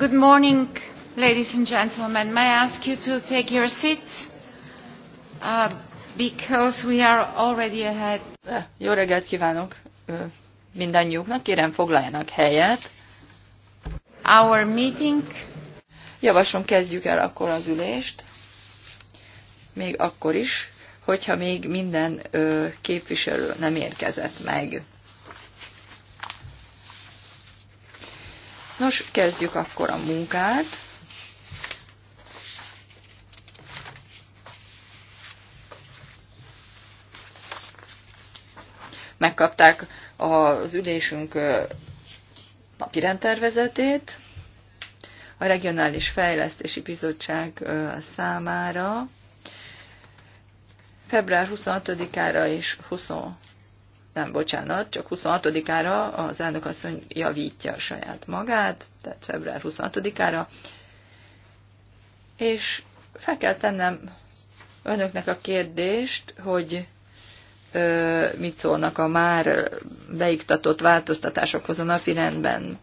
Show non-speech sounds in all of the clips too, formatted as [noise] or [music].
Good morning, ladies and gentlemen. May I ask you to take your seats? Uh, because we are already ahead. Eh, jó reggelt kívánok mindannyiuknak, kérem foglaljanak helyet. Our meeting. Javaslom, kezdjük el akkor az ülést. Még akkor is, hogyha még minden képviselő nem érkezett meg. Nos, kezdjük akkor a munkát. Megkapták az ülésünk napi rendtervezetét a Regionális Fejlesztési Bizottság számára február 26-ára és 20 nem, bocsánat, csak 26-ára az asszony javítja saját magát, tehát február 26-ára, és fel kell tennem önöknek a kérdést, hogy ö, mit szólnak a már beiktatott változtatásokhoz a napi rendben.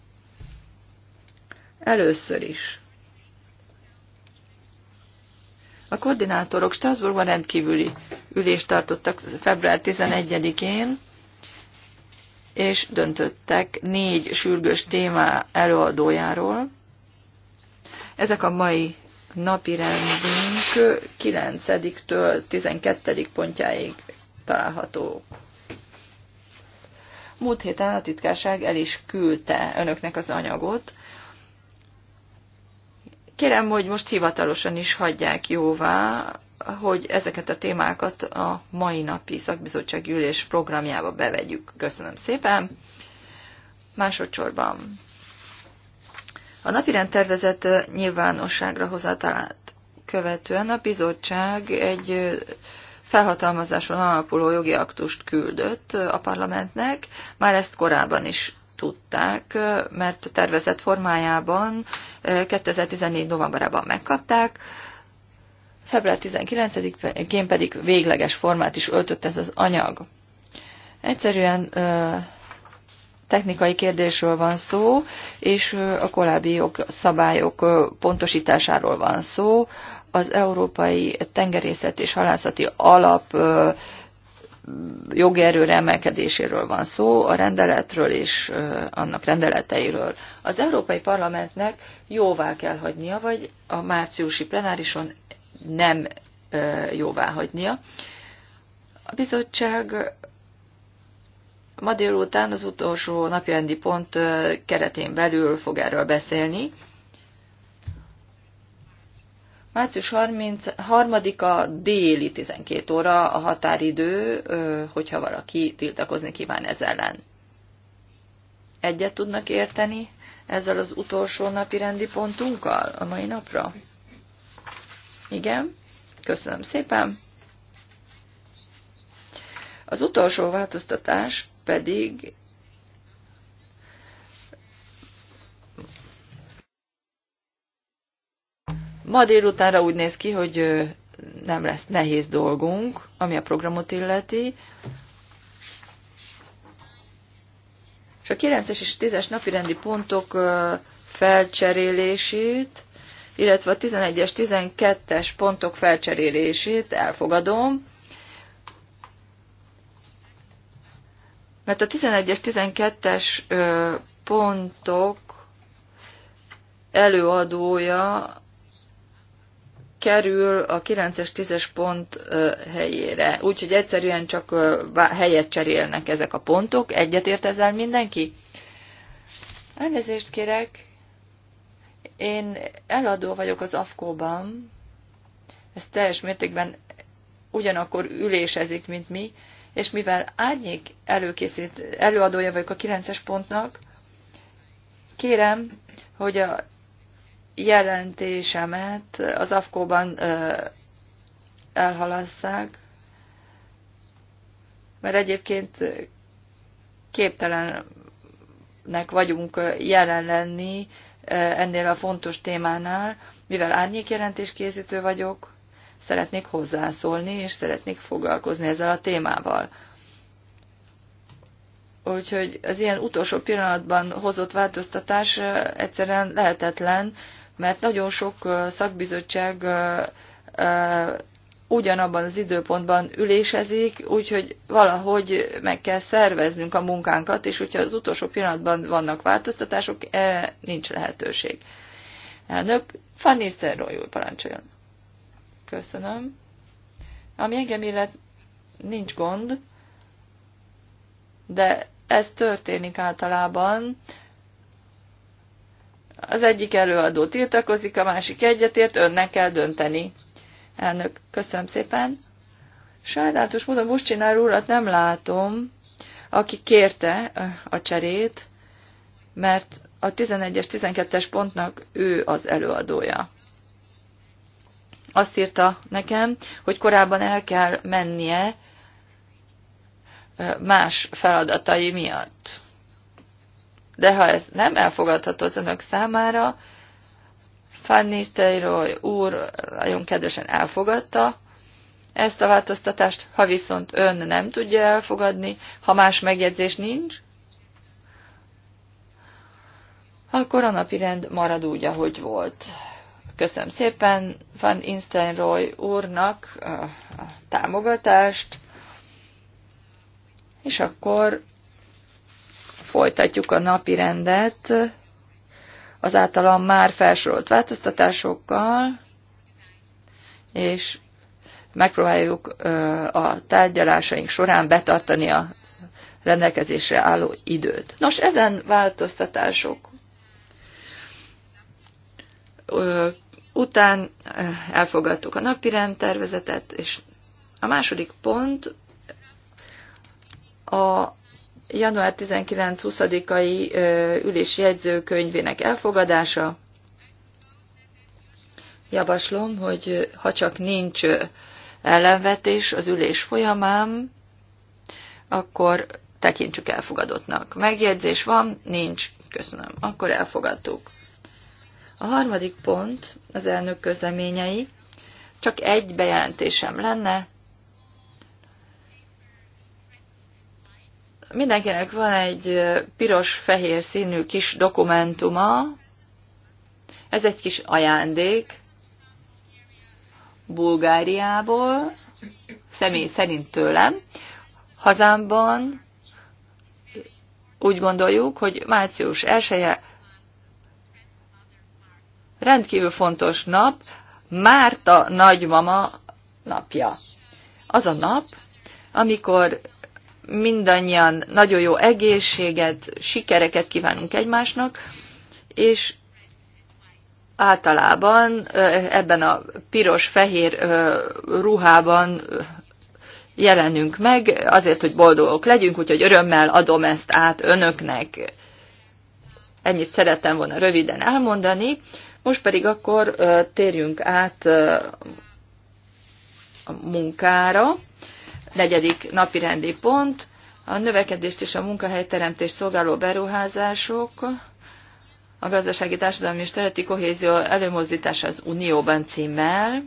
Először is. A koordinátorok Strasbourgban rendkívüli ülést tartottak február 11-én, és döntöttek négy sürgős témá előadójáról. Ezek a mai napi rendünk 9-től 12. pontjáig találhatók. Múlt héten a titkárság el is küldte önöknek az anyagot. Kérem, hogy most hivatalosan is hagyják jóvá hogy ezeket a témákat a mai napi szakbizottsági ülés programjába bevegyük. Köszönöm szépen. Másodszorban a napirend rendtervezet nyilvánosságra hozatalát követően a bizottság egy felhatalmazáson alapuló jogi aktust küldött a parlamentnek. Már ezt korábban is tudták, mert a tervezet formájában 2014. novemberában megkapták február 19-én pedig végleges formát is öltött ez az anyag. Egyszerűen technikai kérdésről van szó, és a korábbi ö, pontosításáról van szó. Az Európai Tengerészet és Halászati Alap jogerőre emelkedéséről van szó, a rendeletről és annak rendeleteiről. Az Európai Parlamentnek jóvá kell hagynia, vagy a márciusi plenárison nem hagynia. A bizottság ma délután az utolsó napirendi pont keretén belül fog erről beszélni. Március 33-a déli 12 óra a határidő, hogyha valaki tiltakozni kíván ez ellen. Egyet tudnak érteni ezzel az utolsó napi rendi pontunkkal a mai napra? Igen, köszönöm szépen. Az utolsó változtatás pedig Ma délutánra úgy néz ki, hogy nem lesz nehéz dolgunk, ami a programot illeti. És a 9-es és 10-es napirendi pontok felcserélését illetve a 11-es, 12-es pontok felcserélését elfogadom, mert a 11-es, 12-es pontok előadója kerül a 9-es, 10-es pont helyére. Úgyhogy egyszerűen csak helyet cserélnek ezek a pontok. Egyetért ezzel mindenki? Elnézést kérek. Én eladó vagyok az AFKO-ban, ez teljes mértékben ugyanakkor ülésezik, mint mi, és mivel árnyék előkészít, előadója vagyok a 9-es pontnak, kérem, hogy a jelentésemet az AFKO-ban elhalasszák, mert egyébként képtelennek vagyunk jelen lenni, ennél a fontos témánál, mivel árnyékjelentés készítő vagyok, szeretnék hozzászólni, és szeretnék foglalkozni ezzel a témával. Úgyhogy az ilyen utolsó pillanatban hozott változtatás egyszerűen lehetetlen, mert nagyon sok szakbizottság ugyanabban az időpontban ülésezik, úgyhogy valahogy meg kell szerveznünk a munkánkat, és hogyha az utolsó pillanatban vannak változtatások, erre nincs lehetőség. Elnök, Van Nistelrooy úr parancsoljon. Köszönöm. Ami engem illet, nincs gond, de ez történik általában. Az egyik előadó tiltakozik, a másik egyetért, önnek kell dönteni. Elnök, köszönöm szépen. Sajnálatos módon Buscsinár úrat nem látom, aki kérte eh, a cserét, mert a 11-es, 12-es pontnak ő az előadója. Azt írta nekem, hogy korábban el kell mennie eh, más feladatai miatt. De ha ez nem elfogadható az önök számára, van úr nagyon kedvesen elfogadta ezt a változtatást, ha viszont ön nem tudja elfogadni, ha más megjegyzés nincs, akkor a napi rend marad úgy, ahogy volt. Köszönöm szépen Van Instenroy úrnak a támogatást, és akkor folytatjuk a napi rendet az általam már felsorolt változtatásokkal, és megpróbáljuk a tárgyalásaink során betartani a rendelkezésre álló időt. Nos, ezen változtatások után elfogadtuk a napi rendtervezetet, és a második pont a január 19-20-ai ülési jegyzőkönyvének elfogadása. Javaslom, hogy ha csak nincs ellenvetés az ülés folyamán, akkor tekintsük elfogadottnak. Megjegyzés van? Nincs. Köszönöm. Akkor elfogadtuk. A harmadik pont az elnök közleményei. Csak egy bejelentésem lenne, Mindenkinek van egy piros-fehér színű kis dokumentuma. Ez egy kis ajándék Bulgáriából, személy szerint tőlem. Hazámban úgy gondoljuk, hogy március 1 -e rendkívül fontos nap, Márta nagymama napja. Az a nap, amikor mindannyian nagyon jó egészséget, sikereket kívánunk egymásnak, és általában ebben a piros-fehér ruhában jelenünk meg, azért, hogy boldogok legyünk, úgyhogy örömmel adom ezt át önöknek. Ennyit szerettem volna röviden elmondani. Most pedig akkor térjünk át a munkára negyedik napirendi pont, a növekedést és a munkahelyteremtést szolgáló beruházások, a gazdasági társadalmi és területi kohézió előmozdítása az Unióban címmel.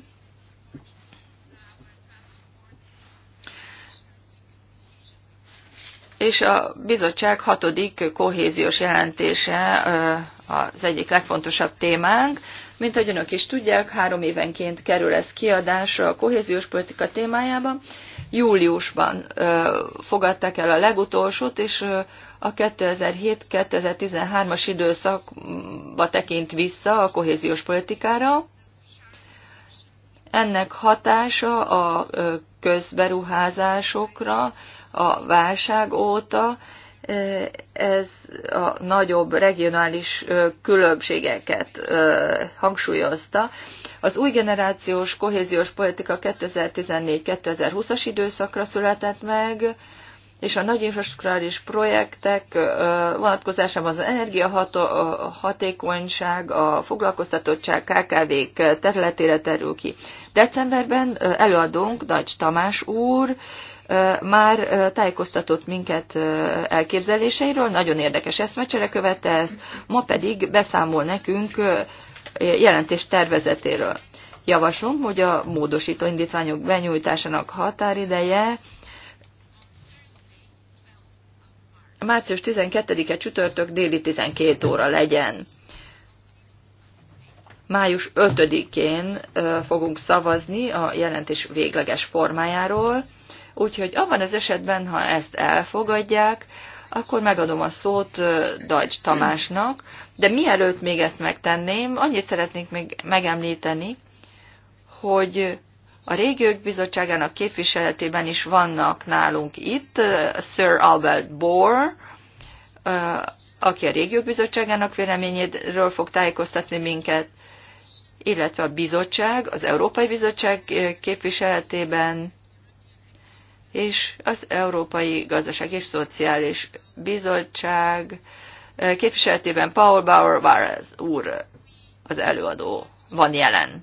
És a bizottság hatodik kohéziós jelentése az egyik legfontosabb témánk. Mint ahogy önök is tudják, három évenként kerül ez kiadásra a kohéziós politika témájában júliusban fogadták el a legutolsót, és a 2007-2013-as időszakba tekint vissza a kohéziós politikára. Ennek hatása a közberuházásokra a válság óta, ez a nagyobb regionális különbségeket hangsúlyozta, az új generációs kohéziós politika 2014-2020-as időszakra született meg, és a nagy infrastruktúrális projektek vonatkozásában az energiahatékonyság, a foglalkoztatottság KKV-k területére terül ki. Decemberben előadónk, Nagy Tamás úr, már tájékoztatott minket elképzeléseiről, nagyon érdekes eszmecsere követte ezt, ma pedig beszámol nekünk jelentés tervezetéről. Javaslom, hogy a módosító indítványok benyújtásának határideje március 12-e csütörtök déli 12 óra legyen. Május 5-én fogunk szavazni a jelentés végleges formájáról, úgyhogy abban az esetben, ha ezt elfogadják, akkor megadom a szót Dajcs Tamásnak, de mielőtt még ezt megtenném, annyit szeretnék még megemlíteni, hogy a régiók bizottságának képviseletében is vannak nálunk itt eh, Sir Albert Bohr, eh, aki a régiók bizottságának véleményéről fog tájékoztatni minket, illetve a bizottság, az Európai Bizottság eh, képviseletében, és az Európai Gazdaság és Szociális Bizottság képviseletében Paul Bauer Várez úr az előadó van jelen.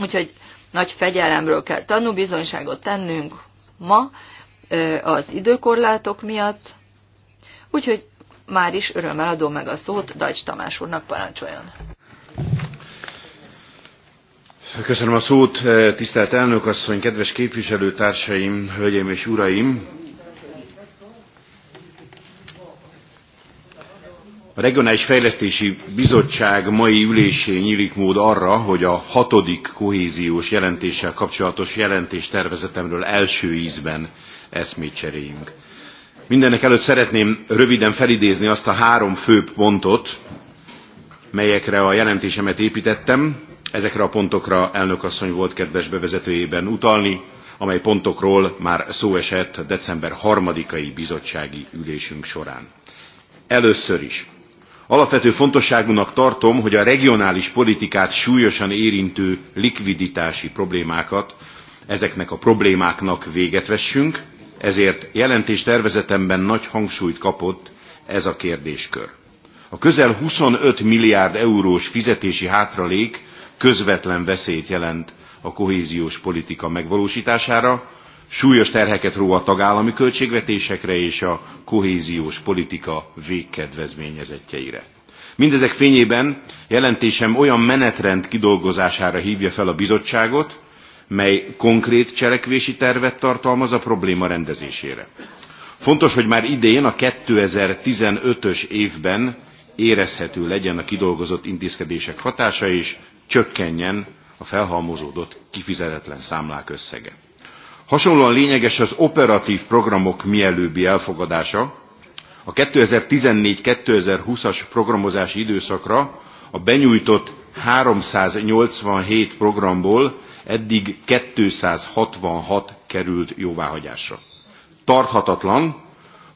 Úgyhogy nagy fegyelemről kell tanú bizonyságot tennünk ma az időkorlátok miatt, úgyhogy már is örömmel adom meg a szót Dajcs Tamás úrnak parancsoljon. Köszönöm a szót, tisztelt elnök asszony, kedves képviselőtársaim, hölgyeim és uraim! A Regionális Fejlesztési Bizottság mai ülésén nyílik mód arra, hogy a hatodik kohéziós jelentéssel kapcsolatos jelentéstervezetemről első ízben eszmét cseréljünk. Mindenek előtt szeretném röviden felidézni azt a három fő pontot, melyekre a jelentésemet építettem. Ezekre a pontokra elnök asszony volt kedves bevezetőjében utalni, amely pontokról már szó esett december harmadikai bizottsági ülésünk során. Először is Alapvető fontosságúnak tartom, hogy a regionális politikát súlyosan érintő likviditási problémákat, ezeknek a problémáknak véget vessünk, ezért jelentés tervezetemben nagy hangsúlyt kapott ez a kérdéskör. A közel 25 milliárd eurós fizetési hátralék közvetlen veszélyt jelent a kohéziós politika megvalósítására, súlyos terheket ró a tagállami költségvetésekre és a kohéziós politika végkedvezményezetjeire. Mindezek fényében jelentésem olyan menetrend kidolgozására hívja fel a bizottságot, mely konkrét cselekvési tervet tartalmaz a probléma rendezésére. Fontos, hogy már idén a 2015-ös évben érezhető legyen a kidolgozott intézkedések hatása és csökkenjen a felhalmozódott kifizetetlen számlák összege hasonlóan lényeges az operatv programok mielőbbi elfogadása a two thousand and fourteen two thousand and twenty as programozási időszakra a benyújtott three hundred and eighty seven programból eddig two hundred and sixty six került jóváhagyásra. tarthatatlan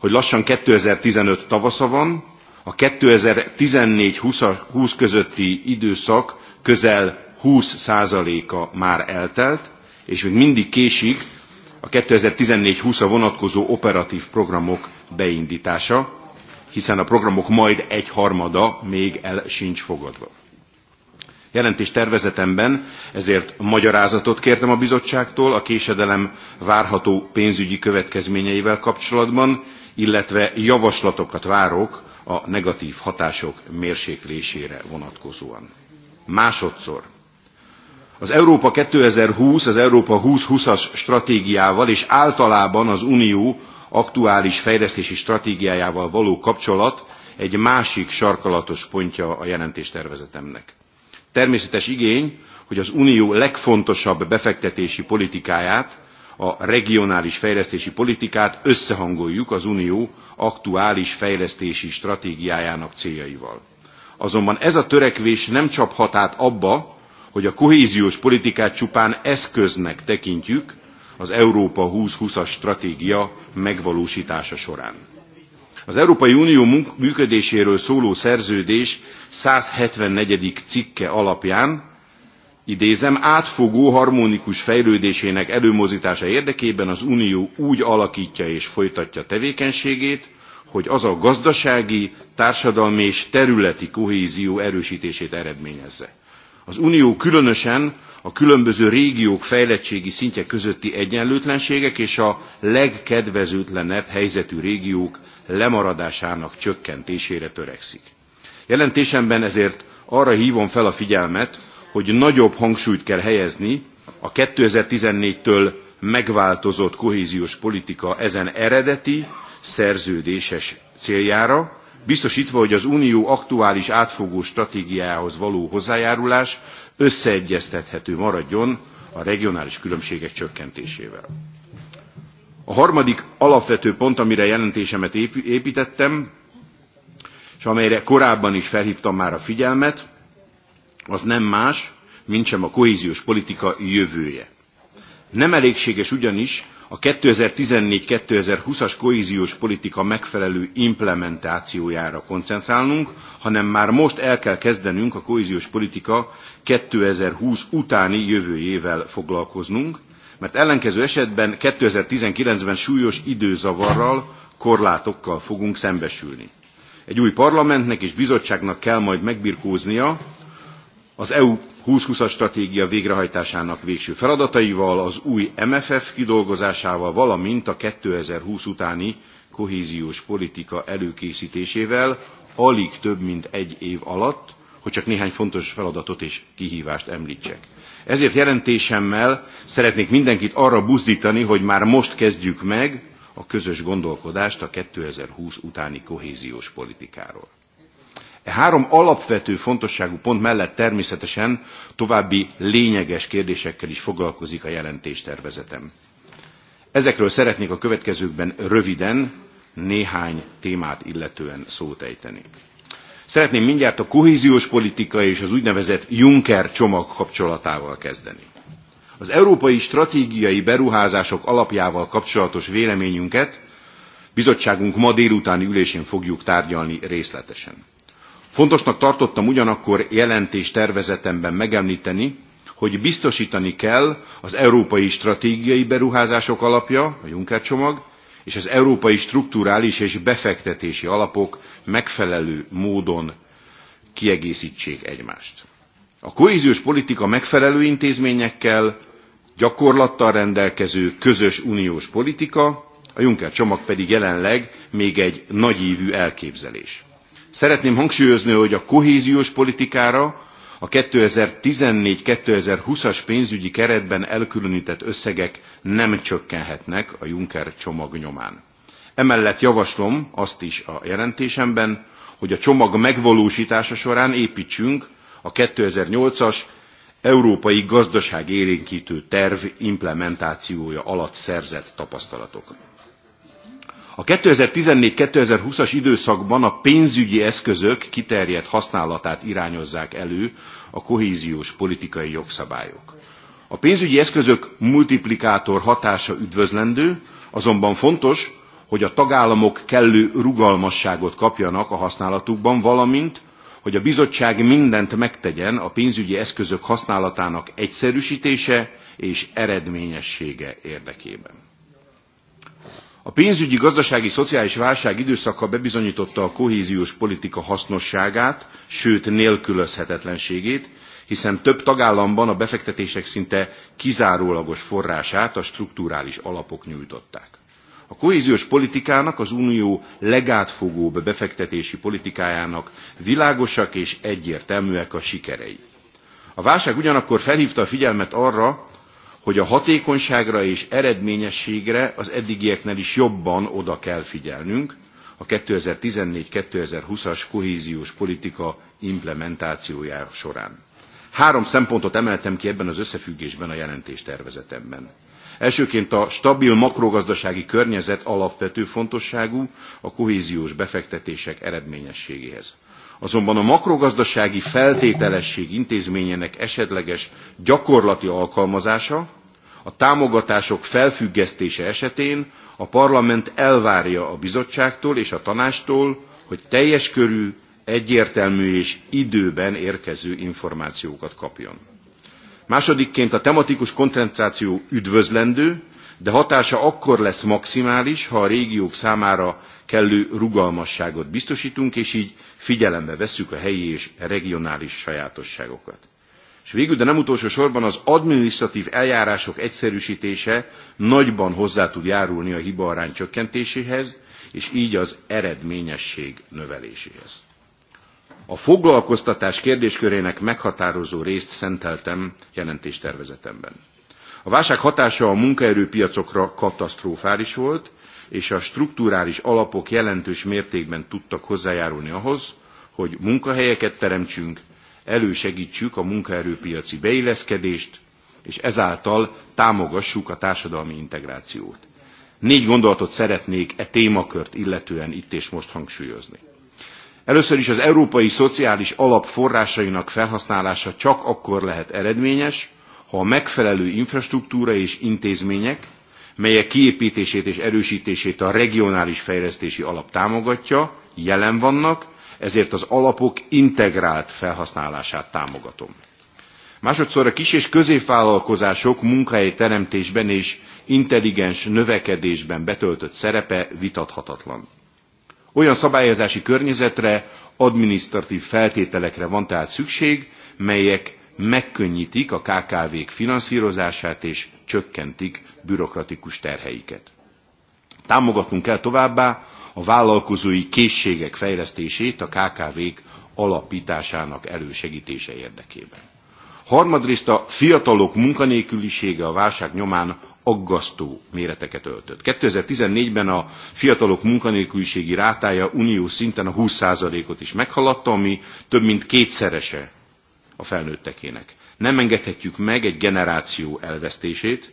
hogy lassan two thousand and fifteen tavasza van a two thousand and fourteen twenty közötti időszak közel twenty százaléka már eltelt és még mindig késik a 2014-20-a vonatkozó operatív programok beindítása, hiszen a programok majd egy harmada még el sincs fogadva. Jelentés tervezetemben ezért magyarázatot kértem a bizottságtól a késedelem várható pénzügyi következményeivel kapcsolatban, illetve javaslatokat várok a negatív hatások mérséklésére vonatkozóan. Másodszor az Európa 2020, az Európa 2020-as stratégiával és általában az Unió aktuális fejlesztési stratégiájával való kapcsolat egy másik sarkalatos pontja a jelentéstervezetemnek. Természetes igény, hogy az Unió legfontosabb befektetési politikáját, a regionális fejlesztési politikát összehangoljuk az Unió aktuális fejlesztési stratégiájának céljaival. Azonban ez a törekvés nem csaphat át abba, hogy a kohéziós politikát csupán eszköznek tekintjük az Európa 2020-as stratégia megvalósítása során. Az Európai Unió működéséről szóló szerződés 174. cikke alapján idézem, átfogó harmonikus fejlődésének előmozítása érdekében az Unió úgy alakítja és folytatja tevékenységét, hogy az a gazdasági, társadalmi és területi kohézió erősítését eredményezze. Az Unió különösen a különböző régiók fejlettségi szintje közötti egyenlőtlenségek és a legkedvezőtlenebb helyzetű régiók lemaradásának csökkentésére törekszik. Jelentésemben ezért arra hívom fel a figyelmet, hogy nagyobb hangsúlyt kell helyezni a 2014-től megváltozott kohéziós politika ezen eredeti, szerződéses céljára, biztosítva, hogy az Unió aktuális átfogó stratégiához való hozzájárulás összeegyeztethető maradjon a regionális különbségek csökkentésével. A harmadik alapvető pont, amire jelentésemet építettem, és amelyre korábban is felhívtam már a figyelmet, az nem más, mint sem a kohéziós politika jövője. Nem elégséges ugyanis a 2014-2020-as kohéziós politika megfelelő implementációjára koncentrálnunk, hanem már most el kell kezdenünk a kohéziós politika 2020 utáni jövőjével foglalkoznunk, mert ellenkező esetben 2019-ben súlyos időzavarral, korlátokkal fogunk szembesülni. Egy új parlamentnek és bizottságnak kell majd megbirkóznia az EU 2020-as stratégia végrehajtásának végső feladataival, az új MFF kidolgozásával, valamint a 2020 utáni kohéziós politika előkészítésével alig több mint egy év alatt, hogy csak néhány fontos feladatot és kihívást említsek. Ezért jelentésemmel szeretnék mindenkit arra buzdítani, hogy már most kezdjük meg a közös gondolkodást a 2020 utáni kohéziós politikáról. E három alapvető fontosságú pont mellett természetesen további lényeges kérdésekkel is foglalkozik a jelentéstervezetem. Ezekről szeretnék a következőkben röviden néhány témát illetően szót ejteni. Szeretném mindjárt a kohéziós politika és az úgynevezett Juncker csomag kapcsolatával kezdeni. Az európai stratégiai beruházások alapjával kapcsolatos véleményünket bizottságunk ma délutáni ülésén fogjuk tárgyalni részletesen. Fontosnak tartottam ugyanakkor jelentés tervezetemben megemlíteni, hogy biztosítani kell az európai stratégiai beruházások alapja, a Juncker csomag, és az európai strukturális és befektetési alapok megfelelő módon kiegészítsék egymást. A kohéziós politika megfelelő intézményekkel, gyakorlattal rendelkező közös uniós politika, a Juncker csomag pedig jelenleg még egy nagyívű elképzelés. Szeretném hangsúlyozni, hogy a kohéziós politikára a 2014-2020-as pénzügyi keretben elkülönített összegek nem csökkenhetnek a Juncker csomag nyomán. Emellett javaslom azt is a jelentésemben, hogy a csomag megvalósítása során építsünk a 2008-as európai gazdaság érénkítő terv implementációja alatt szerzett tapasztalatokat. A 2014-2020-as időszakban a pénzügyi eszközök kiterjedt használatát irányozzák elő a kohéziós politikai jogszabályok. A pénzügyi eszközök multiplikátor hatása üdvözlendő, azonban fontos, hogy a tagállamok kellő rugalmasságot kapjanak a használatukban, valamint, hogy a bizottság mindent megtegyen a pénzügyi eszközök használatának egyszerűsítése és eredményessége érdekében. A pénzügyi gazdasági szociális válság időszaka bebizonyította a kohéziós politika hasznosságát, sőt nélkülözhetetlenségét, hiszen több tagállamban a befektetések szinte kizárólagos forrását a strukturális alapok nyújtották. A kohéziós politikának, az unió legátfogóbb befektetési politikájának világosak és egyértelműek a sikerei. A válság ugyanakkor felhívta a figyelmet arra, hogy a hatékonyságra és eredményességre az eddigieknél is jobban oda kell figyelnünk a 2014-2020-as kohéziós politika implementációja során. Három szempontot emeltem ki ebben az összefüggésben a jelentés tervezetemben. Elsőként a stabil makrogazdasági környezet alapvető fontosságú a kohéziós befektetések eredményességéhez azonban a makrogazdasági feltételesség intézményének esetleges gyakorlati alkalmazása a támogatások felfüggesztése esetén a parlament elvárja a bizottságtól és a tanácstól hogy teljes körű egyértelmű és időben érkező információkat kapjon. másodikként a tematikus koncentráció üdvözlendő de hatása akkor lesz maximális, ha a régiók számára kellő rugalmasságot biztosítunk, és így figyelembe vesszük a helyi és regionális sajátosságokat. És végül, de nem utolsó sorban az adminisztratv eljárások egyszerűsítése nagyban hozzá tud járulni a hibaarány csökkentéséhez, és így az eredményesség növeléséhez. A foglalkoztatás kérdéskörének meghatározó részt szenteltem jelentéstervezetemben. A válság hatása a munkaerőpiacokra katasztrofális volt, és a strukturális alapok jelentős mértékben tudtak hozzájárulni ahhoz, hogy munkahelyeket teremtsünk, elősegítsük a munkaerőpiaci beilleszkedést, és ezáltal támogassuk a társadalmi integrációt. Négy gondolatot szeretnék e témakört illetően itt és most hangsúlyozni. Először is az európai szociális alap forrásainak felhasználása csak akkor lehet eredményes, ha a megfelelő infrastruktúra és intézmények, melyek kiépítését és erősítését a regionális fejlesztési alap támogatja, jelen vannak, ezért az alapok integrált felhasználását támogatom. Másodszor a kis és középvállalkozások teremtésben és intelligens növekedésben betöltött szerepe vitathatatlan. Olyan szabályozási környezetre, adminisztratív feltételekre van tehát szükség, melyek megkönnyítik a KKV-k finanszírozását és csökkentik bürokratikus terheiket. Támogatnunk kell továbbá a vállalkozói készségek fejlesztését a KKV-k alapításának elősegítése érdekében. Harmadrészt a fiatalok munkanélkülisége a válság nyomán aggasztó méreteket öltött. 2014-ben a fiatalok munkanélküliségi rátája uniós szinten a 20%-ot is meghaladta, ami több mint kétszerese a felnőttekének. Nem engedhetjük meg egy generáció elvesztését,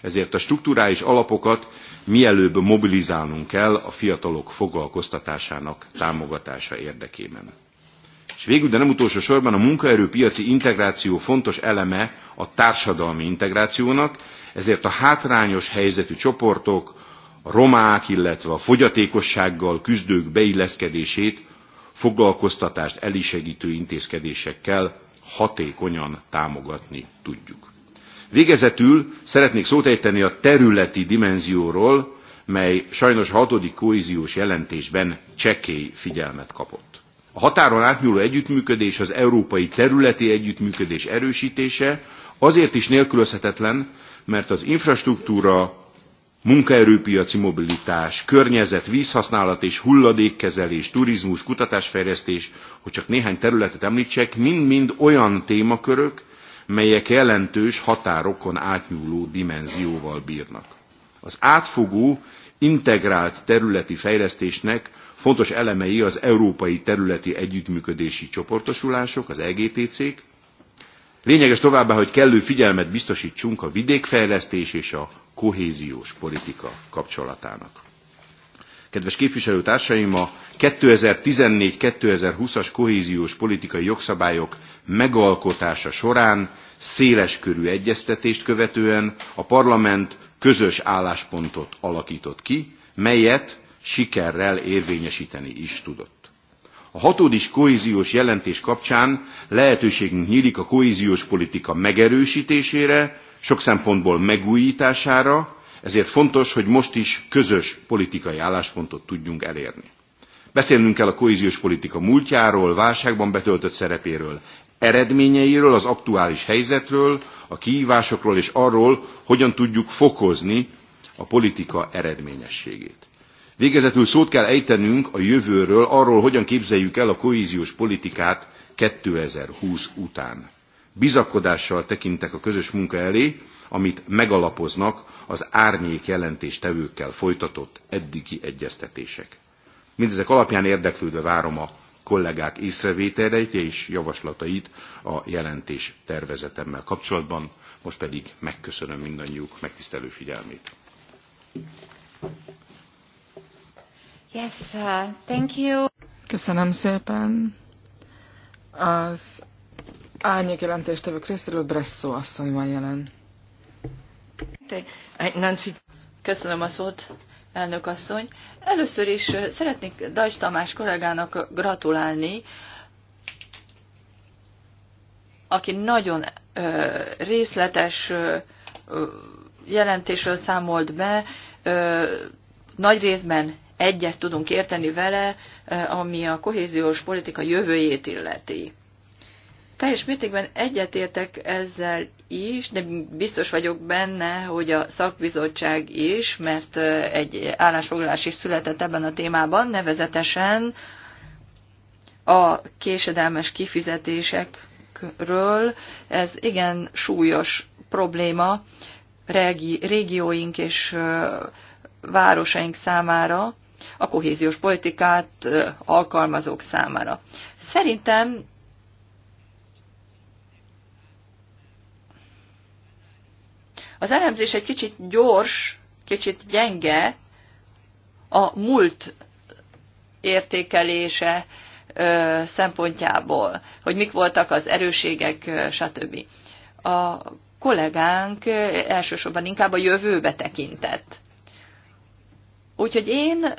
ezért a strukturális alapokat mielőbb mobilizálnunk kell a fiatalok foglalkoztatásának támogatása érdekében. És végül, de nem utolsó sorban a munkaerőpiaci integráció fontos eleme a társadalmi integrációnak, ezért a hátrányos helyzetű csoportok, a romák, illetve a fogyatékossággal küzdők beilleszkedését foglalkoztatást elisegítő intézkedésekkel hatékonyan támogatni tudjuk. Végezetül szeretnék szót ejteni a területi dimenzióról, mely sajnos a hatodik kohéziós jelentésben csekély figyelmet kapott. A határon átnyúló együttműködés, az európai területi együttműködés erősítése azért is nélkülözhetetlen, mert az infrastruktúra, munkaerőpiaci mobilitás, környezet, vízhasználat és hulladékkezelés, turizmus, kutatásfejlesztés, hogy csak néhány területet említsek, mind-mind olyan témakörök, melyek jelentős határokon átnyúló dimenzióval bírnak. Az átfogó, integrált területi fejlesztésnek fontos elemei az Európai Területi Együttműködési Csoportosulások, az EGTC-k, Lényeges továbbá, hogy kellő figyelmet biztosítsunk a vidékfejlesztés és a kohéziós politika kapcsolatának. Kedves képviselőtársaim, a 2014-2020-as kohéziós politikai jogszabályok megalkotása során széleskörű egyeztetést követően a parlament közös álláspontot alakított ki, melyet sikerrel érvényesíteni is tudott. A hatodik kohéziós jelentés kapcsán lehetőségünk nyílik a kohéziós politika megerősítésére sok szempontból megújítására, ezért fontos, hogy most is közös politikai álláspontot tudjunk elérni. Beszélnünk kell a kohéziós politika múltjáról, válságban betöltött szerepéről, eredményeiről, az aktuális helyzetről, a kihívásokról és arról, hogyan tudjuk fokozni a politika eredményességét. Végezetül szót kell ejtenünk a jövőről, arról, hogyan képzeljük el a kohéziós politikát 2020 után bizakodással tekintek a közös munka elé, amit megalapoznak az árnyék jelentéstevőkkel folytatott eddigi egyeztetések. Mindezek alapján érdeklődve várom a kollégák észrevételeit és javaslatait a jelentés tervezetemmel kapcsolatban, most pedig megköszönöm mindannyiuk megtisztelő figyelmét. Yes, uh, thank you. Köszönöm szépen. Az Árnyék jelentéstevők részéről Bresszó asszony van jelen. Köszönöm a szót, elnök asszony. Először is szeretnék Dajs Tamás kollégának gratulálni, aki nagyon részletes jelentésről számolt be, nagy részben egyet tudunk érteni vele, ami a kohéziós politika jövőjét illeti. Teljes mértékben egyetértek ezzel is, de biztos vagyok benne, hogy a szakbizottság is, mert egy állásfoglalás is született ebben a témában, nevezetesen a késedelmes kifizetésekről. Ez igen súlyos probléma régi, régióink és városaink számára, a kohéziós politikát alkalmazók számára. Szerintem Az elemzés egy kicsit gyors, kicsit gyenge, a múlt értékelése ö, szempontjából, hogy mik voltak az erőségek, stb. A kollégánk elsősorban inkább a jövőbe tekintett. Úgyhogy én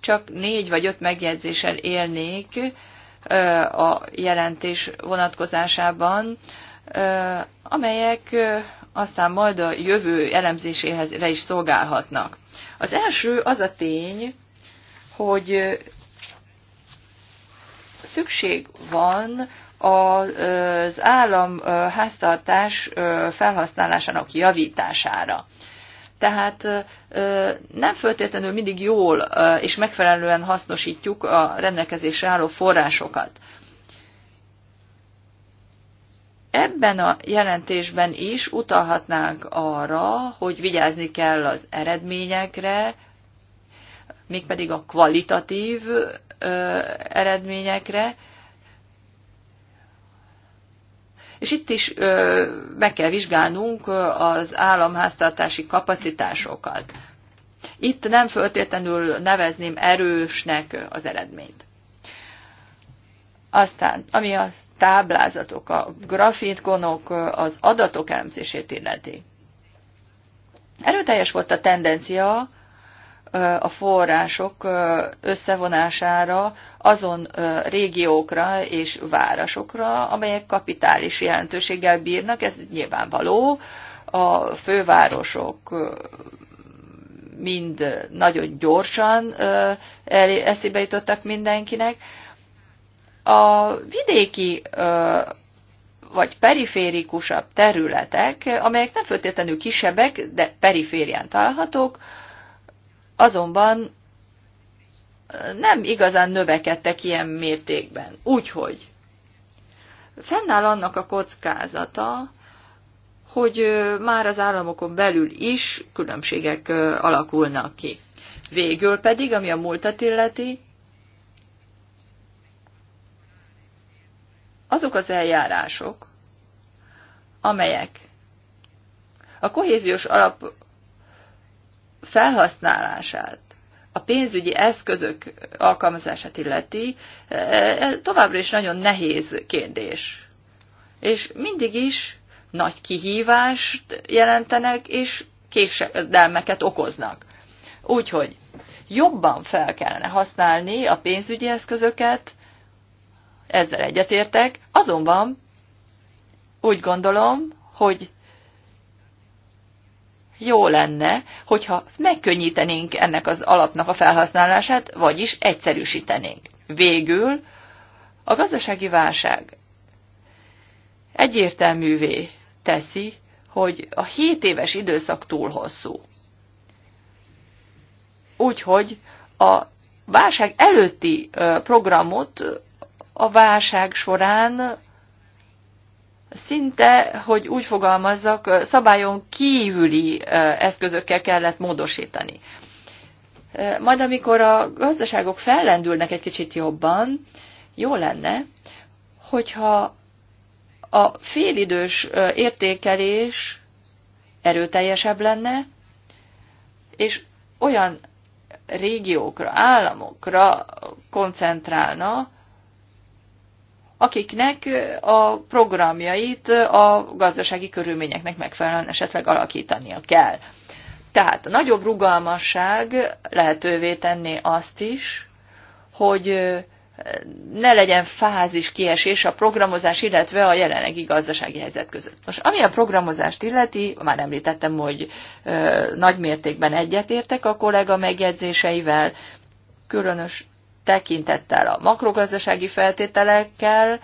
csak négy vagy öt megjegyzéssel élnék a jelentés vonatkozásában, amelyek aztán majd a jövő elemzéséhez le is szolgálhatnak. Az első az a tény, hogy szükség van az állam háztartás felhasználásának javítására. Tehát nem feltétlenül mindig jól és megfelelően hasznosítjuk a rendelkezésre álló forrásokat. Ebben a jelentésben is utalhatnánk arra, hogy vigyázni kell az eredményekre, mégpedig a kvalitatív eredményekre, és itt is ö, meg kell vizsgálnunk az államháztartási kapacitásokat. Itt nem föltétlenül nevezném erősnek az eredményt. Aztán, ami a táblázatok, a grafitkonok az adatok elemzését illeti. Erőteljes volt a tendencia a források összevonására azon régiókra és városokra, amelyek kapitális jelentőséggel bírnak, ez nyilvánvaló, a fővárosok mind nagyon gyorsan eszébe jutottak mindenkinek, a vidéki vagy periférikusabb területek, amelyek nem feltétlenül kisebbek, de periférián találhatók, azonban nem igazán növekedtek ilyen mértékben. Úgyhogy fennáll annak a kockázata, hogy már az államokon belül is különbségek alakulnak ki. Végül pedig, ami a múltat illeti, azok az eljárások, amelyek a kohéziós alap felhasználását, a pénzügyi eszközök alkalmazását illeti, e, e, továbbra is nagyon nehéz kérdés. És mindig is nagy kihívást jelentenek, és késedelmeket okoznak. Úgyhogy jobban fel kellene használni a pénzügyi eszközöket, ezzel egyetértek, azonban úgy gondolom, hogy jó lenne, hogyha megkönnyítenénk ennek az alapnak a felhasználását, vagyis egyszerűsítenénk. Végül a gazdasági válság egyértelművé teszi, hogy a 7 éves időszak túl hosszú. Úgyhogy a válság előtti programot a válság során szinte, hogy úgy fogalmazzak, szabályon kívüli eszközökkel kellett módosítani. Majd amikor a gazdaságok fellendülnek egy kicsit jobban, jó lenne, hogyha a félidős értékelés erőteljesebb lenne, és olyan régiókra, államokra koncentrálna, akiknek a programjait a gazdasági körülményeknek megfelelően esetleg alakítania kell. Tehát a nagyobb rugalmasság lehetővé tenné azt is, hogy ne legyen fázis kiesés a programozás, illetve a jelenlegi gazdasági helyzet között. Most ami a programozást illeti, már említettem, hogy nagymértékben egyetértek a kollega megjegyzéseivel, különös tekintettel a makrogazdasági feltételekkel,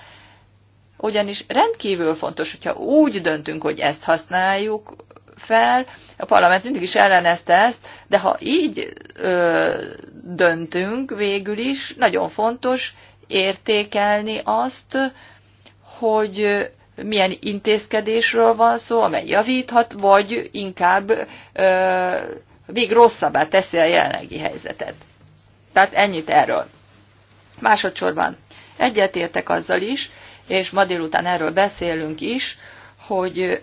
ugyanis rendkívül fontos, hogyha úgy döntünk, hogy ezt használjuk fel, a parlament mindig is ellenezte ezt, de ha így ö, döntünk végül is, nagyon fontos értékelni azt, hogy milyen intézkedésről van szó, amely javíthat, vagy inkább ö, még rosszabbá teszi a jelenlegi helyzetet. Tehát ennyit erről. Másodszorban egyetértek azzal is, és ma délután erről beszélünk is, hogy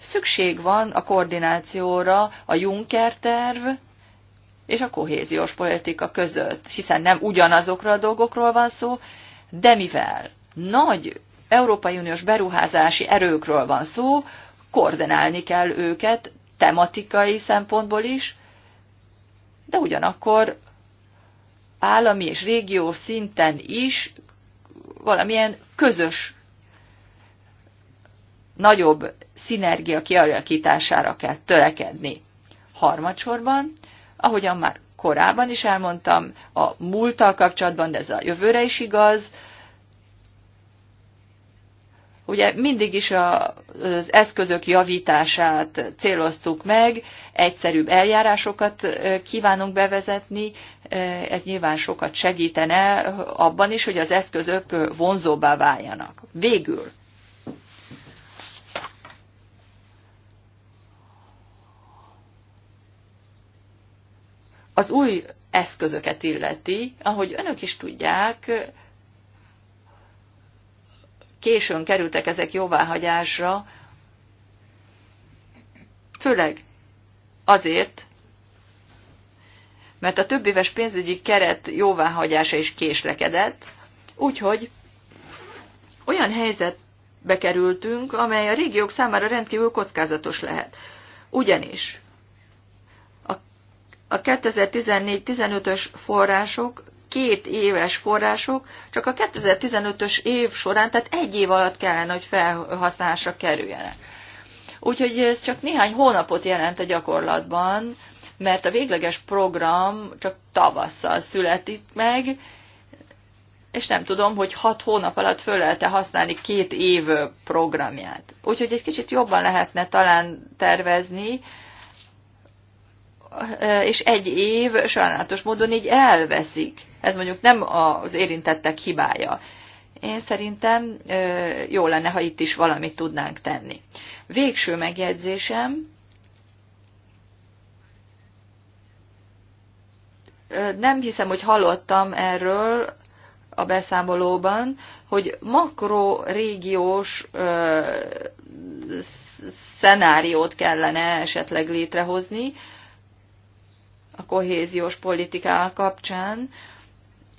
szükség van a koordinációra a Juncker terv és a kohéziós politika között, hiszen nem ugyanazokról a dolgokról van szó, de mivel nagy Európai Uniós beruházási erőkről van szó, koordinálni kell őket tematikai szempontból is, de ugyanakkor állami és régió szinten is valamilyen közös, nagyobb szinergia kialakítására kell törekedni. Harmadsorban, ahogyan már korábban is elmondtam, a múlttal kapcsolatban, de ez a jövőre is igaz, Ugye mindig is a, az eszközök javítását céloztuk meg, egyszerűbb eljárásokat kívánunk bevezetni, ez nyilván sokat segítene abban is, hogy az eszközök vonzóbbá váljanak. Végül. Az új eszközöket illeti, ahogy önök is tudják, későn kerültek ezek jóváhagyásra, főleg azért, mert a éves pénzügyi keret jóváhagyása is késlekedett, úgyhogy olyan helyzetbe kerültünk, amely a régiók számára rendkívül kockázatos lehet. Ugyanis a 2014-15-ös források két éves források csak a 2015-ös év során, tehát egy év alatt kellene, hogy felhasználásra kerüljenek. Úgyhogy ez csak néhány hónapot jelent a gyakorlatban, mert a végleges program csak tavasszal születik meg, és nem tudom, hogy hat hónap alatt föl lehet-e használni két év programját. Úgyhogy egy kicsit jobban lehetne talán tervezni, és egy év sajnálatos módon így elveszik. Ez mondjuk nem az érintettek hibája. Én szerintem jó lenne, ha itt is valamit tudnánk tenni. Végső megjegyzésem, nem hiszem, hogy hallottam erről a beszámolóban, hogy makrorégiós szenáriót kellene esetleg létrehozni a kohéziós politikák kapcsán,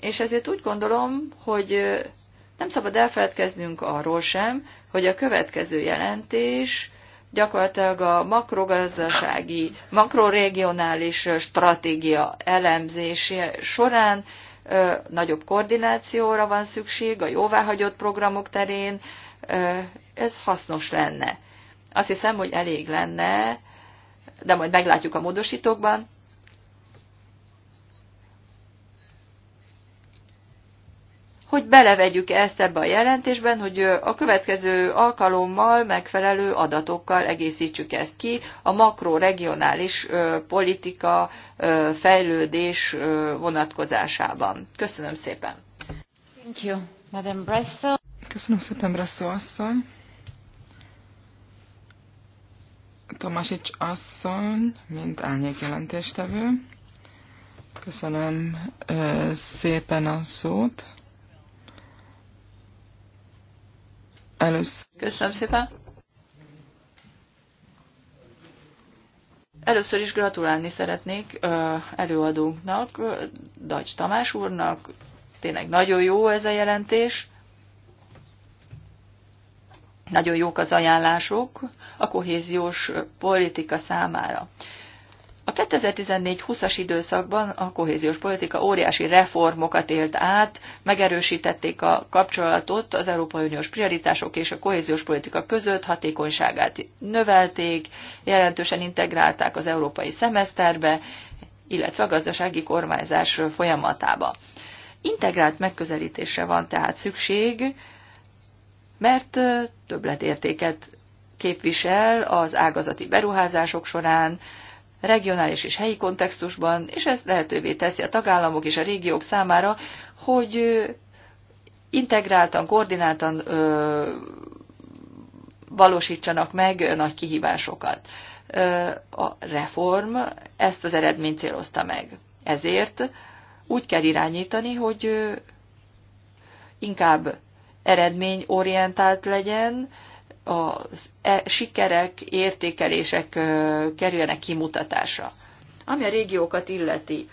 és ezért úgy gondolom, hogy nem szabad elfeledkeznünk arról sem, hogy a következő jelentés gyakorlatilag a makrogazdasági, makroregionális stratégia elemzése során ö, nagyobb koordinációra van szükség a jóváhagyott programok terén, ö, ez hasznos lenne. Azt hiszem, hogy elég lenne, de majd meglátjuk a módosítókban, hogy belevegyük ezt ebbe a jelentésben, hogy a következő alkalommal megfelelő adatokkal egészítsük ezt ki a makroregionális politika fejlődés vonatkozásában. Köszönöm szépen. Thank you, Madam Bresso. Köszönöm szépen, Bresso asszony. Tomasics asszony, mint árnyék jelentéstevő. Köszönöm szépen a szót. Először. Köszönöm szépen. Először is gratulálni szeretnék előadónknak, Dacs Tamás úrnak. Tényleg nagyon jó ez a jelentés. Nagyon jók az ajánlások a kohéziós politika számára. A 2014-20-as időszakban a kohéziós politika óriási reformokat élt át, megerősítették a kapcsolatot az Európai Uniós prioritások és a kohéziós politika között, hatékonyságát növelték, jelentősen integrálták az európai szemeszterbe, illetve a gazdasági kormányzás folyamatába. Integrált megközelítésre van tehát szükség, mert többletértéket képvisel az ágazati beruházások során, regionális és helyi kontextusban, és ez lehetővé teszi a tagállamok és a régiók számára, hogy integráltan, koordináltan ö, valósítsanak meg nagy kihívásokat. Ö, a reform ezt az eredményt célozta meg. Ezért úgy kell irányítani, hogy ö, inkább eredményorientált legyen, ö, a e, sikerek, értékelések kerüljenek kimutatásra. Ami a régiókat illeti,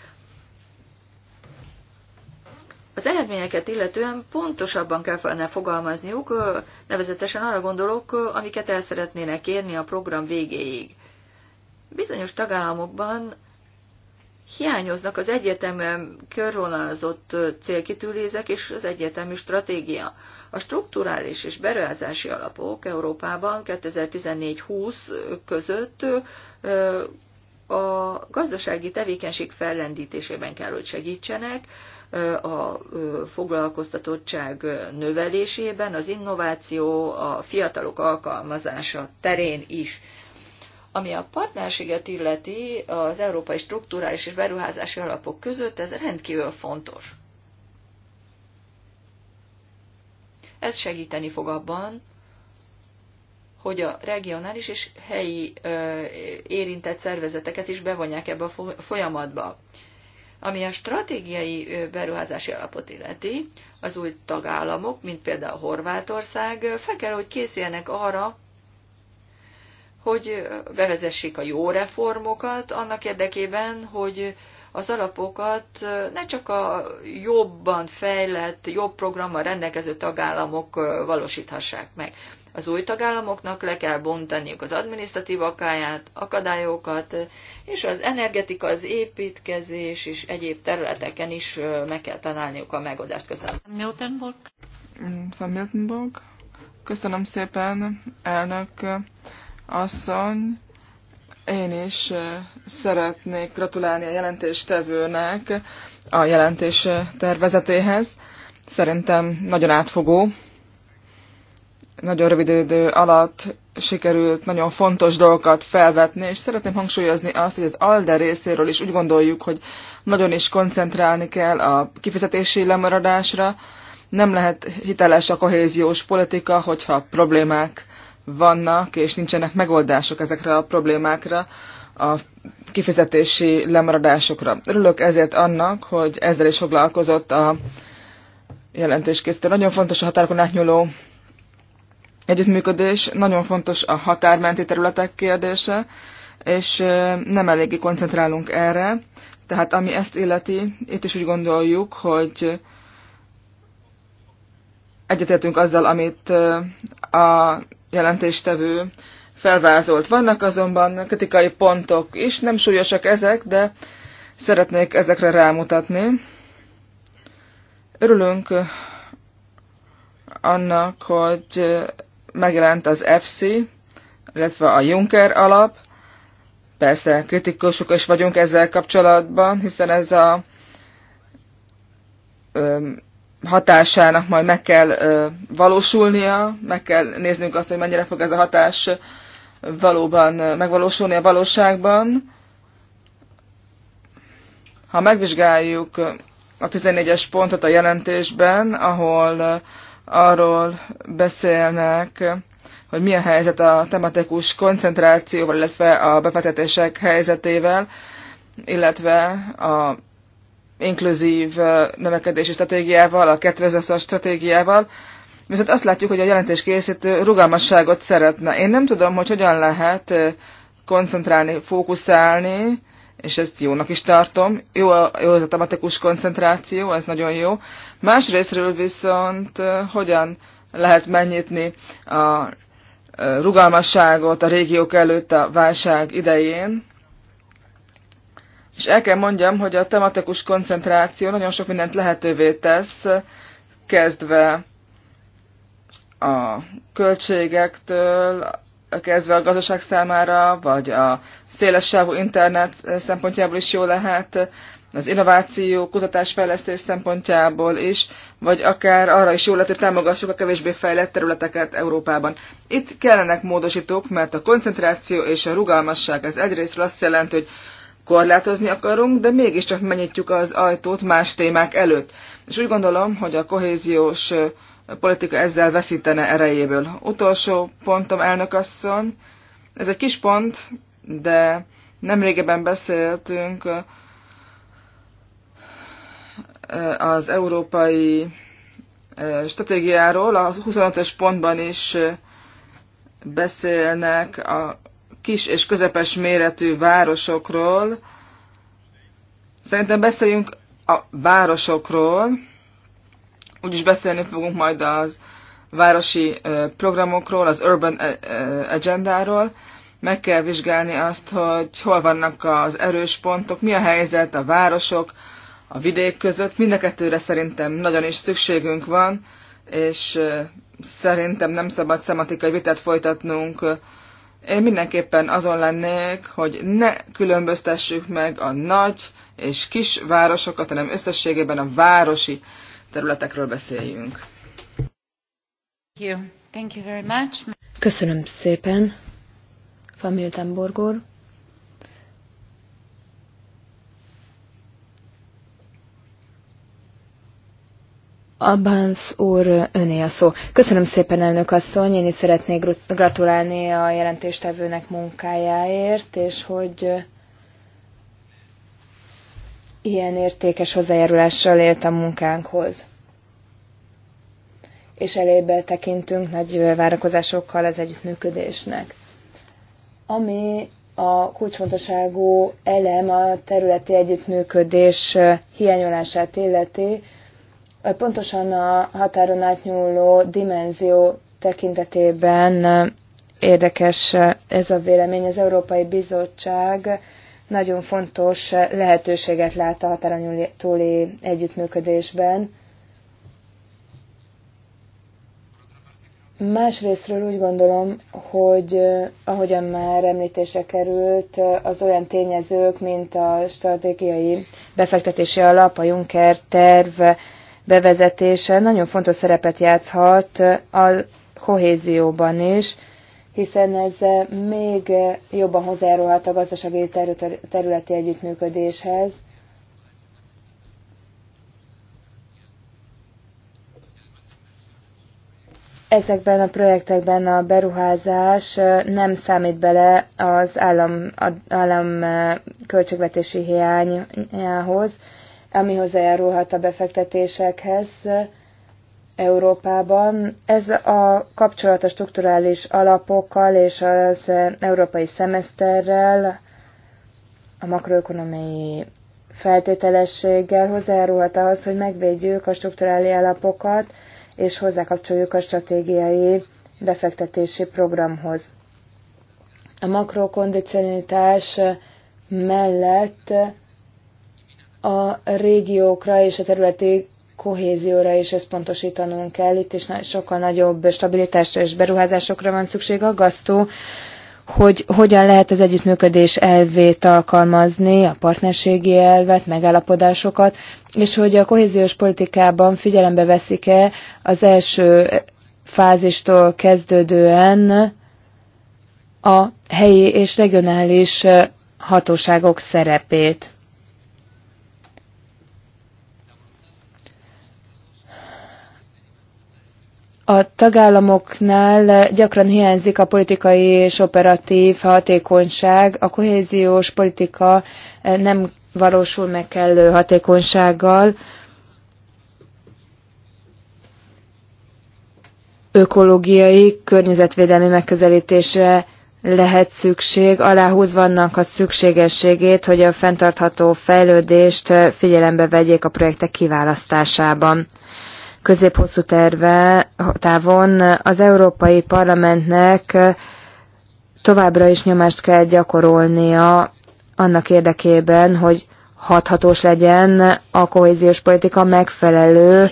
az eredményeket illetően pontosabban kellene fogalmazniuk, nevezetesen arra gondolok, amiket el szeretnének érni a program végéig. Bizonyos tagállamokban hiányoznak az egyértelműen körvonalazott célkitűlézek és az egyértelmű stratégia. A strukturális és beruházási alapok Európában 2014-20 között a gazdasági tevékenység fellendítésében kell, hogy segítsenek, a foglalkoztatottság növelésében, az innováció, a fiatalok alkalmazása terén is. Ami a partnerséget illeti az európai strukturális és beruházási alapok között, ez rendkívül fontos. Ez segíteni fog abban, hogy a regionális és helyi érintett szervezeteket is bevonják ebbe a folyamatba. Ami a stratégiai beruházási alapot illeti, az új tagállamok, mint például Horvátország, fel kell, hogy készüljenek arra, hogy bevezessék a jó reformokat annak érdekében, hogy az alapokat ne csak a jobban fejlett, jobb programmal rendelkező tagállamok valósíthassák meg. Az új tagállamoknak le kell bontaniuk az adminisztratív akáját, akadályokat, és az energetika, az építkezés és egyéb területeken is meg kell találniuk a megoldást. Köszönöm. Miltenburg. Van Miltenburg. Köszönöm szépen, elnök asszony. Én is szeretnék gratulálni a jelentéstevőnek a jelentés tervezetéhez. Szerintem nagyon átfogó. Nagyon rövid idő alatt sikerült nagyon fontos dolgokat felvetni, és szeretném hangsúlyozni azt, hogy az ALDE részéről is úgy gondoljuk, hogy nagyon is koncentrálni kell a kifizetési lemaradásra. Nem lehet hiteles a kohéziós politika, hogyha problémák vannak, és nincsenek megoldások ezekre a problémákra, a kifizetési lemaradásokra. Örülök ezért annak, hogy ezzel is foglalkozott a jelentéskészítő. Nagyon fontos a határokon átnyúló együttműködés, nagyon fontos a határmenti területek kérdése, és nem eléggé koncentrálunk erre. Tehát ami ezt illeti, itt is úgy gondoljuk, hogy egyetértünk azzal, amit a jelentéstevő felvázolt. Vannak azonban kritikai pontok is, nem súlyosak ezek, de szeretnék ezekre rámutatni. Örülünk annak, hogy megjelent az FC, illetve a Juncker alap. Persze kritikusok is vagyunk ezzel kapcsolatban, hiszen ez a hatásának majd meg kell valósulnia, meg kell néznünk azt, hogy mennyire fog ez a hatás valóban megvalósulni a valóságban. Ha megvizsgáljuk a 14-es pontot a jelentésben, ahol arról beszélnek, hogy mi a helyzet a tematikus koncentrációval, illetve a befektetések helyzetével, illetve a inkluzív növekedési stratégiával, a 2020 stratégiával, viszont azt látjuk, hogy a jelentéskészítő rugalmasságot szeretne. Én nem tudom, hogy hogyan lehet koncentrálni, fókuszálni, és ezt jónak is tartom. Jó, jó az a tematikus koncentráció, ez nagyon jó. Másrésztről viszont hogyan lehet megnyitni a rugalmasságot a régiók előtt a válság idején, és el kell mondjam, hogy a tematikus koncentráció nagyon sok mindent lehetővé tesz, kezdve a költségektől, kezdve a gazdaság számára, vagy a szélessávú internet szempontjából is jó lehet, az innováció, kutatásfejlesztés szempontjából is, vagy akár arra is jó lehet, hogy támogassuk a kevésbé fejlett területeket Európában. Itt kellenek módosítók, mert a koncentráció és a rugalmasság ez egyrészt azt jelenti, hogy korlátozni akarunk, de mégiscsak megnyitjuk az ajtót más témák előtt. És úgy gondolom, hogy a kohéziós politika ezzel veszítene erejéből. Utolsó pontom, elnök asszony, ez egy kis pont, de nem régebben beszéltünk az európai stratégiáról, a 25-ös pontban is beszélnek a kis és közepes méretű városokról. Szerintem beszéljünk a városokról, úgyis beszélni fogunk majd az városi programokról, az Urban Agendáról. Meg kell vizsgálni azt, hogy hol vannak az erős pontok, mi a helyzet a városok, a vidék között. Mind a kettőre szerintem nagyon is szükségünk van, és szerintem nem szabad szematikai vitát folytatnunk én mindenképpen azon lennék, hogy ne különböztessük meg a nagy és kis városokat, hanem összességében a városi területekről beszéljünk. Thank you. Thank you very much. Köszönöm szépen, Van Miltenborg Abans úr, öné a szó. Köszönöm szépen, elnök asszony. Én is szeretnék gratulálni a jelentéstevőnek munkájáért, és hogy ilyen értékes hozzájárulással élt a munkánkhoz. És elébe tekintünk nagy várakozásokkal az együttműködésnek. Ami a kulcsfontosságú elem a területi együttműködés hiányolását illeti, pontosan a határon átnyúló dimenzió tekintetében érdekes ez a vélemény. Az Európai Bizottság nagyon fontos lehetőséget lát a határon túli együttműködésben. Másrésztről úgy gondolom, hogy ahogyan már említése került, az olyan tényezők, mint a stratégiai befektetési alap, a Juncker terv, bevezetése nagyon fontos szerepet játszhat a kohézióban is, hiszen ez eh, még eh, jobban hozzájárulhat a gazdasági területi együttműködéshez. Ezekben a projektekben a beruházás eh, nem számít bele az állam, állam költségvetési hiányához, ami hozzájárulhat a befektetésekhez Európában. Ez a kapcsolat a strukturális alapokkal és az európai szemeszterrel, a makroökonomiai feltételességgel hozzájárulhat ahhoz, hogy megvédjük a strukturális alapokat, és hozzákapcsoljuk a stratégiai befektetési programhoz. A makrokondicionitás mellett a régiókra és a területi kohézióra is összpontosítanunk kell. Itt is sokkal nagyobb stabilitásra és beruházásokra van szükség. Aggasztó, hogy hogyan lehet az együttműködés elvét alkalmazni, a partnerségi elvet, megállapodásokat, és hogy a kohéziós politikában figyelembe veszik-e az első fázistól kezdődően a helyi és regionális hatóságok szerepét. a tagállamoknál gyakran hiányzik a politikai és operatív hatékonyság, a kohéziós politika nem valósul meg kellő hatékonysággal, ökológiai, környezetvédelmi megközelítésre lehet szükség, aláhúz vannak a szükségességét, hogy a fenntartható fejlődést figyelembe vegyék a projektek kiválasztásában középhosszú terve távon az Európai Parlamentnek továbbra is nyomást kell gyakorolnia annak érdekében, hogy hathatós legyen a kohéziós politika megfelelő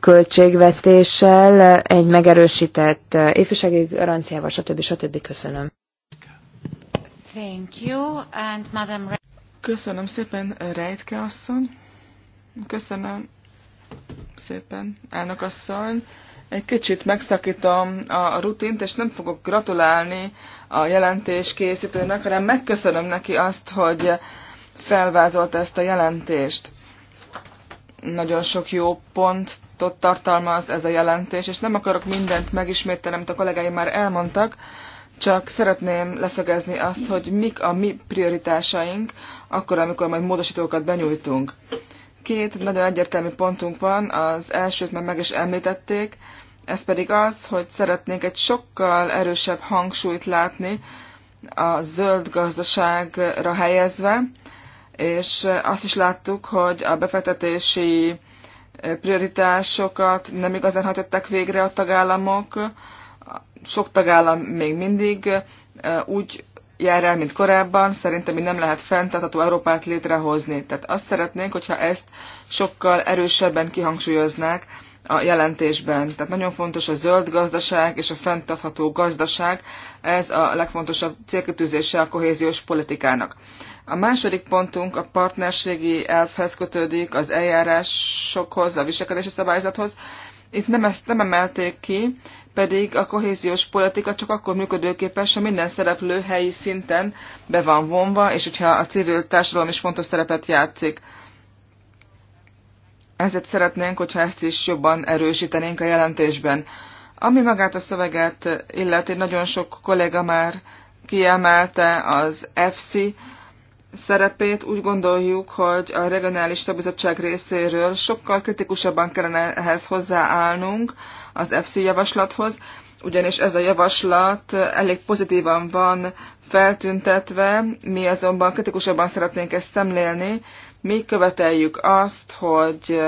költségvetéssel, egy megerősített ifjúsági garanciával, stb. stb. Köszönöm. Thank you, and Madam Köszönöm szépen, Rejtke asszony. Köszönöm szépen, elnök asszony. Egy kicsit megszakítom a rutint, és nem fogok gratulálni a jelentés készítőnek, hanem megköszönöm neki azt, hogy felvázolta ezt a jelentést. Nagyon sok jó pontot tartalmaz ez a jelentés, és nem akarok mindent megismételni, amit a kollégáim már elmondtak, csak szeretném leszögezni azt, hogy mik a mi prioritásaink, akkor, amikor majd módosítókat benyújtunk. Két nagyon egyértelmű pontunk van, az elsőt már meg is említették, ez pedig az, hogy szeretnénk egy sokkal erősebb hangsúlyt látni a zöld gazdaságra helyezve, és azt is láttuk, hogy a befektetési prioritásokat nem igazán hajtották végre a tagállamok. Sok tagállam még mindig úgy jár el, mint korábban, szerintem így nem lehet fenntartható Európát létrehozni. Tehát azt szeretnénk, hogyha ezt sokkal erősebben kihangsúlyoznák a jelentésben. Tehát nagyon fontos a zöld gazdaság és a fenntartható gazdaság, ez a legfontosabb célkötőzése a kohéziós politikának. A második pontunk a partnerségi elvhez kötődik, az eljárásokhoz, a viselkedési szabályzathoz. Itt nem ezt nem emelték ki, pedig a kohéziós politika csak akkor működőképes, ha minden szereplő helyi szinten be van vonva, és hogyha a civil társadalom is fontos szerepet játszik. Ezért szeretnénk, hogyha ezt is jobban erősítenénk a jelentésben. Ami magát a szöveget illeti, nagyon sok kolléga már kiemelte az FC szerepét. Úgy gondoljuk, hogy a regionális szabizottság részéről sokkal kritikusabban kellene ehhez hozzáállnunk, az FC javaslathoz, ugyanis ez a javaslat elég pozitívan van feltüntetve, mi azonban kritikusabban szeretnénk ezt szemlélni. Mi követeljük azt, hogy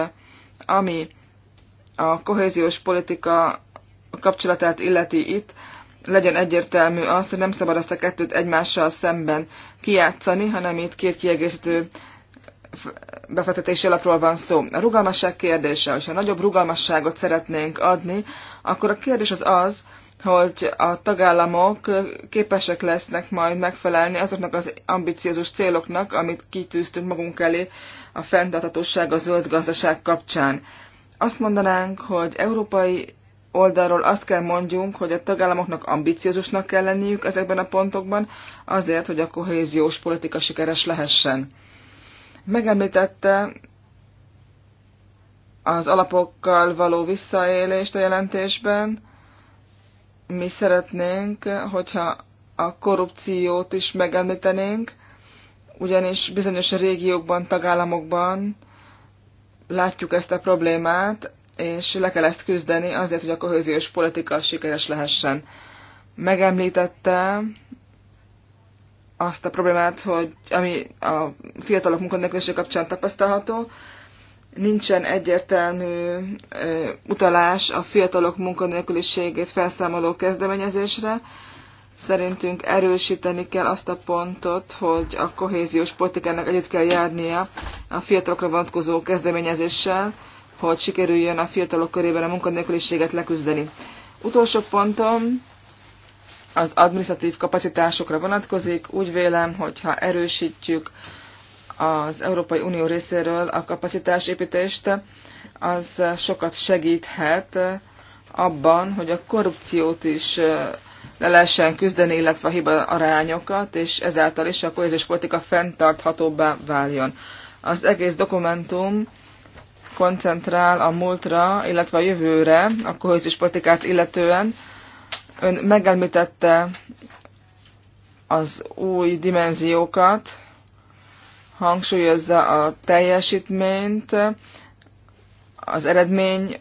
ami a kohéziós politika kapcsolatát illeti itt, legyen egyértelmű az, hogy nem szabad azt a kettőt egymással szemben kijátszani, hanem itt két kiegészítő befektetési alapról van szó. A rugalmasság kérdése, hogyha nagyobb rugalmasságot szeretnénk adni, akkor a kérdés az az, hogy a tagállamok képesek lesznek majd megfelelni azoknak az ambiciózus céloknak, amit kitűztünk magunk elé a fenntarthatóság, a zöld gazdaság kapcsán. Azt mondanánk, hogy európai oldalról azt kell mondjunk, hogy a tagállamoknak ambiciózusnak kell lenniük ezekben a pontokban, azért, hogy a kohéziós politika sikeres lehessen. Megemlítette az alapokkal való visszaélést a jelentésben. Mi szeretnénk, hogyha a korrupciót is megemlítenénk, ugyanis bizonyos régiókban, tagállamokban látjuk ezt a problémát, és le kell ezt küzdeni azért, hogy a kohéziós politika sikeres lehessen. Megemlítette azt a problémát, hogy ami a fiatalok munkanélkülség kapcsán tapasztalható, nincsen egyértelmű ö, utalás a fiatalok munkanélküliségét felszámoló kezdeményezésre. Szerintünk erősíteni kell azt a pontot, hogy a kohéziós politikának együtt kell járnia a fiatalokra vonatkozó kezdeményezéssel, hogy sikerüljön a fiatalok körében a munkanélküliséget leküzdeni. Utolsó pontom, az administratív kapacitásokra vonatkozik. Úgy vélem, hogyha erősítjük az Európai Unió részéről a kapacitásépítést, az sokat segíthet abban, hogy a korrupciót is le lehessen küzdeni, illetve a hiba arányokat, és ezáltal is a kohéziós politika fenntarthatóbbá váljon. Az egész dokumentum koncentrál a múltra, illetve a jövőre a kohéziós politikát illetően, Ön megelmítette az új dimenziókat, hangsúlyozza a teljesítményt, az eredmény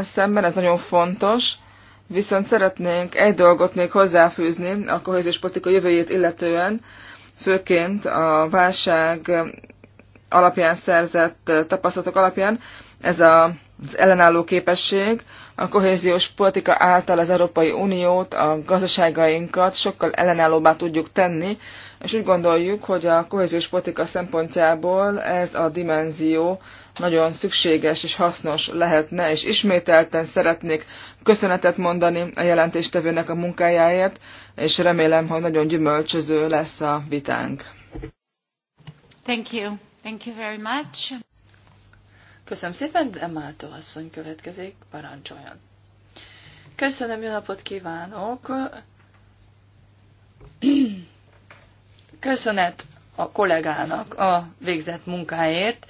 szemben, ez nagyon fontos, viszont szeretnénk egy dolgot még hozzáfűzni a kohéziós politika jövőjét illetően, főként a válság alapján szerzett tapasztalatok alapján, ez a az ellenálló képesség, a kohéziós politika által az Európai Uniót, a gazdaságainkat sokkal ellenállóbbá tudjuk tenni, és úgy gondoljuk, hogy a kohéziós politika szempontjából ez a dimenzió nagyon szükséges és hasznos lehetne, és ismételten szeretnék köszönetet mondani a jelentéstevőnek a munkájáért, és remélem, hogy nagyon gyümölcsöző lesz a vitánk. Thank you. Thank you very much. Köszönöm szépen, de Mátó asszony következik, parancsoljon. Köszönöm, jó napot kívánok! Köszönet a kollégának a végzett munkáért,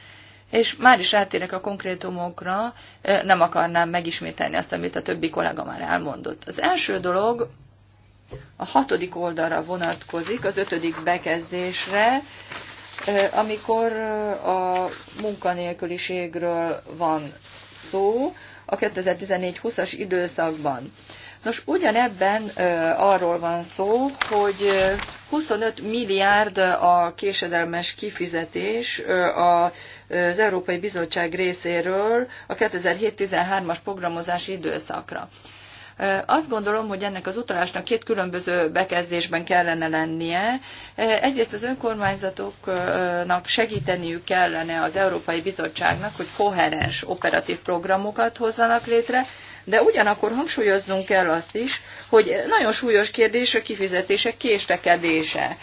és már is rátérek a konkrétumokra, nem akarnám megismételni azt, amit a többi kollega már elmondott. Az első dolog a hatodik oldalra vonatkozik, az ötödik bekezdésre, amikor a munkanélküliségről van szó a 2014-20-as időszakban. Nos, ugyanebben arról van szó, hogy 25 milliárd a késedelmes kifizetés az Európai Bizottság részéről a 2007-13-as programozási időszakra. Azt gondolom, hogy ennek az utalásnak két különböző bekezdésben kellene lennie. Egyrészt az önkormányzatoknak segíteniük kellene az Európai Bizottságnak, hogy koherens operatív programokat hozzanak létre, de ugyanakkor hangsúlyoznunk kell azt is, hogy nagyon súlyos kérdés a kifizetések késtekedése.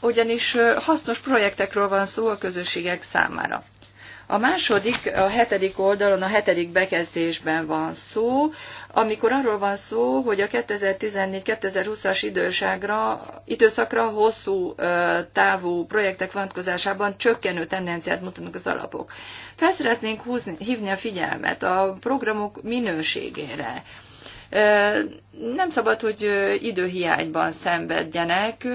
Ugyanis hasznos projektekről van szó a közösségek számára. A második, a hetedik oldalon, a hetedik bekezdésben van szó, amikor arról van szó, hogy a 2014-2020-as időságra, időszakra hosszú távú projektek vonatkozásában csökkenő tendenciát mutatnak az alapok. Felszeretnénk húzni, hívni a figyelmet a programok minőségére nem szabad, hogy időhiányban szenvedjenek.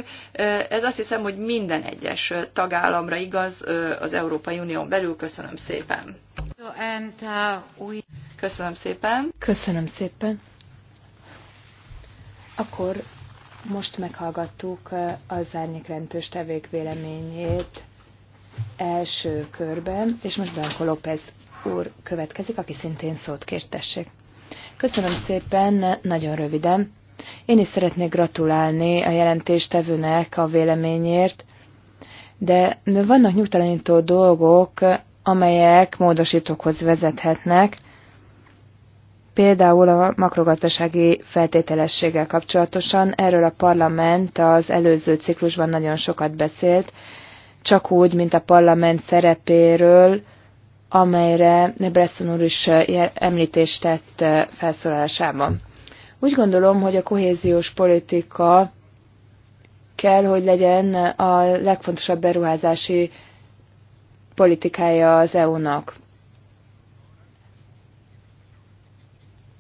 Ez azt hiszem, hogy minden egyes tagállamra igaz az Európai Unión belül. Köszönöm szépen. Uh, Köszönöm szépen. Köszönöm szépen. Akkor most meghallgattuk az árnyék rendős tevék véleményét első körben, és most Blanco López úr következik, aki szintén szót kértessék. Köszönöm szépen, nagyon röviden. Én is szeretnék gratulálni a jelentéstevőnek a véleményért, de vannak nyugtalanító dolgok, amelyek módosítókhoz vezethetnek, például a makrogazdasági feltételességgel kapcsolatosan. Erről a parlament az előző ciklusban nagyon sokat beszélt, csak úgy, mint a parlament szerepéről amelyre Bresson úr is eh, említést tett eh, felszólalásában. Úgy gondolom, hogy a kohéziós politika kell, hogy legyen a legfontosabb beruházási politikája az EU-nak.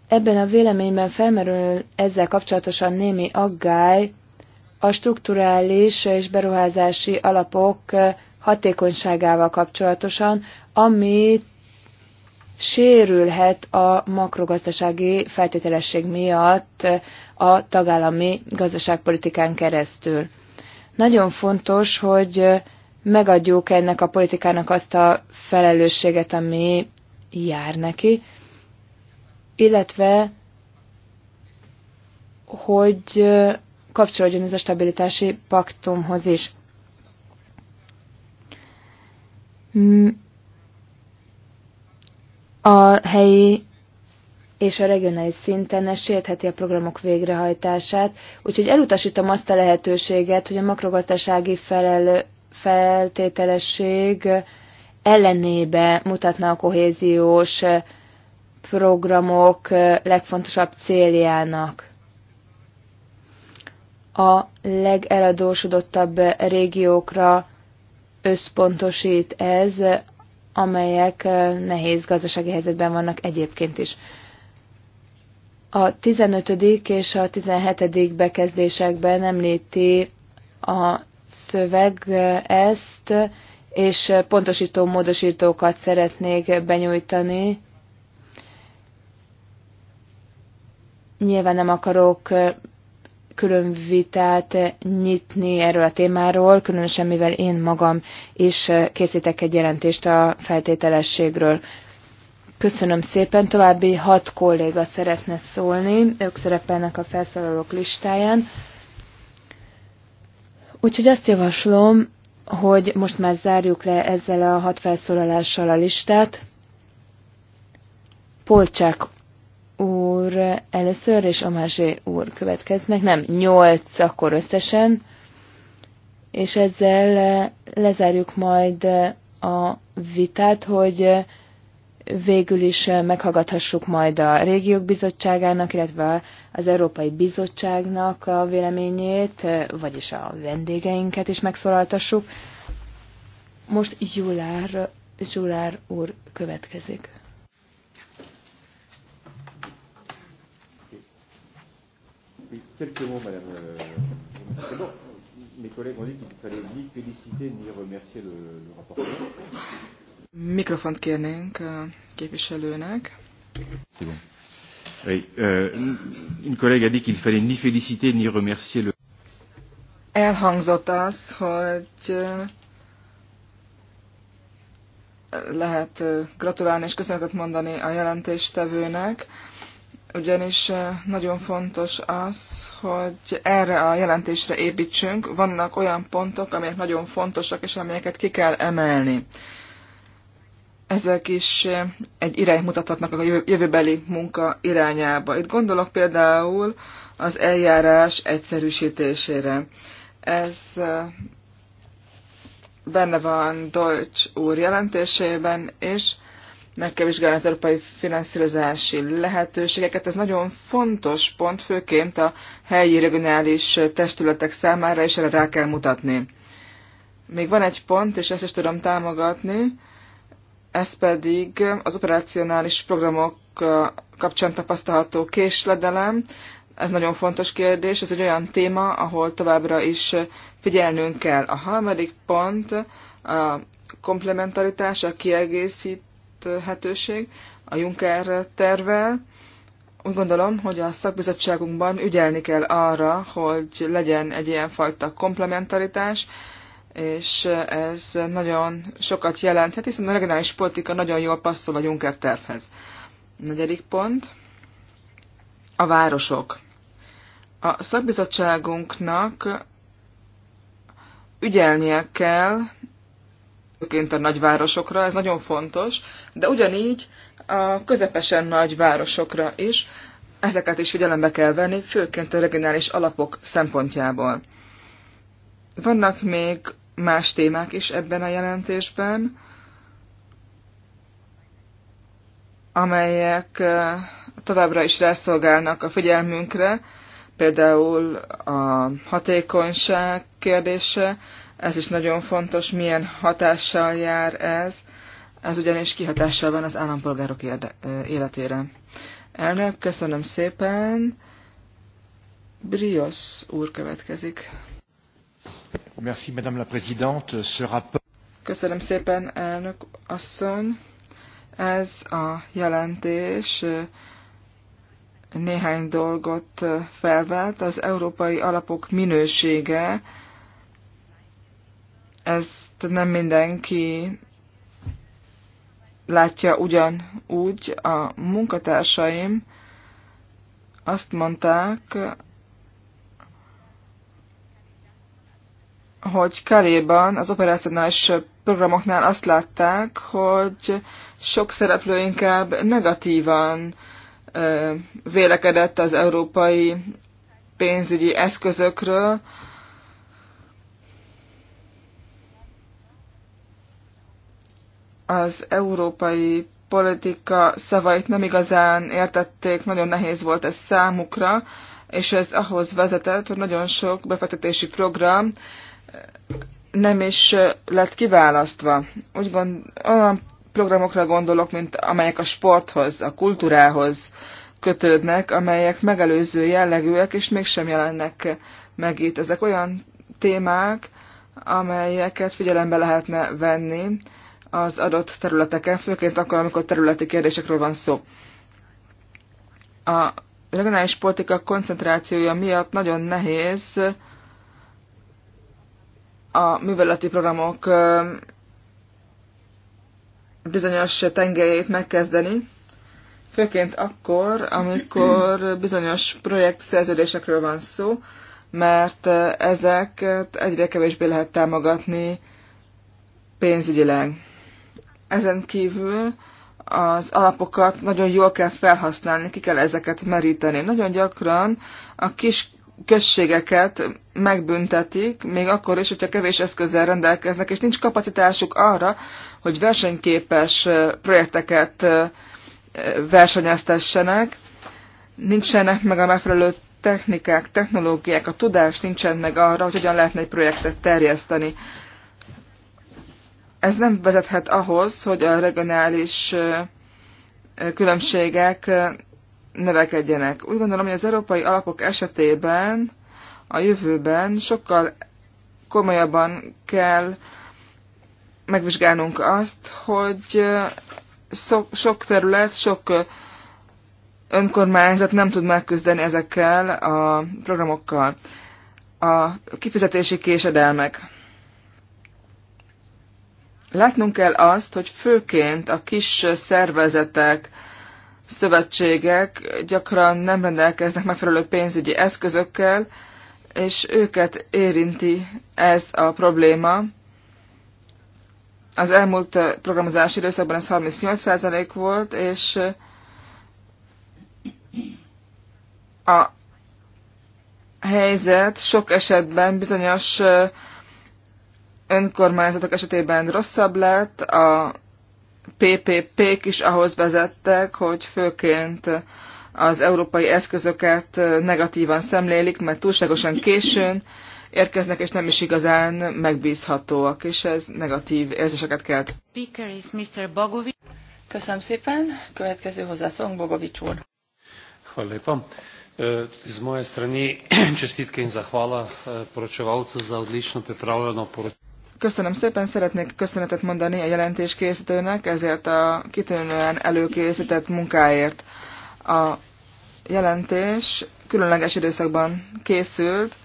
Ebben a véleményben felmerül ezzel kapcsolatosan némi aggály a strukturális és beruházási alapok eh, hatékonyságával kapcsolatosan, ami sérülhet a makrogazdasági feltételesség miatt a tagállami gazdaságpolitikán keresztül. Nagyon fontos, hogy megadjuk ennek a politikának azt a felelősséget, ami jár neki, illetve hogy kapcsolódjon ez a stabilitási paktumhoz is. a helyi és a regionális szinten ez sértheti a programok végrehajtását, úgyhogy elutasítom azt a lehetőséget, hogy a makrogazdasági felel feltételesség ellenébe mutatna a kohéziós programok legfontosabb céljának. A legeladósodottabb régiókra összpontosít ez, amelyek eh, nehéz gazdasági helyzetben vannak egyébként is. A 15. és a 17. bekezdésekben említi a szöveg eh, ezt, és pontosító módosítókat szeretnék benyújtani. Nyilván nem akarok eh, külön vitát nyitni erről a témáról, különösen mivel én magam is készítek egy jelentést a feltételességről. Köszönöm szépen, további hat kolléga szeretne szólni, ők szerepelnek a felszólalók listáján. Úgyhogy azt javaslom, hogy most már zárjuk le ezzel a hat felszólalással a listát. Polcsák úr először, és Amázsé úr következnek, nem, nyolc akkor összesen, és ezzel eh, lezárjuk majd eh, a vitát, hogy eh, végül is meghallgathassuk majd a régiók bizottságának, illetve az Európai Bizottságnak a véleményét, vagyis a vendégeinket is megszólaltassuk. Most Julár, Julár úr következik. Quelques mots, Madame. Euh, bon, mes collègues ont dit qu'il fallait ni féliciter ni remercier le, le rapporteur. Mikrofont kérnénk a euh, képviselőnek. C'est bon. Oui, euh, une collègue a dit qu'il fallait ni féliciter ni remercier le. Elhangzott az, hogy euh, lehet euh, gratulálni és köszönetet mondani a jelentéstevőnek ugyanis nagyon fontos az, hogy erre a jelentésre építsünk. Vannak olyan pontok, amelyek nagyon fontosak, és amelyeket ki kell emelni. Ezek is egy irányt mutathatnak a jövőbeli munka irányába. Itt gondolok például az eljárás egyszerűsítésére. Ez benne van Deutsch úr jelentésében, és meg kell vizsgálni az európai finanszírozási lehetőségeket. Ez nagyon fontos pont, főként a helyi regionális testületek számára, és erre rá kell mutatni. Még van egy pont, és ezt is tudom támogatni, ez pedig az operacionális programok kapcsán tapasztalható késledelem. Ez nagyon fontos kérdés, ez egy olyan téma, ahol továbbra is figyelnünk kell. A harmadik pont a komplementaritás, a kiegészítés, követhetőség a Juncker tervel. Úgy gondolom, hogy a szakbizottságunkban ügyelni kell arra, hogy legyen egy ilyen fajta komplementaritás, és ez nagyon sokat jelenthet, hiszen a regionális politika nagyon jól passzol a Juncker tervhez. Negyedik pont. A városok. A szakbizottságunknak ügyelnie kell főként a nagyvárosokra, ez nagyon fontos, de ugyanígy a közepesen nagyvárosokra is, ezeket is figyelembe kell venni, főként a regionális alapok szempontjából. Vannak még más témák is ebben a jelentésben, amelyek továbbra is rászolgálnak a figyelmünkre, például a hatékonyság kérdése, ez is nagyon fontos, milyen hatással jár ez, ez ugyanis kihatással van az állampolgárok életére. Elnök, köszönöm szépen. Brios úr következik. Merci, Madame la Présidente. Ce rapport... Köszönöm szépen, elnök asszony. Ez a jelentés néhány dolgot felvált. Az európai alapok minősége, ezt nem mindenki látja ugyanúgy. A munkatársaim azt mondták, hogy Kaléban az operacionális programoknál azt látták, hogy sok szereplő inkább negatívan vélekedett az európai pénzügyi eszközökről, az európai politika szavait nem igazán értették, nagyon nehéz volt ez számukra, és ez ahhoz vezetett, hogy nagyon sok befektetési program nem is lett kiválasztva. Úgy gond, olyan programokra gondolok, mint amelyek a sporthoz, a kultúrához kötődnek, amelyek megelőző jellegűek, és mégsem jelennek meg itt. Ezek olyan témák, amelyeket figyelembe lehetne venni, az adott területeken, főként akkor, amikor területi kérdésekről van szó. A regionális politika koncentrációja miatt nagyon nehéz a műveleti programok bizonyos tengelyét megkezdeni, főként akkor, amikor bizonyos projekt szerződésekről van szó, mert ezeket egyre kevésbé lehet támogatni pénzügyileg. Ezen kívül az alapokat nagyon jól kell felhasználni, ki kell ezeket meríteni. Nagyon gyakran a kis községeket megbüntetik, még akkor is, hogyha kevés eszközzel rendelkeznek, és nincs kapacitásuk arra, hogy versenyképes projekteket versenyeztessenek, nincsenek meg a megfelelő technikák, technológiák, a tudás nincsen meg arra, hogy hogyan lehetne egy projektet terjeszteni ez nem vezethet ahhoz, hogy a regionális különbségek növekedjenek. Úgy gondolom, hogy az európai alapok esetében a jövőben sokkal komolyabban kell megvizsgálnunk azt, hogy sok, sok terület, sok önkormányzat nem tud megküzdeni ezekkel a programokkal. A kifizetési késedelmek Látnunk kell azt, hogy főként a kis szervezetek, szövetségek gyakran nem rendelkeznek megfelelő pénzügyi eszközökkel, és őket érinti ez a probléma. Az elmúlt programozási időszakban ez 38% volt, és a helyzet sok esetben bizonyos önkormányzatok esetében rosszabb lett, a PPP-k is ahhoz vezettek, hogy főként az európai eszközöket negatívan szemlélik, mert túlságosan későn érkeznek, és nem is igazán megbízhatóak, és ez negatív érzéseket kelt. Köszönöm szépen. Következő hozzászólunk Bogovics úr. Hvala e, Z moje strani [clears throat] čestitke in zahvala e, poročevalcu za odlično pripravljeno poročilo. Köszönöm szépen, szeretnék köszönetet mondani a jelentés ezért a kitűnően előkészített munkáért. A jelentés különleges időszakban készült,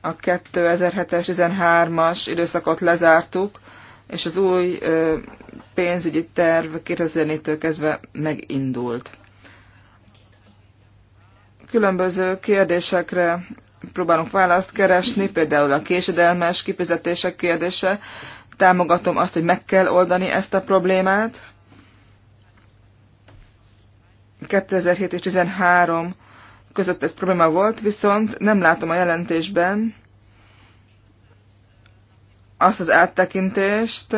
a 2007-es, 13-as időszakot lezártuk, és az új pénzügyi terv 2004-től kezdve megindult. Különböző kérdésekre próbálunk választ keresni, például a késedelmes kifizetések kérdése. Támogatom azt, hogy meg kell oldani ezt a problémát. 2007 és 2013 között ez probléma volt, viszont nem látom a jelentésben azt az áttekintést,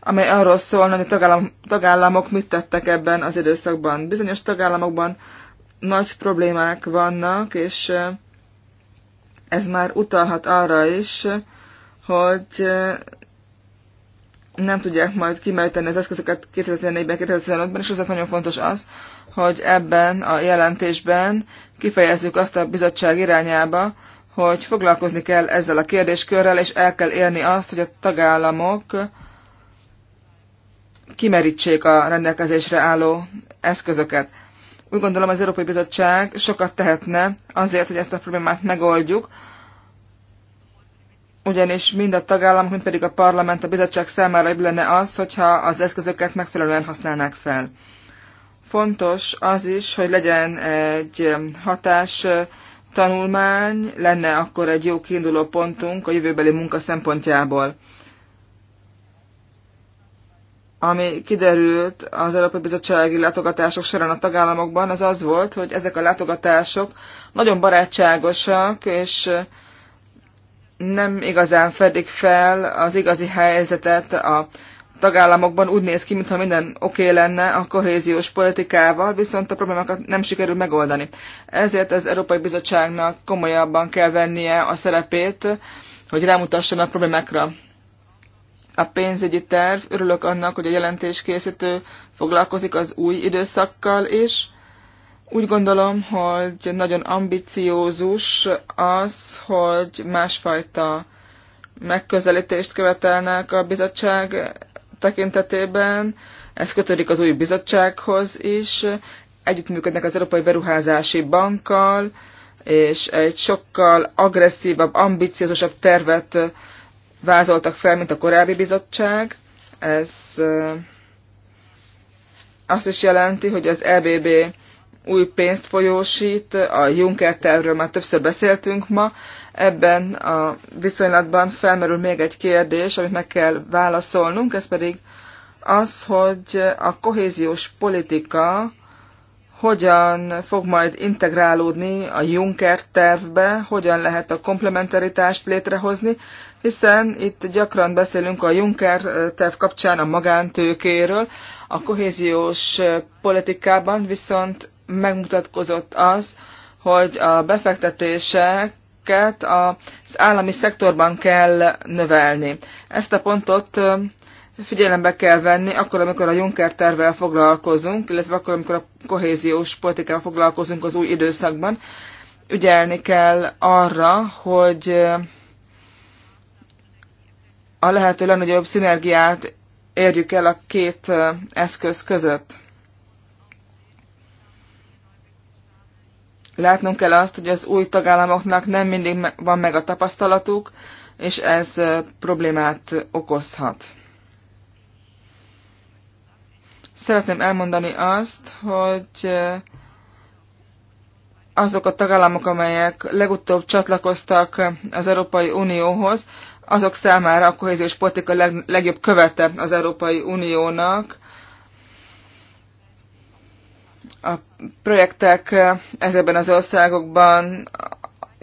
amely arról szól, hogy a tagállam, tagállamok mit tettek ebben az időszakban. Bizonyos tagállamokban nagy problémák vannak, és ez már utalhat arra is, hogy nem tudják majd kimeríteni az eszközöket 2014-ben, 2015-ben, és azért nagyon fontos az, hogy ebben a jelentésben kifejezzük azt a bizottság irányába, hogy foglalkozni kell ezzel a kérdéskörrel, és el kell élni azt, hogy a tagállamok kimerítsék a rendelkezésre álló eszközöket. Úgy gondolom az Európai Bizottság sokat tehetne azért, hogy ezt a problémát megoldjuk, ugyanis mind a tagállam, mind pedig a parlament a bizottság számára jobb lenne az, hogyha az eszközöket megfelelően használnák fel. Fontos az is, hogy legyen egy hatás tanulmány, lenne akkor egy jó kiinduló pontunk a jövőbeli munka szempontjából ami kiderült az Európai Bizottsági látogatások során a tagállamokban, az az volt, hogy ezek a látogatások nagyon barátságosak, és nem igazán fedik fel az igazi helyzetet a tagállamokban. Úgy néz ki, mintha minden oké okay lenne a kohéziós politikával, viszont a problémákat nem sikerül megoldani. Ezért az Európai Bizottságnak komolyabban kell vennie a szerepét, hogy rámutasson a problémákra a pénzügyi terv. Örülök annak, hogy a jelentéskészítő foglalkozik az új időszakkal is. Úgy gondolom, hogy nagyon ambiciózus az, hogy másfajta megközelítést követelnek a bizottság tekintetében. Ez kötődik az új bizottsághoz is. Együttműködnek az Európai Beruházási Bankkal, és egy sokkal agresszívabb, ambiciózusabb tervet vázoltak fel, mint a korábbi bizottság. Ez azt is jelenti, hogy az EBB új pénzt folyósít, a Juncker tervről már többször beszéltünk ma. Ebben a viszonylatban felmerül még egy kérdés, amit meg kell válaszolnunk, ez pedig az, hogy a kohéziós politika hogyan fog majd integrálódni a Juncker tervbe, hogyan lehet a komplementaritást létrehozni, hiszen itt gyakran beszélünk a Juncker terv kapcsán a magántőkéről, a kohéziós politikában viszont megmutatkozott az, hogy a befektetéseket az állami szektorban kell növelni. Ezt a pontot figyelembe kell venni akkor, amikor a Juncker tervvel foglalkozunk, illetve akkor, amikor a kohéziós politikával foglalkozunk az új időszakban. Ügyelni kell arra, hogy a lehető legnagyobb szinergiát érjük el a két eszköz között. Látnunk kell azt, hogy az új tagállamoknak nem mindig van meg a tapasztalatuk, és ez problémát okozhat. Szeretném elmondani azt, hogy azok a tagállamok, amelyek legutóbb csatlakoztak az Európai Unióhoz, azok számára a kohéziós politika leg, legjobb követe az Európai Uniónak. A projektek ezekben az országokban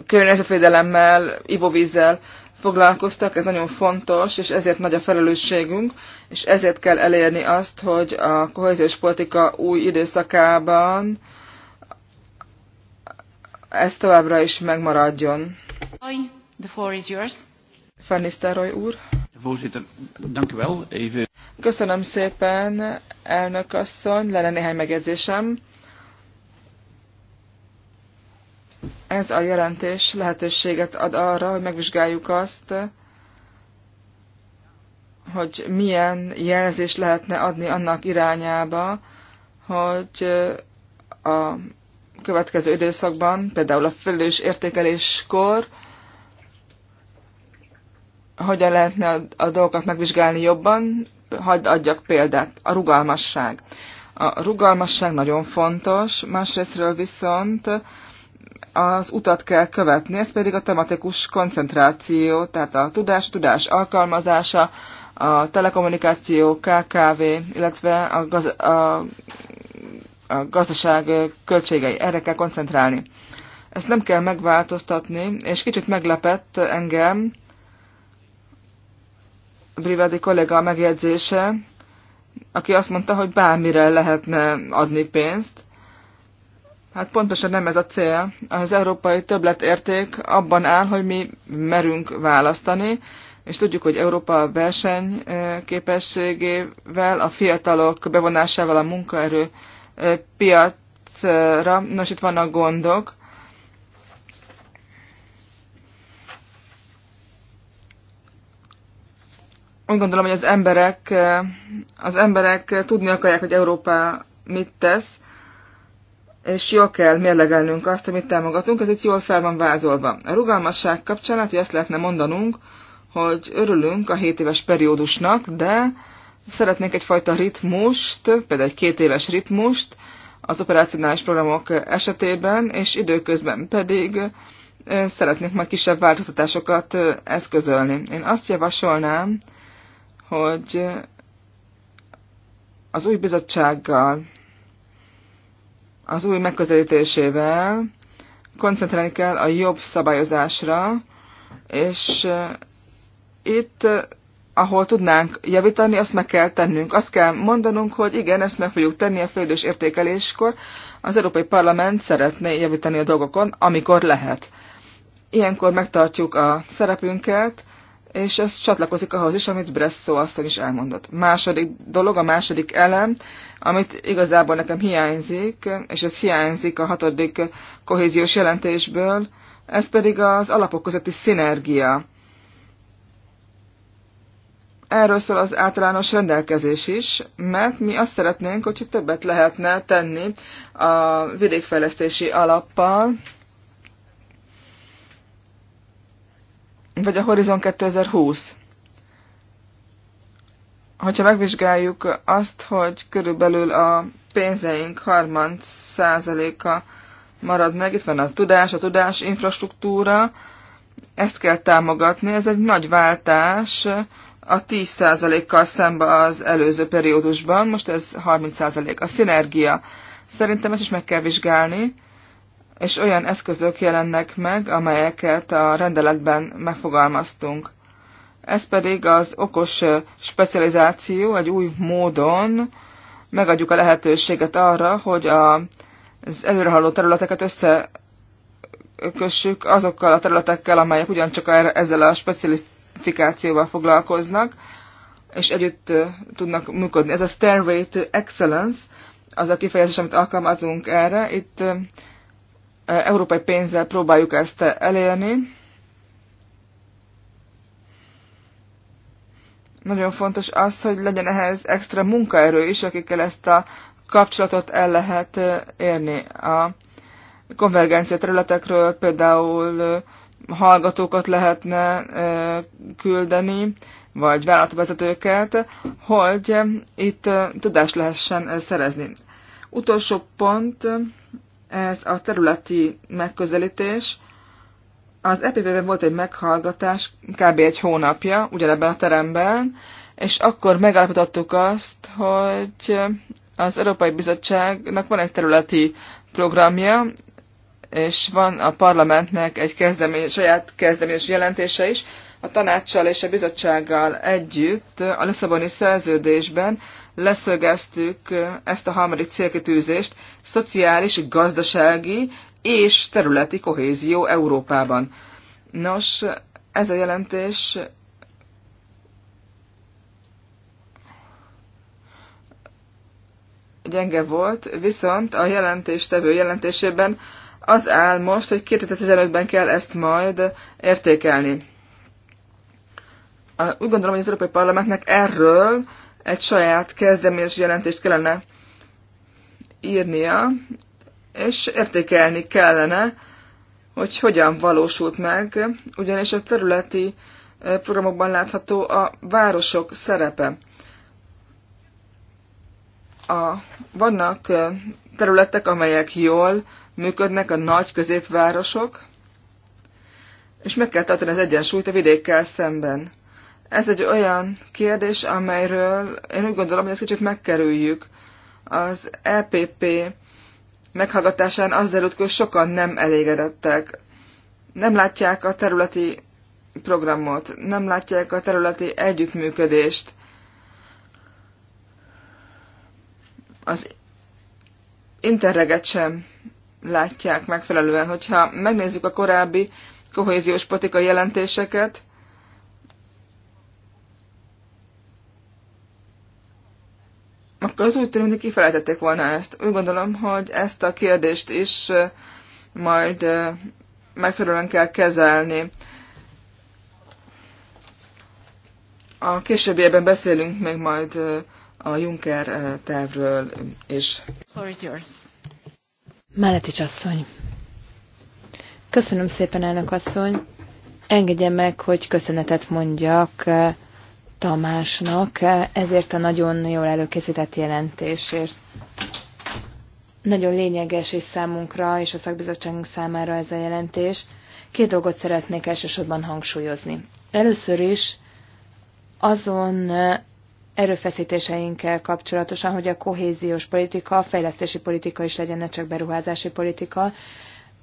környezetvédelemmel, ivóvízzel foglalkoztak, ez nagyon fontos, és ezért nagy a felelősségünk, és ezért kell elérni azt, hogy a kohéziós politika új időszakában ez továbbra is megmaradjon. The floor is yours. Van Nistelrooy úr. Voorzitter, dank u wel. Even... Köszönöm szépen, elnök asszony. Lenne néhány megjegyzésem. Ez a jelentés lehetőséget ad arra, hogy megvizsgáljuk azt, hogy milyen jelzést lehetne adni annak irányába, hogy a következő időszakban, például a felelős értékeléskor, hogyan lehetne a, a dolgokat megvizsgálni jobban, hagyd adjak példát, a rugalmasság. A rugalmasság nagyon fontos, másrésztről viszont az utat kell követni, ez pedig a tematikus koncentráció, tehát a tudás, tudás alkalmazása, a telekommunikáció, KKV, illetve a, gaz, a, a gazdaság költségei. Erre kell koncentrálni. Ezt nem kell megváltoztatni, és kicsit meglepett engem, Brivadi kollega megjegyzése, aki azt mondta, hogy bármire lehetne adni pénzt. Hát pontosan nem ez a cél. Az európai többletérték abban áll, hogy mi merünk választani, és tudjuk, hogy Európa verseny képességével, a fiatalok bevonásával a munkaerő piacra, nos itt vannak gondok, úgy gondolom, hogy az emberek, eh, az emberek tudni akarják, hogy Európa mit tesz, és jól kell mérlegelnünk azt, amit támogatunk, ez itt jól fel van vázolva. A rugalmasság kapcsán hogy azt lehetne mondanunk, hogy örülünk a 7 éves periódusnak, de szeretnénk egyfajta ritmust, például egy két éves ritmust az operacionális programok esetében, és időközben pedig eh, szeretnénk majd kisebb változtatásokat eh, eszközölni. Én azt javasolnám, hogy az új bizottsággal, az új megközelítésével koncentrálni kell a jobb szabályozásra, és eh, itt, eh, ahol tudnánk javítani, azt meg kell tennünk. Azt kell mondanunk, hogy igen, ezt meg fogjuk tenni a félidős értékeléskor. Az Európai Parlament szeretné javítani a dolgokon, amikor lehet. Ilyenkor megtartjuk a szerepünket, és ez csatlakozik ahhoz is, amit Bresszó asszony is elmondott. Második dolog, a második elem, amit igazából nekem hiányzik, és ez hiányzik a hatodik kohéziós jelentésből, ez pedig az alapok közötti szinergia. Erről szól az általános rendelkezés is, mert mi azt szeretnénk, hogyha többet lehetne tenni a vidékfejlesztési alappal, vagy a Horizon 2020. Hogyha megvizsgáljuk azt, hogy körülbelül a pénzeink 30%-a marad meg, itt van a tudás, a tudás infrastruktúra, ezt kell támogatni, ez egy nagy váltás a 10%-kal szemben az előző periódusban, most ez 30%, a szinergia. Szerintem ezt is meg kell vizsgálni, és olyan eszközök jelennek meg, amelyeket a rendeletben megfogalmaztunk. Ez pedig az okos specializáció egy új módon megadjuk a lehetőséget arra, hogy a, az előrehaló területeket összekössük azokkal a területekkel, amelyek ugyancsak ezzel a specifikációval foglalkoznak, és együtt tudnak működni. Ez a Stairway to Excellence, az a kifejezés, amit alkalmazunk erre. Itt európai pénzzel próbáljuk ezt elérni. Nagyon fontos az, hogy legyen ehhez extra munkaerő is, akikkel ezt a kapcsolatot el lehet érni. A konvergencia területekről például hallgatókat lehetne küldeni, vagy vállalatvezetőket, hogy itt tudást lehessen szerezni. Utolsó pont, ez a területi megközelítés. Az EPV-ben volt egy meghallgatás kb. egy hónapja, ugyanebben a teremben, és akkor megállapítottuk azt, hogy az Európai Bizottságnak van egy területi programja, és van a parlamentnek egy kezdemény, saját kezdeményes jelentése is, a tanácssal és a bizottsággal együtt a Lisszaboni szerződésben leszögeztük ezt a harmadik célkitűzést, szociális, gazdasági és területi kohézió Európában. Nos, ez a jelentés gyenge volt, viszont a jelentéstevő jelentésében az áll most, hogy 2015-ben kell ezt majd értékelni. Úgy gondolom, hogy az Európai Parlamentnek erről egy saját kezdeményezés jelentést kellene írnia, és értékelni kellene, hogy hogyan valósult meg, ugyanis a területi programokban látható a városok szerepe. A, vannak területek, amelyek jól működnek, a nagy középvárosok, és meg kell tartani az egyensúlyt a vidékkel szemben. Ez egy olyan kérdés, amelyről én úgy gondolom, hogy ezt kicsit megkerüljük. Az EPP meghallgatásán az derült hogy sokan nem elégedettek. Nem látják a területi programot, nem látják a területi együttműködést. Az interreget sem látják megfelelően. Hogyha megnézzük a korábbi kohéziós politika jelentéseket, akkor az úgy tűnik, kifelejtették volna ezt. Úgy gondolom, hogy ezt a kérdést is majd megfelelően kell kezelni. A későbbiekben beszélünk még majd a Juncker tervről is. Máletics asszony. Köszönöm szépen, elnök asszony. Engedje meg, hogy köszönetet mondjak Tamásnak ezért a nagyon jól előkészített jelentésért. Nagyon lényeges és számunkra és a szakbizottságunk számára ez a jelentés. Két dolgot szeretnék elsősorban hangsúlyozni. Először is azon erőfeszítéseinkkel kapcsolatosan, hogy a kohéziós politika, a fejlesztési politika is legyen, ne csak beruházási politika,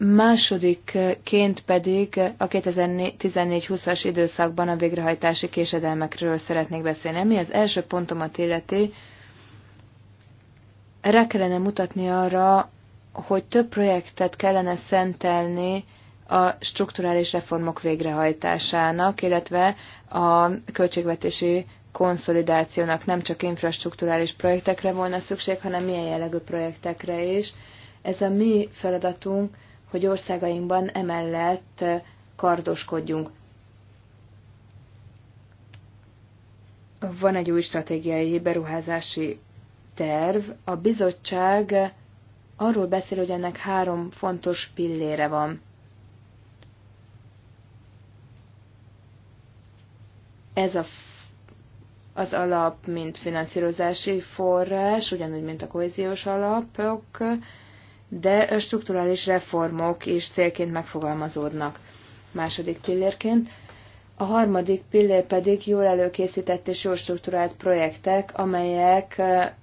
Másodikként pedig a 2014-20-as időszakban a végrehajtási késedelmekről szeretnék beszélni. Ami az első pontomat illeti, rá kellene mutatni arra, hogy több projektet kellene szentelni a strukturális reformok végrehajtásának, illetve a költségvetési konszolidációnak nem csak infrastruktúrális projektekre volna szükség, hanem milyen jellegű projektekre is. Ez a mi feladatunk, hogy országainkban emellett kardoskodjunk. Van egy új stratégiai beruházási terv. A bizottság arról beszél, hogy ennek három fontos pillére van. Ez a, az alap, mint finanszírozási forrás, ugyanúgy, mint a kohéziós alapok, de strukturális reformok is célként megfogalmazódnak. Második pillérként. A harmadik pillér pedig jól előkészített és jól struktúrált projektek, amelyek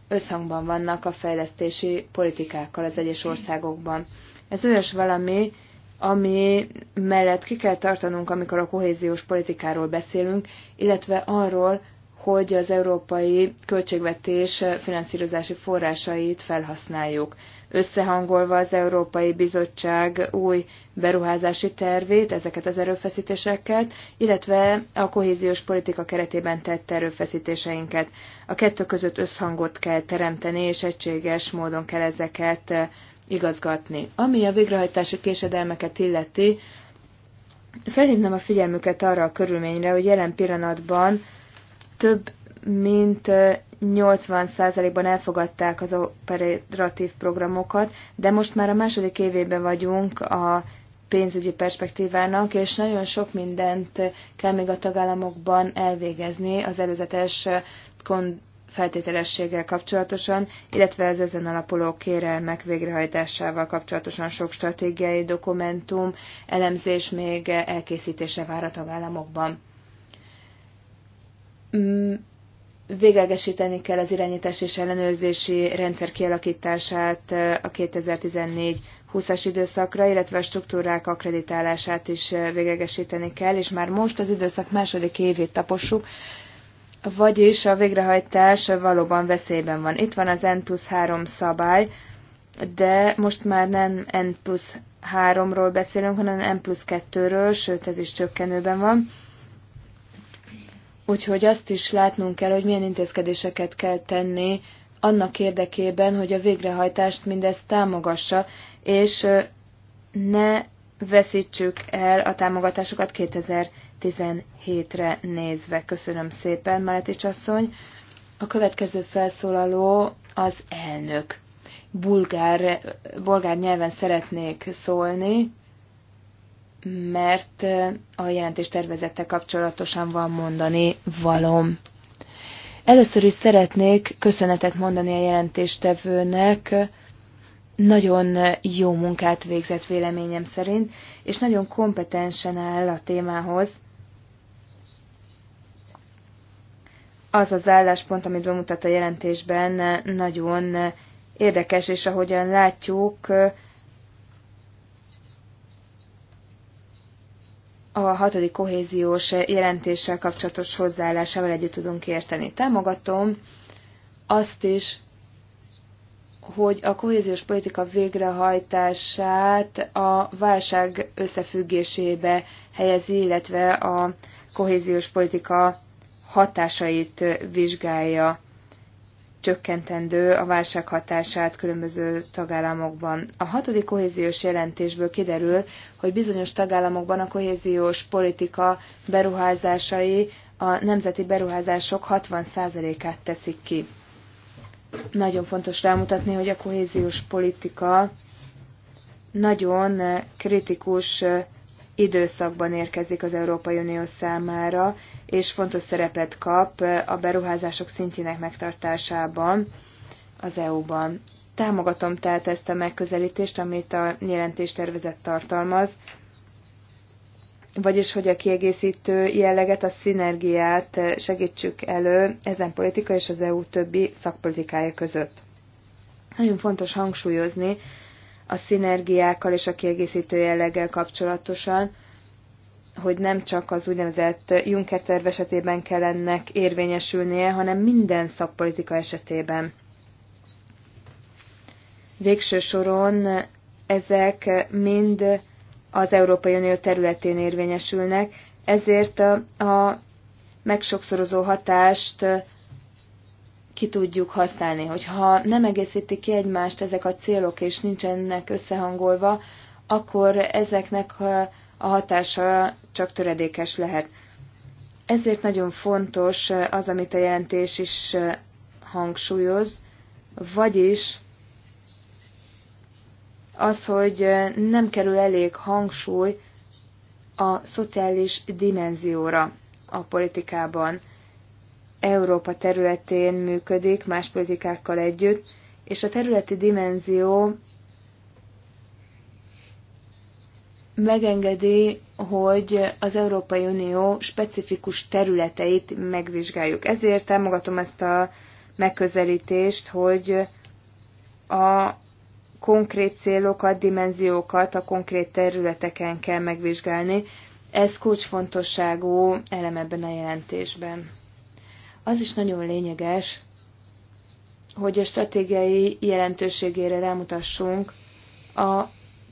összhangban vannak a fejlesztési politikákkal az egyes országokban. Ez olyas valami, ami mellett ki kell tartanunk, amikor a kohéziós politikáról beszélünk, illetve arról, hogy az európai költségvetés finanszírozási forrásait felhasználjuk. Összehangolva az Európai Bizottság új beruházási tervét, ezeket az erőfeszítéseket, illetve a kohéziós politika keretében tett erőfeszítéseinket. A kettő között összhangot kell teremteni, és egységes módon kell ezeket igazgatni. Ami a végrehajtási késedelmeket illeti, felhívnám a figyelmüket arra a körülményre, hogy jelen pillanatban több mint 80%-ban elfogadták az operatív programokat, de most már a második évében vagyunk a pénzügyi perspektívának, és nagyon sok mindent kell még a tagállamokban elvégezni az előzetes feltételességgel kapcsolatosan, illetve az ezen alapuló kérelmek végrehajtásával kapcsolatosan sok stratégiai dokumentum, elemzés még elkészítése vár a tagállamokban. Mm, véglegesíteni kell az irányítás és ellenőrzési rendszer kialakítását a 2014-20-as időszakra, illetve a struktúrák akreditálását is véglegesíteni kell, és már most az időszak második évét tapossuk, vagyis a végrehajtás valóban veszélyben van. Itt van az N plusz 3 szabály, de most már nem N plusz 3-ról beszélünk, hanem N plusz 2-ről, sőt ez is csökkenőben van Úgyhogy azt is látnunk kell, hogy milyen intézkedéseket kell tenni annak érdekében, hogy a végrehajtást mindezt támogassa, és ne veszítsük el a támogatásokat 2017-re nézve. Köszönöm szépen, Maletics Csasszony. A következő felszólaló az elnök. Bulgár, bulgár nyelven szeretnék szólni mert a jelentés tervezettel kapcsolatosan van mondani valom. Először is szeretnék köszönetet mondani a jelentéstevőnek, nagyon jó munkát végzett véleményem szerint, és nagyon kompetensen áll a témához. Az az álláspont, amit bemutat a jelentésben, nagyon érdekes, és ahogyan látjuk, a hatodik kohéziós jelentéssel kapcsolatos hozzáállásával együtt tudunk érteni. Támogatom azt is, hogy a kohéziós politika végrehajtását a válság összefüggésébe helyezi, illetve a kohéziós politika hatásait vizsgálja csökkentendő a válság hatását különböző tagállamokban. A hatodik kohéziós jelentésből kiderül, hogy bizonyos tagállamokban a kohéziós politika beruházásai a nemzeti beruházások 60%-át teszik ki. Nagyon fontos rámutatni, hogy a kohéziós politika nagyon kritikus időszakban érkezik az Európai Unió számára, és fontos szerepet kap a beruházások szintjének megtartásában az EU-ban. Támogatom tehát ezt a megközelítést, amit a jelentéstervezet tartalmaz, vagyis hogy a kiegészítő jelleget, a szinergiát segítsük elő ezen politika és az EU többi szakpolitikája között. Nagyon fontos hangsúlyozni, a szinergiákkal és a kiegészítő jelleggel kapcsolatosan, hogy nem csak az úgynevezett Juncker terv esetében kell ennek érvényesülnie, hanem minden szakpolitika esetében. Végső soron ezek mind az Európai Unió területén érvényesülnek, ezért a megsokszorozó hatást ki tudjuk használni. Hogyha nem egészítik ki egymást ezek a célok, és nincsenek összehangolva, akkor ezeknek a hatása csak töredékes lehet. Ezért nagyon fontos az, amit a jelentés is hangsúlyoz, vagyis az, hogy nem kerül elég hangsúly a szociális dimenzióra a politikában. Európa területén működik más politikákkal együtt, és a területi dimenzió megengedi, hogy az Európai Unió specifikus területeit megvizsgáljuk. Ezért támogatom ezt a megközelítést, hogy a konkrét célokat, dimenziókat a konkrét területeken kell megvizsgálni. Ez kulcsfontosságú elem ebben a jelentésben. Az is nagyon lényeges, hogy a stratégiai jelentőségére rámutassunk a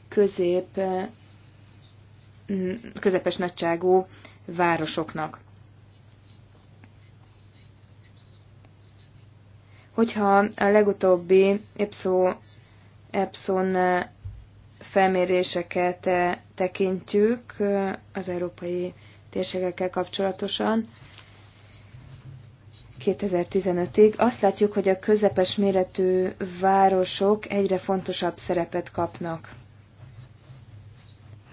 közép, mm, közepes nagyságú városoknak. Hogyha a legutóbbi Epson, felméréseket tekintjük az európai térségekkel kapcsolatosan, 2015-ig, azt látjuk, hogy a közepes méretű városok egyre fontosabb szerepet kapnak.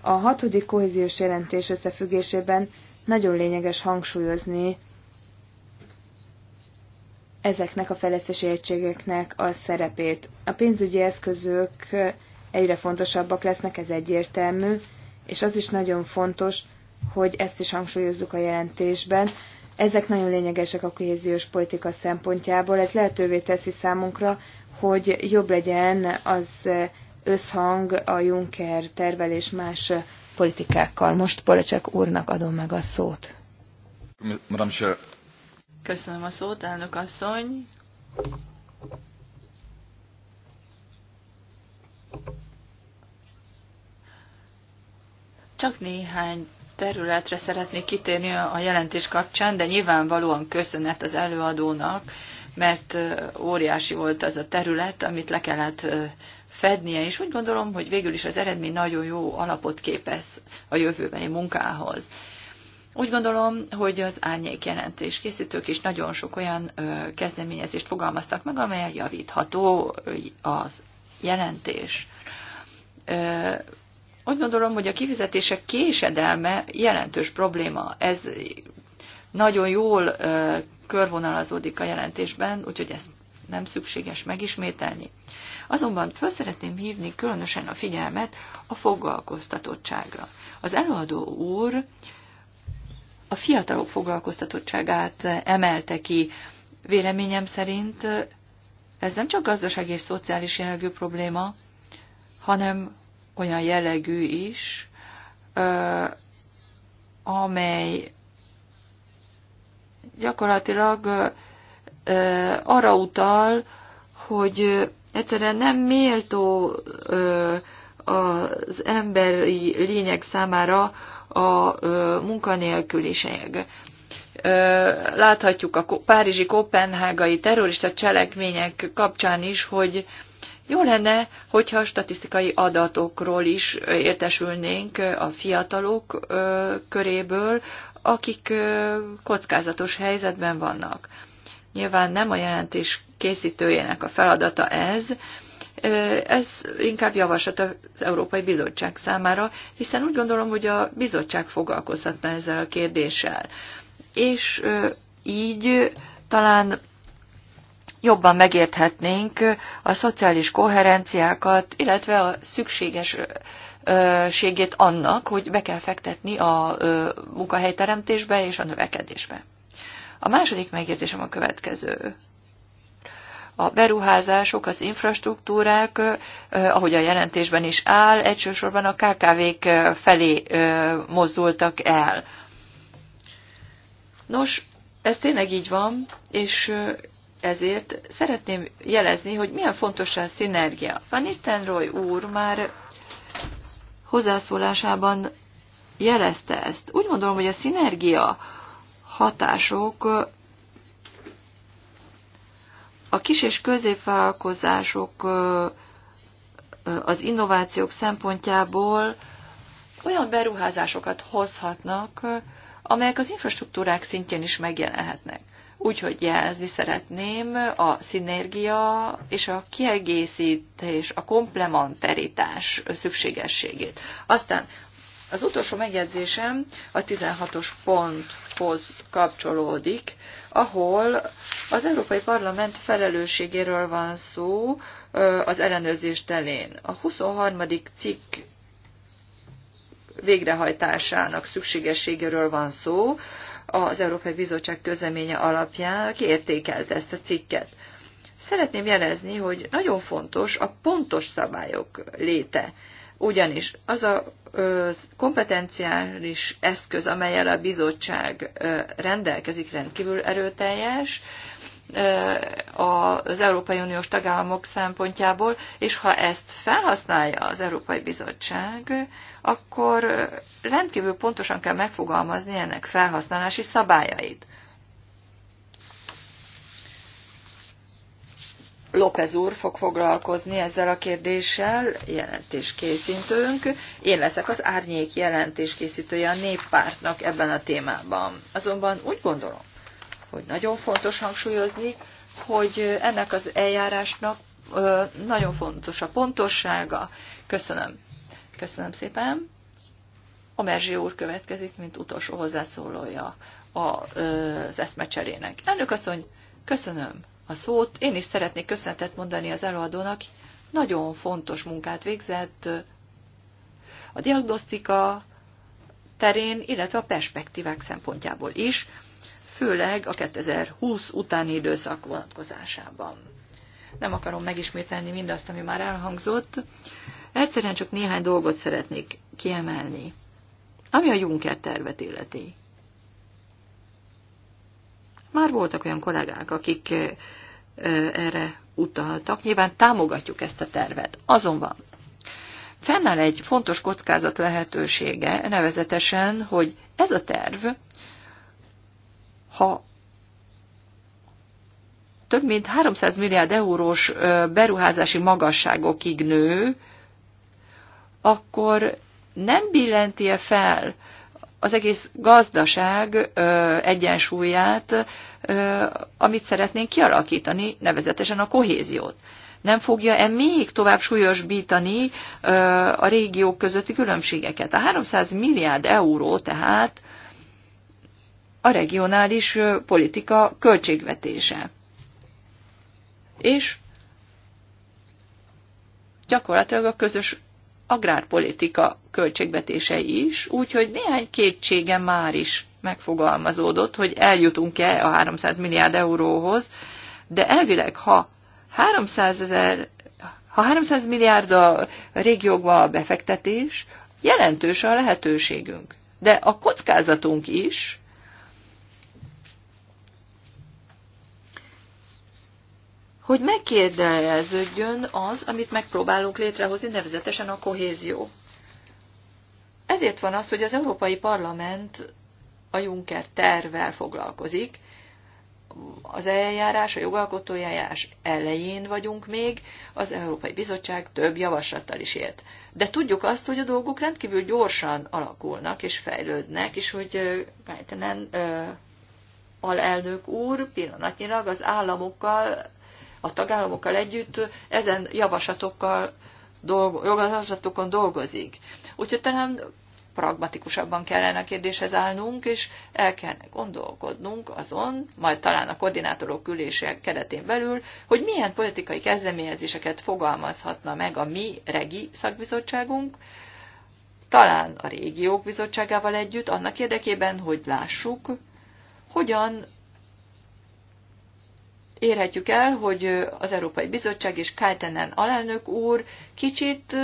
A hatodik kohéziós jelentés összefüggésében nagyon lényeges hangsúlyozni ezeknek a fejlesztési egységeknek a szerepét. A pénzügyi eszközök egyre fontosabbak lesznek, ez egyértelmű, és az is nagyon fontos, hogy ezt is hangsúlyozzuk a jelentésben, ezek nagyon lényegesek a kohéziós politika szempontjából. Ez lehetővé teszi számunkra, hogy jobb legyen az összhang a Juncker tervelés más politikákkal. Most Polecsek úrnak adom meg a szót. Köszönöm a szót, elnök asszony. Csak néhány területre szeretnék kitérni a jelentés kapcsán, de nyilvánvalóan köszönet az előadónak, mert óriási volt az a terület, amit le kellett fednie, és úgy gondolom, hogy végül is az eredmény nagyon jó alapot képez a jövőbeni munkához. Úgy gondolom, hogy az árnyék jelentés készítők is nagyon sok olyan kezdeményezést fogalmaztak meg, amelyek javítható az jelentés úgy gondolom, hogy a kifizetések késedelme jelentős probléma. Ez nagyon jól körvonalazódik a jelentésben, úgyhogy ezt nem szükséges megismételni. Azonban fel szeretném hívni különösen a figyelmet a foglalkoztatottságra. Az előadó úr a fiatalok foglalkoztatottságát emelte ki. Véleményem szerint ez nem csak gazdasági és szociális jellegű probléma, hanem olyan jellegű is, amely gyakorlatilag arra utal, hogy egyszerűen nem méltó az emberi lények számára a munkanélküliség. Láthatjuk a párizsi kopenhágai terrorista cselekmények kapcsán is, hogy jó lenne, hogyha statisztikai adatokról is értesülnénk a fiatalok köréből, akik kockázatos helyzetben vannak. Nyilván nem a jelentés készítőjének a feladata ez, ez inkább javaslat az Európai Bizottság számára, hiszen úgy gondolom, hogy a bizottság foglalkozhatna ezzel a kérdéssel. És így talán jobban megérthetnénk a szociális koherenciákat, illetve a szükséges ségét annak, hogy be kell fektetni a munkahelyteremtésbe és a növekedésbe. A második megérzésem a következő. A beruházások, az infrastruktúrák, ahogy a jelentésben is áll, egysősorban a KKV-k felé mozdultak el. Nos, ez tényleg így van, és ezért szeretném jelezni, hogy milyen fontos a szinergia. Van Istenroy úr már hozzászólásában jelezte ezt. Úgy gondolom, hogy a szinergia hatások a kis és középvállalkozások az innovációk szempontjából olyan beruházásokat hozhatnak, amelyek az infrastruktúrák szintjén is megjelenhetnek. Úgyhogy jelzni szeretném a szinergia és a kiegészítés, a komplementaritás szükségességét. Aztán az utolsó megjegyzésem a 16-os ponthoz kapcsolódik, ahol az Európai Parlament felelősségéről van szó az ellenőrzés telén. A 23. cikk végrehajtásának szükségességéről van szó, az Európai Bizottság közleménye alapján aki értékelte ezt a cikket. Szeretném jelezni, hogy nagyon fontos a pontos szabályok léte, ugyanis az a kompetenciális eszköz, amelyel a bizottság rendelkezik, rendkívül erőteljes, az Európai Uniós tagállamok szempontjából, és ha ezt felhasználja az Európai Bizottság, akkor rendkívül pontosan kell megfogalmazni ennek felhasználási szabályait. López úr fog foglalkozni ezzel a kérdéssel, jelentéskészítőnk. Én leszek az árnyék jelentéskészítője a néppártnak ebben a témában. Azonban úgy gondolom, hogy nagyon fontos hangsúlyozni, hogy ennek az eljárásnak nagyon fontos a pontossága. Köszönöm. Köszönöm szépen. Merzsi úr következik, mint utolsó hozzászólója az eszmecserének. Elnök asszony, köszönöm a szót. Én is szeretnék köszöntet mondani az előadónak. Nagyon fontos munkát végzett a diagnosztika terén, illetve a perspektívák szempontjából is főleg a 2020 utáni időszak vonatkozásában. Nem akarom megismételni mindazt, ami már elhangzott. Egyszerűen csak néhány dolgot szeretnék kiemelni, ami a Juncker tervet illeti. Már voltak olyan kollégák, akik erre utaltak. Nyilván támogatjuk ezt a tervet. Azonban fennáll egy fontos kockázat lehetősége, nevezetesen, hogy ez a terv ha több mint 300 milliárd eurós beruházási magasságokig nő, akkor nem billenti -e fel az egész gazdaság egyensúlyát, amit szeretnénk kialakítani, nevezetesen a kohéziót. Nem fogja-e még tovább súlyosbítani a régiók közötti különbségeket? A 300 milliárd euró tehát a regionális politika költségvetése. És gyakorlatilag a közös agrárpolitika költségvetése is, úgyhogy néhány kétsége már is megfogalmazódott, hogy eljutunk-e a 300 milliárd euróhoz, de elvileg, ha 300, ezer, ha 300 milliárd a régiókba a befektetés, jelentős a lehetőségünk. De a kockázatunk is, hogy megkérdeződjön az, amit megpróbálunk létrehozni, nevezetesen a kohézió. Ezért van az, hogy az Európai Parlament a Juncker tervvel foglalkozik. Az eljárás, a jogalkotói eljárás elején vagyunk még, az Európai Bizottság több javaslattal is élt. De tudjuk azt, hogy a dolgok rendkívül gyorsan alakulnak és fejlődnek, és hogy Gájtenen alelnök úr pillanatnyilag az államokkal a tagállamokkal együtt ezen javaslatokkal dolgo, javaslatokon dolgozik. Úgyhogy talán pragmatikusabban kellene a kérdéshez állnunk, és el kellene gondolkodnunk azon, majd talán a koordinátorok ülése keretén belül, hogy milyen politikai kezdeményezéseket fogalmazhatna meg a mi regi szakbizottságunk, talán a régiók bizottságával együtt, annak érdekében, hogy lássuk, hogyan érhetjük el, hogy az Európai Bizottság és Kártenen alelnök úr kicsit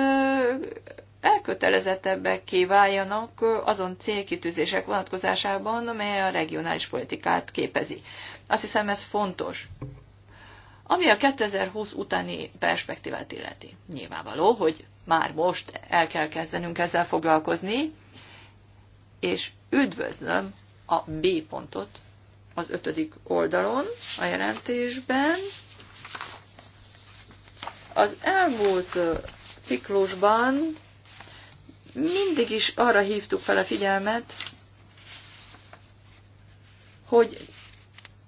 elkötelezettebbeké váljanak azon célkitűzések vonatkozásában, amely a regionális politikát képezi. Azt hiszem ez fontos. Ami a 2020 utáni perspektívát illeti. Nyilvánvaló, hogy már most el kell kezdenünk ezzel foglalkozni, és üdvözlöm a B pontot, az ötödik oldalon a jelentésben. Az elmúlt ciklusban mindig is arra hívtuk fel a figyelmet, hogy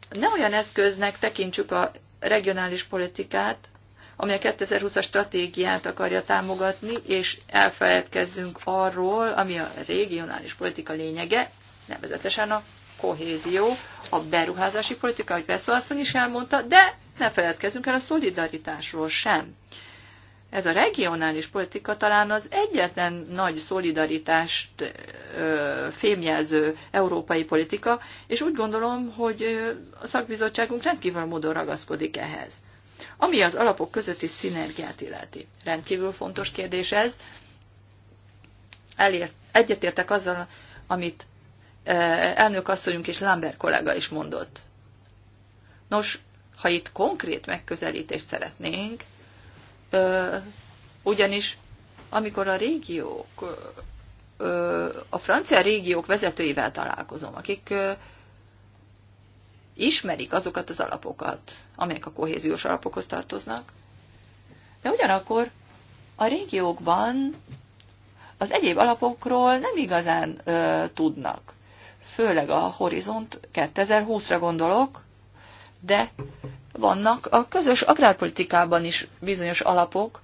ne olyan eszköznek tekintsük a regionális politikát, ami a 2020-as stratégiát akarja támogatni, és elfeledkezzünk arról, ami a regionális politika lényege, nevezetesen a kohézió, a beruházási politika, ahogy Beszóasszony is elmondta, de ne feledkezzünk el a szolidaritásról sem. Ez a regionális politika talán az egyetlen nagy szolidaritást ö, fémjelző európai politika, és úgy gondolom, hogy a szakbizottságunk rendkívül módon ragaszkodik ehhez. Ami az alapok közötti szinergiát illeti. Rendkívül fontos kérdés ez. Elért, egyetértek azzal, amit elnök asszonyunk és Lambert kollega is mondott. Nos, ha itt konkrét megközelítést szeretnénk, ugyanis amikor a régiók, a francia régiók vezetőivel találkozom, akik ismerik azokat az alapokat, amelyek a kohéziós alapokhoz tartoznak, de ugyanakkor a régiókban az egyéb alapokról nem igazán tudnak főleg a Horizont 2020-ra gondolok, de vannak a közös agrárpolitikában is bizonyos alapok,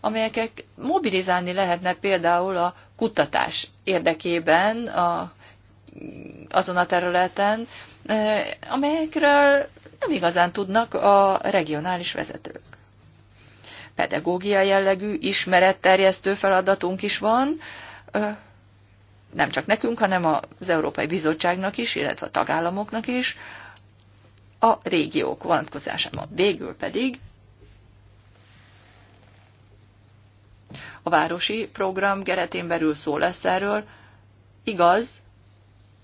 amelyeket mobilizálni lehetne például a kutatás érdekében a, azon a területen, eh, amelyekről nem igazán tudnak a regionális vezetők. Pedagógia jellegű ismeretterjesztő feladatunk is van, eh, nem csak nekünk, hanem az Európai Bizottságnak is, illetve a tagállamoknak is a régiók vonatkozásában. Végül pedig a városi program keretén belül szó lesz erről. Igaz,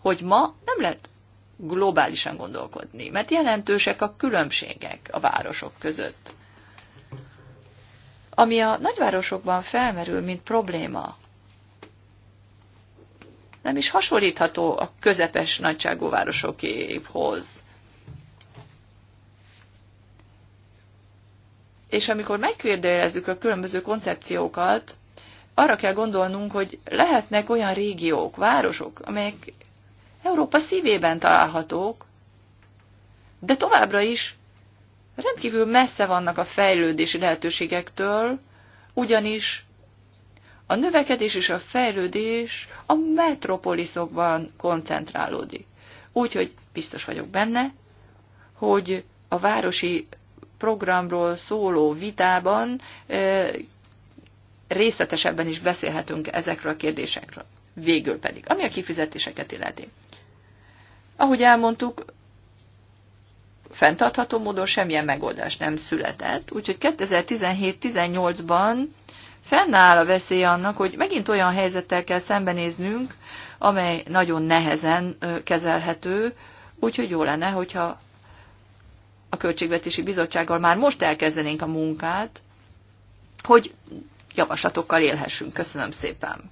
hogy ma nem lehet globálisan gondolkodni, mert jelentősek a különbségek a városok között. Ami a nagyvárosokban felmerül, mint probléma, nem is hasonlítható a közepes nagyságú városokéhoz. És amikor megkérdezzük a különböző koncepciókat, arra kell gondolnunk, hogy lehetnek olyan régiók, városok, amelyek Európa szívében találhatók, de továbbra is rendkívül messze vannak a fejlődési lehetőségektől, ugyanis a növekedés és a fejlődés a metropoliszokban koncentrálódik. Úgyhogy biztos vagyok benne, hogy a városi programról szóló vitában részletesebben is beszélhetünk ezekről a kérdésekről. Végül pedig, ami a kifizetéseket illeti. Ahogy elmondtuk, fenntartható módon semmilyen megoldás nem született, úgyhogy 2017-18-ban fennáll a veszély annak, hogy megint olyan helyzettel kell szembenéznünk, amely nagyon nehezen kezelhető, úgyhogy jó lenne, hogyha a Költségvetési Bizottsággal már most elkezdenénk a munkát, hogy javaslatokkal élhessünk. Köszönöm szépen!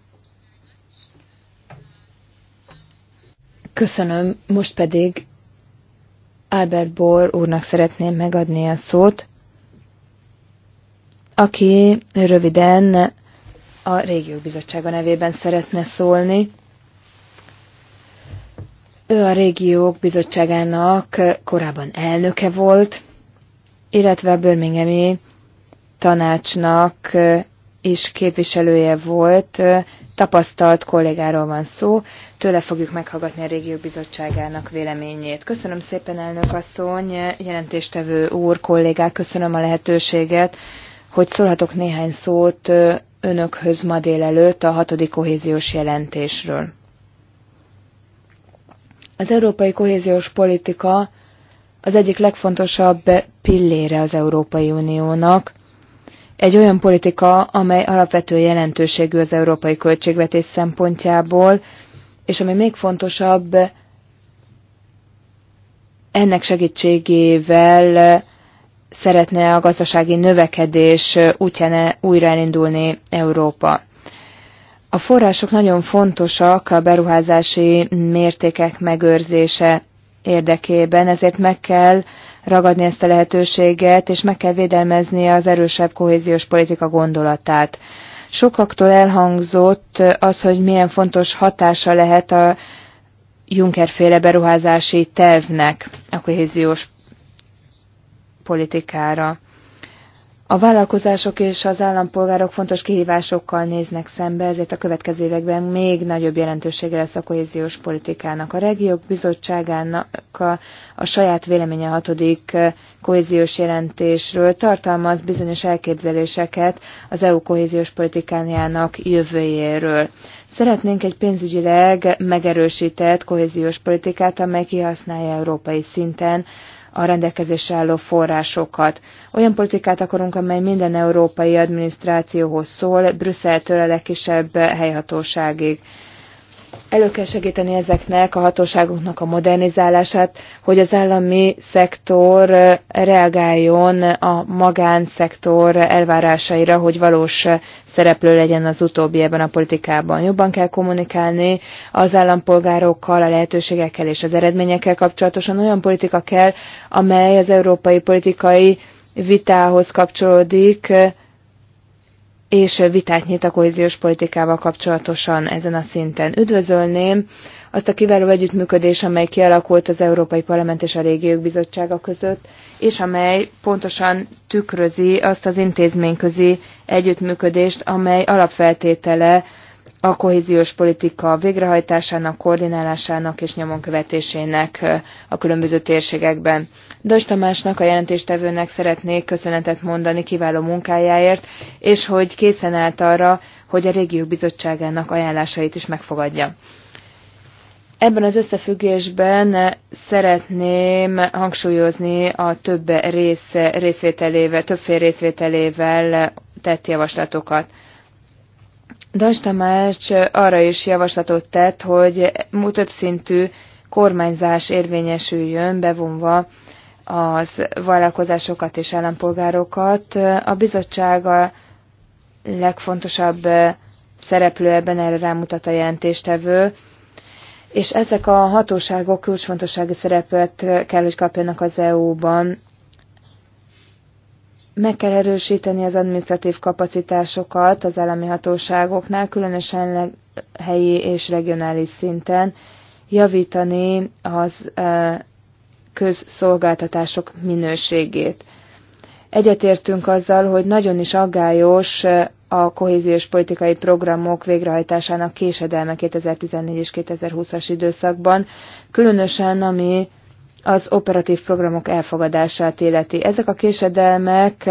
Köszönöm, most pedig Albert Bor úrnak szeretném megadni a szót, aki röviden a régió Bizottsága nevében szeretne szólni. Ő a Régiók Bizottságának korábban elnöke volt, illetve a Birminghami tanácsnak is képviselője volt, tapasztalt kollégáról van szó, tőle fogjuk meghallgatni a régió Bizottságának véleményét. Köszönöm szépen, elnök asszony, jelentéstevő úr, kollégák, köszönöm a lehetőséget, hogy szólhatok néhány szót önökhöz ma délelőtt a hatodik kohéziós jelentésről. Az európai kohéziós politika az egyik legfontosabb pillére az Európai Uniónak, egy olyan politika, amely alapvető jelentőségű az európai költségvetés szempontjából, és ami még fontosabb, ennek segítségével szeretne a gazdasági növekedés útján újra elindulni Európa. A források nagyon fontosak a beruházási mértékek megőrzése érdekében, ezért meg kell ragadni ezt a lehetőséget, és meg kell védelmezni az erősebb kohéziós politika gondolatát. Sokaktól elhangzott az, hogy milyen fontos hatása lehet a Juncker féle beruházási tervnek a kohéziós politikára. A vállalkozások és az állampolgárok fontos kihívásokkal néznek szembe, ezért a következő években még nagyobb jelentősége lesz a kohéziós politikának. A regiók bizottságának a, a saját véleménye hatodik eh, kohéziós jelentésről tartalmaz bizonyos elképzeléseket az EU kohéziós politikájának jövőjéről. Szeretnénk egy pénzügyileg megerősített kohéziós politikát, amely kihasználja európai szinten a rendelkezésre álló forrásokat. Olyan politikát akarunk, amely minden európai adminisztrációhoz szól, Brüsszeltől a legkisebb helyhatóságig elő kell segíteni ezeknek a hatóságoknak a modernizálását, hogy az állami szektor reagáljon a magánszektor elvárásaira, hogy valós szereplő legyen az utóbbi ebben a politikában. Jobban kell kommunikálni az állampolgárokkal, a lehetőségekkel és az eredményekkel kapcsolatosan olyan politika kell, amely az európai politikai vitához kapcsolódik, és vitát nyit a kohéziós politikával kapcsolatosan ezen a szinten. Üdvözölném azt a kiváló együttműködés, amely kialakult az Európai Parlament és a Régiók Bizottsága között, és amely pontosan tükrözi azt az intézményközi együttműködést, amely alapfeltétele a kohéziós politika végrehajtásának, koordinálásának és nyomonkövetésének a különböző térségekben. Dös Tamásnak, a jelentéstevőnek szeretnék köszönetet mondani kiváló munkájáért, és hogy készen állt arra, hogy a régiók bizottságának ajánlásait is megfogadja. Ebben az összefüggésben szeretném hangsúlyozni a több rész részvételével, többfél részvételével tett javaslatokat. Dans Tamás arra is javaslatot tett, hogy többszintű kormányzás érvényesüljön, bevonva az vállalkozásokat és állampolgárokat. A bizottság a legfontosabb szereplő ebben erre rámutat a jelentéstevő, és ezek a hatóságok kulcsfontossági szerepet kell, hogy kapjanak az EU-ban. Meg kell erősíteni az administratív kapacitásokat az állami hatóságoknál, különösen helyi és regionális szinten, javítani az közszolgáltatások minőségét. Egyetértünk azzal, hogy nagyon is aggályos a kohéziós politikai programok végrehajtásának késedelme 2014 és 2020-as időszakban, különösen ami az operatív programok elfogadását életi. Ezek a késedelmek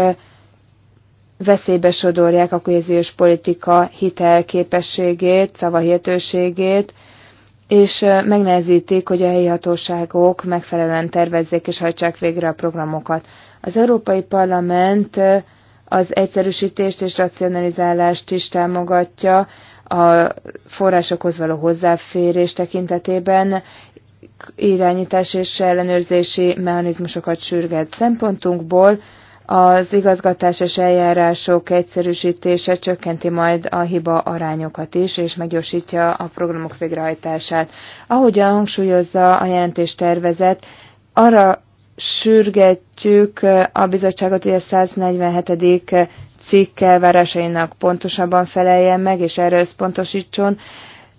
veszélybe sodorják a kohéziós politika hitelképességét, szavahihetőségét, és megnehezítik, hogy a helyi hatóságok megfelelően tervezzék és hajtsák végre a programokat. Az Európai Parlament az egyszerűsítést és racionalizálást is támogatja a forrásokhoz való hozzáférés tekintetében, irányítás és ellenőrzési mechanizmusokat sürget szempontunkból, az igazgatásos eljárások egyszerűsítése csökkenti majd a hiba arányokat is, és meggyorsítja a programok végrehajtását. a hangsúlyozza a jelentés tervezet, arra sürgetjük a bizottságot, hogy a 147. cikk elvárásainak pontosabban feleljen meg, és erre összpontosítson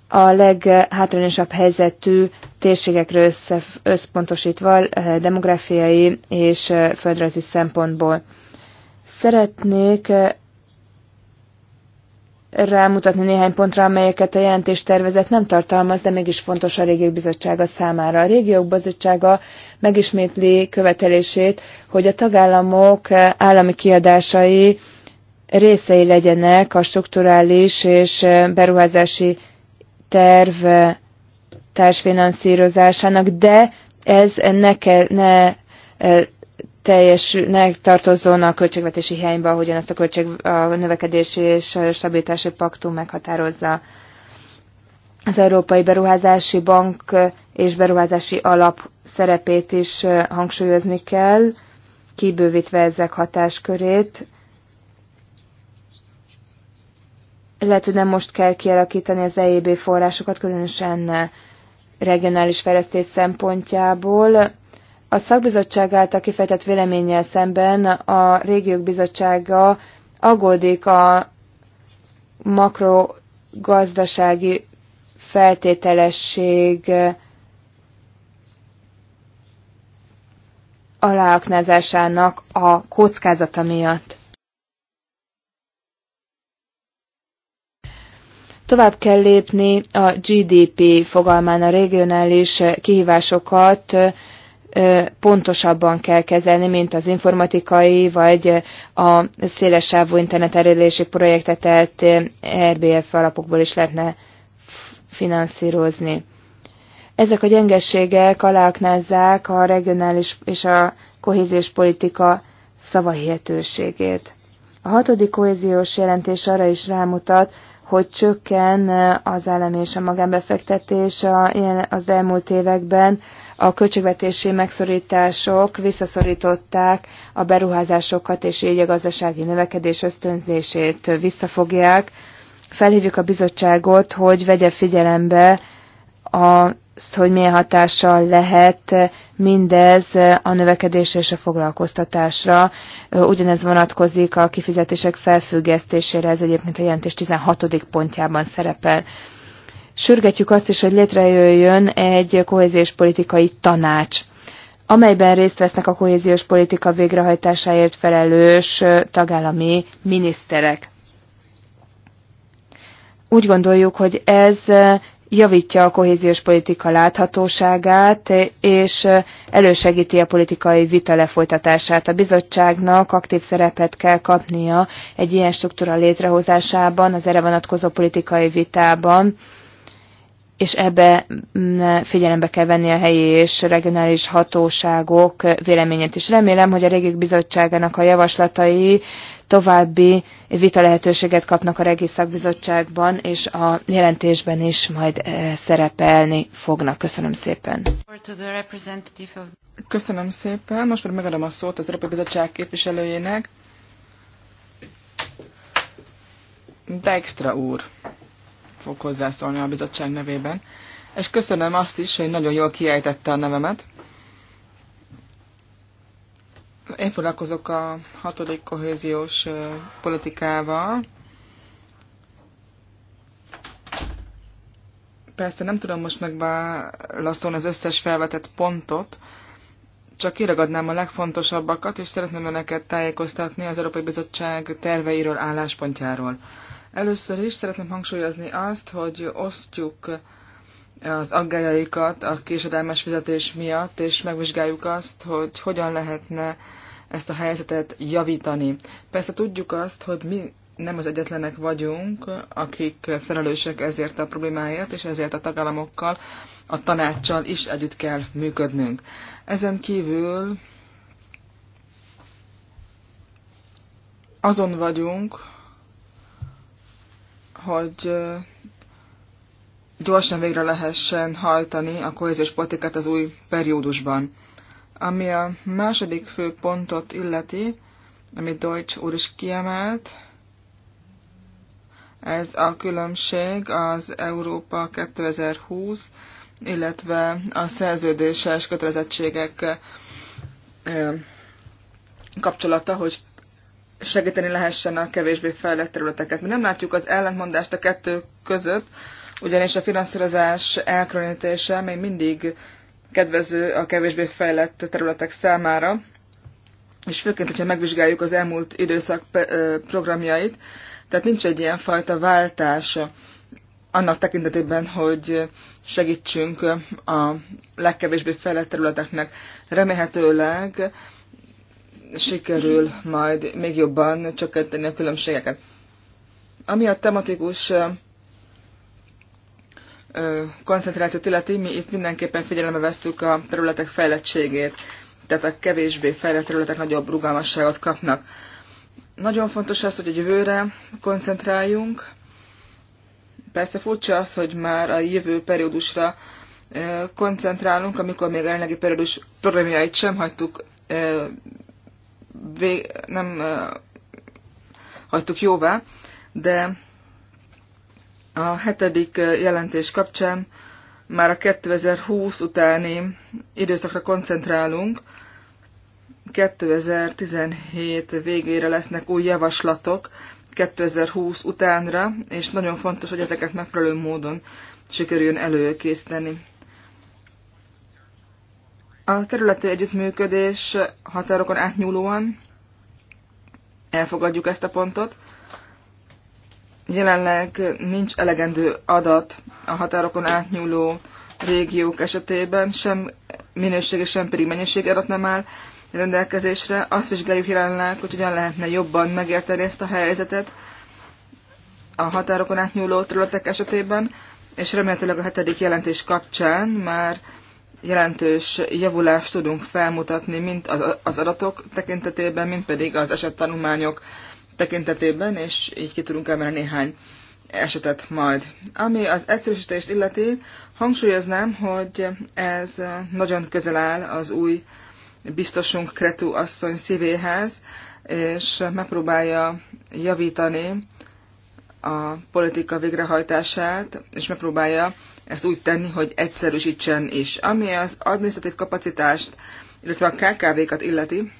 a leghátrányosabb helyzetű térségekre össze, összpontosítva eh, demográfiai és eh, földrajzi szempontból. Szeretnék eh, rámutatni néhány pontra, amelyeket a jelentéstervezet nem tartalmaz, de mégis fontos a régiók bizottsága számára. A régiók bizottsága megismétli követelését, hogy a tagállamok állami kiadásai részei legyenek a strukturális és beruházási terv finanszírozásának, de ez ne, kell, ne e, teljes, ne tartozzon a költségvetési hiányba, ahogyan ezt a, költség, a növekedési és stabilitási paktum meghatározza. Az Európai Beruházási Bank és Beruházási Alap szerepét is e, hangsúlyozni kell, kibővítve ezek hatáskörét. Lehet, hogy nem most kell kialakítani az EIB forrásokat, különösen regionális fejlesztés szempontjából. A szakbizottság által kifejtett véleménnyel szemben a régiók bizottsága aggódik a makrogazdasági feltételesség aláaknázásának a kockázata miatt. Tovább kell lépni a GDP fogalmán a regionális kihívásokat, pontosabban kell kezelni, mint az informatikai vagy a szélesávú internet elérési projektet RBF alapokból is lehetne finanszírozni. Ezek a gyengességek aláknázzák a regionális és a kohéziós politika szavahihetőségét. A hatodik kohéziós jelentés arra is rámutat, hogy csökken az állami és a magánbefektetés az elmúlt években. A költségvetési megszorítások visszaszorították a beruházásokat, és így a gazdasági növekedés ösztönzését visszafogják. Felhívjuk a bizottságot, hogy vegye figyelembe a hogy milyen hatással lehet mindez a növekedésre és a foglalkoztatásra. Ugyanez vonatkozik a kifizetések felfüggesztésére, ez egyébként a jelentés 16. pontjában szerepel. Sürgetjük azt is, hogy létrejöjjön egy kohéziós politikai tanács amelyben részt vesznek a kohéziós politika végrehajtásáért felelős tagállami miniszterek. Úgy gondoljuk, hogy ez javítja a kohéziós politika láthatóságát, és elősegíti a politikai vita lefolytatását. A bizottságnak aktív szerepet kell kapnia egy ilyen struktúra létrehozásában, az erre vonatkozó politikai vitában, és ebbe mm, figyelembe kell venni a helyi és regionális hatóságok véleményét is. Remélem, hogy a régi bizottságának a javaslatai további vita lehetőséget kapnak a Regi Szakbizottságban, és a jelentésben is majd eh, szerepelni fognak. Köszönöm szépen. Köszönöm szépen. Most már megadom a szót az Európai Bizottság képviselőjének. Dextra úr fog hozzászólni a bizottság nevében. És köszönöm azt is, hogy nagyon jól kiejtette a nevemet. Én foglalkozok a hatodik kohéziós politikával. Persze nem tudom most megválaszolni az összes felvetett pontot, csak kiragadnám a legfontosabbakat, és szeretném önöket tájékoztatni az Európai Bizottság terveiről, álláspontjáról. Először is szeretném hangsúlyozni azt, hogy osztjuk az aggájaikat a késedelmes fizetés miatt, és megvizsgáljuk azt, hogy hogyan lehetne ezt a helyzetet javítani. Persze tudjuk azt, hogy mi nem az egyetlenek vagyunk, akik felelősek ezért a problémáért, és ezért a tagállamokkal, a tanácssal is együtt kell működnünk. Ezen kívül azon vagyunk, hogy gyorsan végre lehessen hajtani a kohéziós politikát az új periódusban. Ami a második fő pontot illeti, amit Deutsch úr is kiemelt, ez a különbség az Európa 2020, illetve a szerződéses kötelezettségek kapcsolata, hogy segíteni lehessen a kevésbé fejlett területeket. Mi nem látjuk az ellentmondást a kettő között, ugyanis a finanszírozás elkülönítése még mindig kedvező a kevésbé fejlett területek számára, és főként, hogyha megvizsgáljuk az elmúlt időszak programjait, tehát nincs egy ilyen fajta váltás annak tekintetében, hogy segítsünk a legkevésbé fejlett területeknek. Remélhetőleg sikerül majd még jobban csökkenteni a különbségeket. Ami a tematikus koncentrációt illeti, mi itt mindenképpen figyelembe vesztük a területek fejlettségét, tehát a kevésbé fejlett területek nagyobb rugalmasságot kapnak. Nagyon fontos az, hogy a jövőre koncentráljunk. Persze furcsa az, hogy már a jövő periódusra koncentrálunk, amikor még a jelenlegi periódus programjait sem hagytuk nem hagytuk jóvá, de a hetedik jelentés kapcsán már a 2020 utáni időszakra koncentrálunk. 2017 végére lesznek új javaslatok 2020 utánra, és nagyon fontos, hogy ezeket megfelelő módon sikerüljön előkészíteni. A területi együttműködés határokon átnyúlóan elfogadjuk ezt a pontot, Jelenleg nincs elegendő adat a határokon átnyúló régiók esetében, sem minőség, sem pedig mennyiség adat nem áll rendelkezésre. Azt vizsgáljuk jelenleg, hogy hogyan lehetne jobban megérteni ezt a helyzetet a határokon átnyúló területek esetében, és remélhetőleg a hetedik jelentés kapcsán már jelentős javulást tudunk felmutatni, mint az adatok tekintetében, mint pedig az esettanulmányok tekintetében, és így ki tudunk emelni néhány esetet majd. Ami az egyszerűsítést illeti, hangsúlyoznám, hogy ez nagyon közel áll az új biztosunk Kretu asszony szívéhez, és megpróbálja javítani a politika végrehajtását, és megpróbálja ezt úgy tenni, hogy egyszerűsítsen is. Ami az administratív kapacitást, illetve a KKV-kat illeti,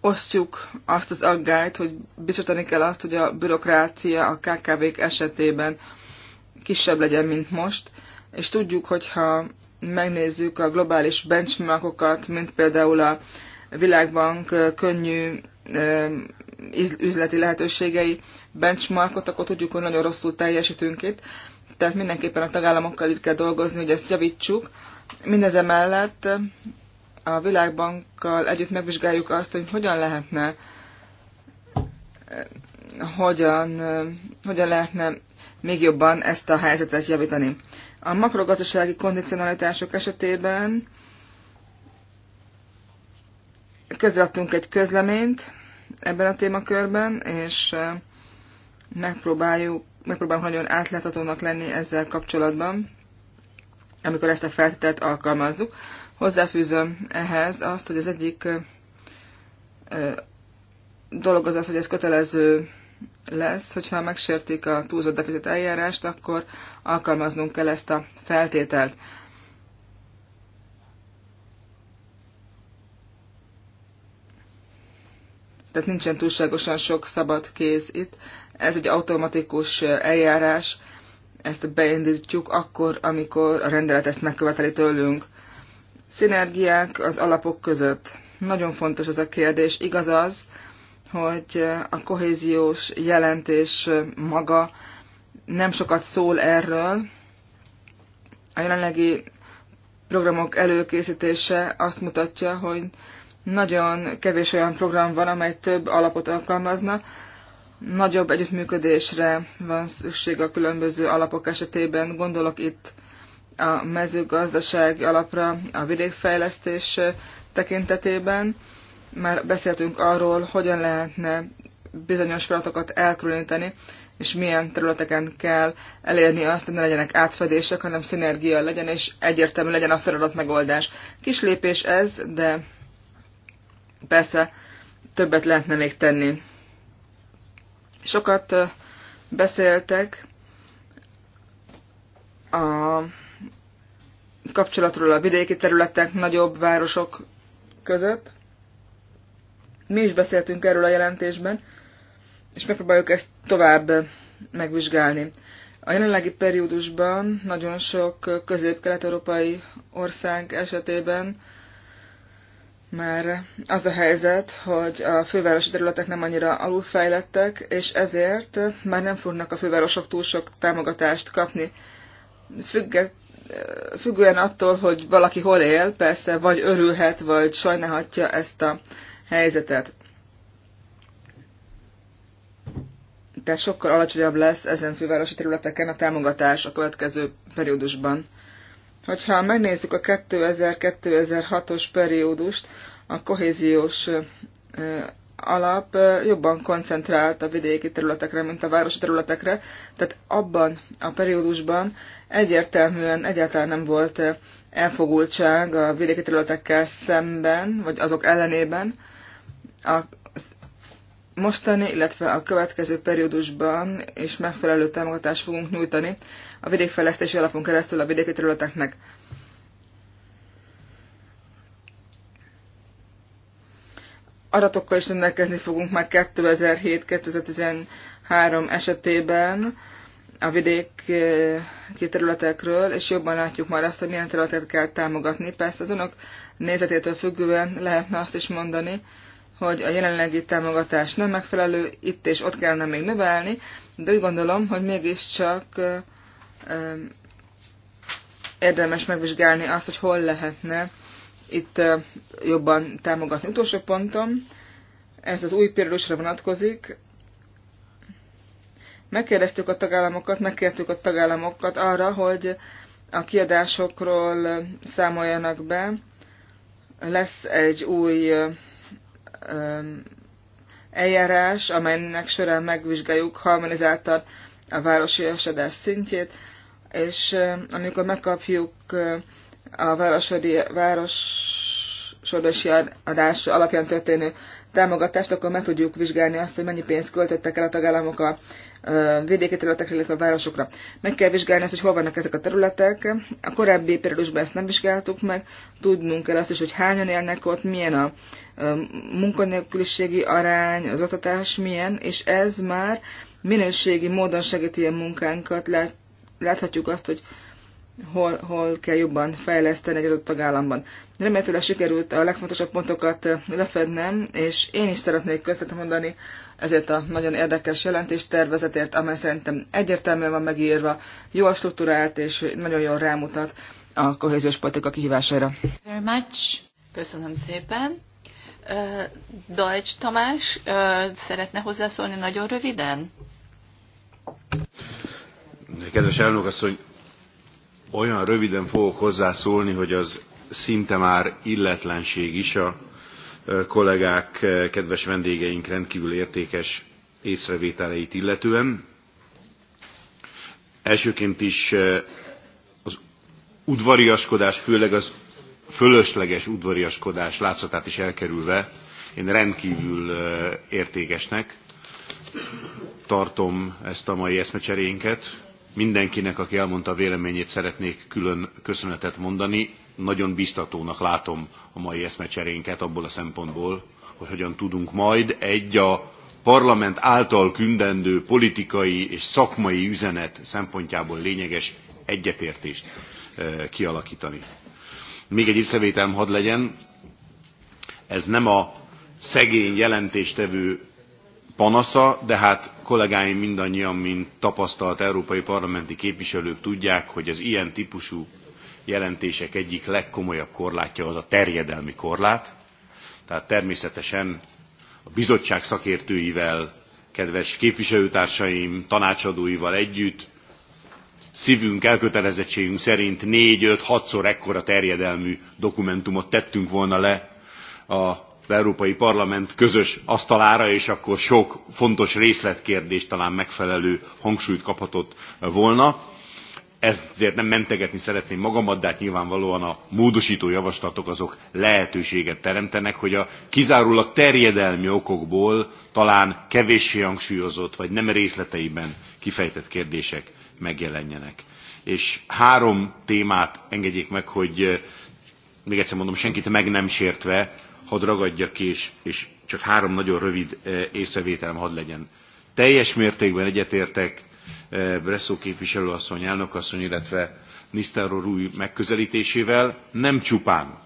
osztjuk azt az aggályt, hogy biztosítani kell azt, hogy a bürokrácia a KKV-k esetében kisebb legyen, mint most, és tudjuk, hogyha megnézzük a globális benchmarkokat, mint például a Világbank könnyű üzleti lehetőségei benchmarkot, akkor tudjuk, hogy nagyon rosszul teljesítünk itt. Tehát mindenképpen a tagállamokkal itt kell dolgozni, hogy ezt javítsuk. Mindezemellett a Világbankkal együtt megvizsgáljuk azt, hogy hogyan lehetne eh, hogyan, eh, hogyan lehetne még jobban ezt a helyzetet javítani. A makrogazdasági kondicionalitások esetében közreadtunk egy közleményt ebben a témakörben, és eh, megpróbáljuk, megpróbálunk nagyon átláthatónak lenni ezzel kapcsolatban, amikor ezt a feltételt alkalmazzuk. Hozzáfűzöm ehhez azt, hogy az egyik dolog az az, hogy ez kötelező lesz, hogyha megsértik a túlzott deficit eljárást, akkor alkalmaznunk kell ezt a feltételt. Tehát nincsen túlságosan sok szabad kéz itt. Ez egy automatikus eljárás, ezt beindítjuk akkor, amikor a rendelet ezt megköveteli tőlünk. Szinergiák az alapok között. Nagyon fontos ez a kérdés. Igaz az, hogy a kohéziós jelentés maga nem sokat szól erről. A jelenlegi programok előkészítése azt mutatja, hogy nagyon kevés olyan program van, amely több alapot alkalmazna. Nagyobb együttműködésre van szükség a különböző alapok esetében. Gondolok itt a mezőgazdasági alapra a vidékfejlesztés tekintetében. Már beszéltünk arról, hogyan lehetne bizonyos feladatokat elkülöníteni, és milyen területeken kell elérni azt, hogy ne legyenek átfedések, hanem szinergia legyen, és egyértelmű legyen a feladat megoldás. Kis lépés ez, de persze többet lehetne még tenni. Sokat beszéltek a kapcsolatról a vidéki területek, nagyobb városok között. Mi is beszéltünk erről a jelentésben, és megpróbáljuk ezt tovább megvizsgálni. A jelenlegi periódusban nagyon sok közép-kelet-európai ország esetében már az a helyzet, hogy a fővárosi területek nem annyira alulfejlettek, és ezért már nem fognak a fővárosok túl sok támogatást kapni. Függet, függően attól, hogy valaki hol él, persze vagy örülhet, vagy sajnálhatja ezt a helyzetet. Tehát sokkal alacsonyabb lesz ezen fővárosi területeken a támogatás a következő periódusban. Hogyha megnézzük a 2000-2006-os periódust, a kohéziós alap jobban koncentrált a vidéki területekre, mint a városi területekre, tehát abban a periódusban egyértelműen egyáltalán nem volt elfogultság a vidéki területekkel szemben, vagy azok ellenében. A mostani, illetve a következő periódusban is megfelelő támogatást fogunk nyújtani a vidékfejlesztési alapon keresztül a vidéki területeknek. Adatokkal is rendelkezni fogunk már 2007-2013 esetében, a vidéki eh, területekről, és jobban látjuk már azt, hogy milyen területet kell támogatni. Persze az önök nézetétől függően lehetne azt is mondani, hogy a jelenlegi támogatás nem megfelelő, itt és ott kellene még növelni, de úgy gondolom, hogy mégiscsak eh, eh, érdemes megvizsgálni azt, hogy hol lehetne itt jobban támogatni. Utolsó pontom, ez az új periódusra vonatkozik, Megkérdeztük a tagállamokat, megkértük a tagállamokat arra, hogy a kiadásokról számoljanak be. Lesz egy új eljárás, amelynek során megvizsgáljuk harmonizáltan a városi esedés szintjét, és amikor megkapjuk a városodi, városodosi adás alapján történő támogatást, akkor meg tudjuk vizsgálni azt, hogy mennyi pénzt költöttek el a tagállamok a vidéki területekre, illetve a városokra. Meg kell vizsgálni azt, hogy hol vannak ezek a területek. A korábbi periódusban ezt nem vizsgáltuk meg, tudnunk kell azt is, hogy hányan élnek ott, milyen a munkanélküliségi arány, az oktatás milyen, és ez már minőségi módon segíti a munkánkat, láthatjuk azt, hogy hol, hol kell jobban fejleszteni egy adott tagállamban. Remélhetőleg sikerült a legfontosabb pontokat lefednem, és én is szeretnék köztet mondani ezért a nagyon érdekes tervezetért, amely szerintem egyértelműen van megírva, jól struktúrált és nagyon jól rámutat a kohéziós politika kihívására. Very much. Köszönöm szépen. Uh, Deutsch Tamás uh, szeretne hozzászólni nagyon röviden? Kedves elnök asszony, olyan röviden fogok hozzászólni, hogy az szinte már illetlenség is a kollégák, kedves vendégeink rendkívül értékes észrevételeit illetően. Elsőként is az udvariaskodás, főleg az fölösleges udvariaskodás látszatát is elkerülve, én rendkívül értékesnek tartom ezt a mai eszmecserénket. Mindenkinek, aki elmondta a véleményét, szeretnék külön köszönetet mondani. Nagyon biztatónak látom a mai eszmecserénket abból a szempontból, hogy hogyan tudunk majd egy a parlament által küldendő politikai és szakmai üzenet szempontjából lényeges egyetértést eh, kialakítani. Még egy észrevételem hadd legyen, ez nem a szegény jelentéstevő panasza, de hát kollégáim mindannyian, mint tapasztalt európai parlamenti képviselők tudják, hogy az ilyen típusú jelentések egyik legkomolyabb korlátja az a terjedelmi korlát. Tehát természetesen a bizottság szakértőivel, kedves képviselőtársaim, tanácsadóival együtt szívünk, elkötelezettségünk szerint 4-5-6-szor ekkora terjedelmű dokumentumot tettünk volna le a Európai Parlament közös asztalára, és akkor sok fontos részletkérdés talán megfelelő hangsúlyt kaphatott volna. Ezért nem mentegetni szeretném magamat, de hát nyilvánvalóan a módosító javaslatok azok lehetőséget teremtenek, hogy a kizárólag terjedelmi okokból talán kevéssé hangsúlyozott, vagy nem részleteiben kifejtett kérdések megjelenjenek. És három témát engedjék meg, hogy eh, még egyszer mondom, senkit meg nem sértve, hadd ragadjak ki, és, és csak három nagyon rövid e, észrevételem hadd legyen. Teljes mértékben egyetértek e, Bresszó képviselőasszony, elnökasszony, illetve Nisztáról új megközelítésével nem csupán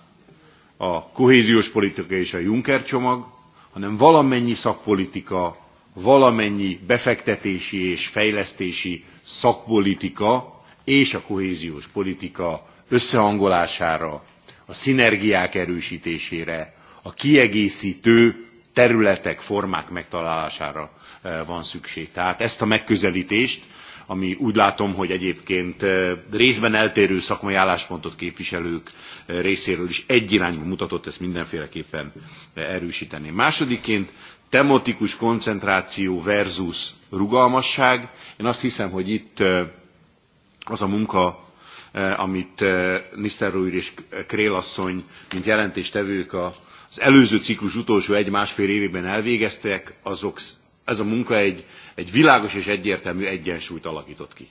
a kohéziós politika és a Juncker csomag, hanem valamennyi szakpolitika, valamennyi befektetési és fejlesztési szakpolitika és a kohéziós politika összehangolására, a szinergiák erősítésére, a kiegészítő területek, formák megtalálására eh, van szükség. Tehát ezt a megközelítést, ami úgy látom, hogy egyébként eh, részben eltérő szakmai álláspontot képviselők eh, részéről is egy irányba mutatott, ezt mindenféleképpen erősíteni. Másodiként tematikus koncentráció versus rugalmasság. Én azt hiszem, hogy itt az a munka, amit Nisztelrooy és Krélasszony, mint jelentéstevők a az előző ciklus utolsó egy-másfél évében elvégeztek, azok, ez a munka egy, egy világos és egyértelmű egyensúlyt alakított ki.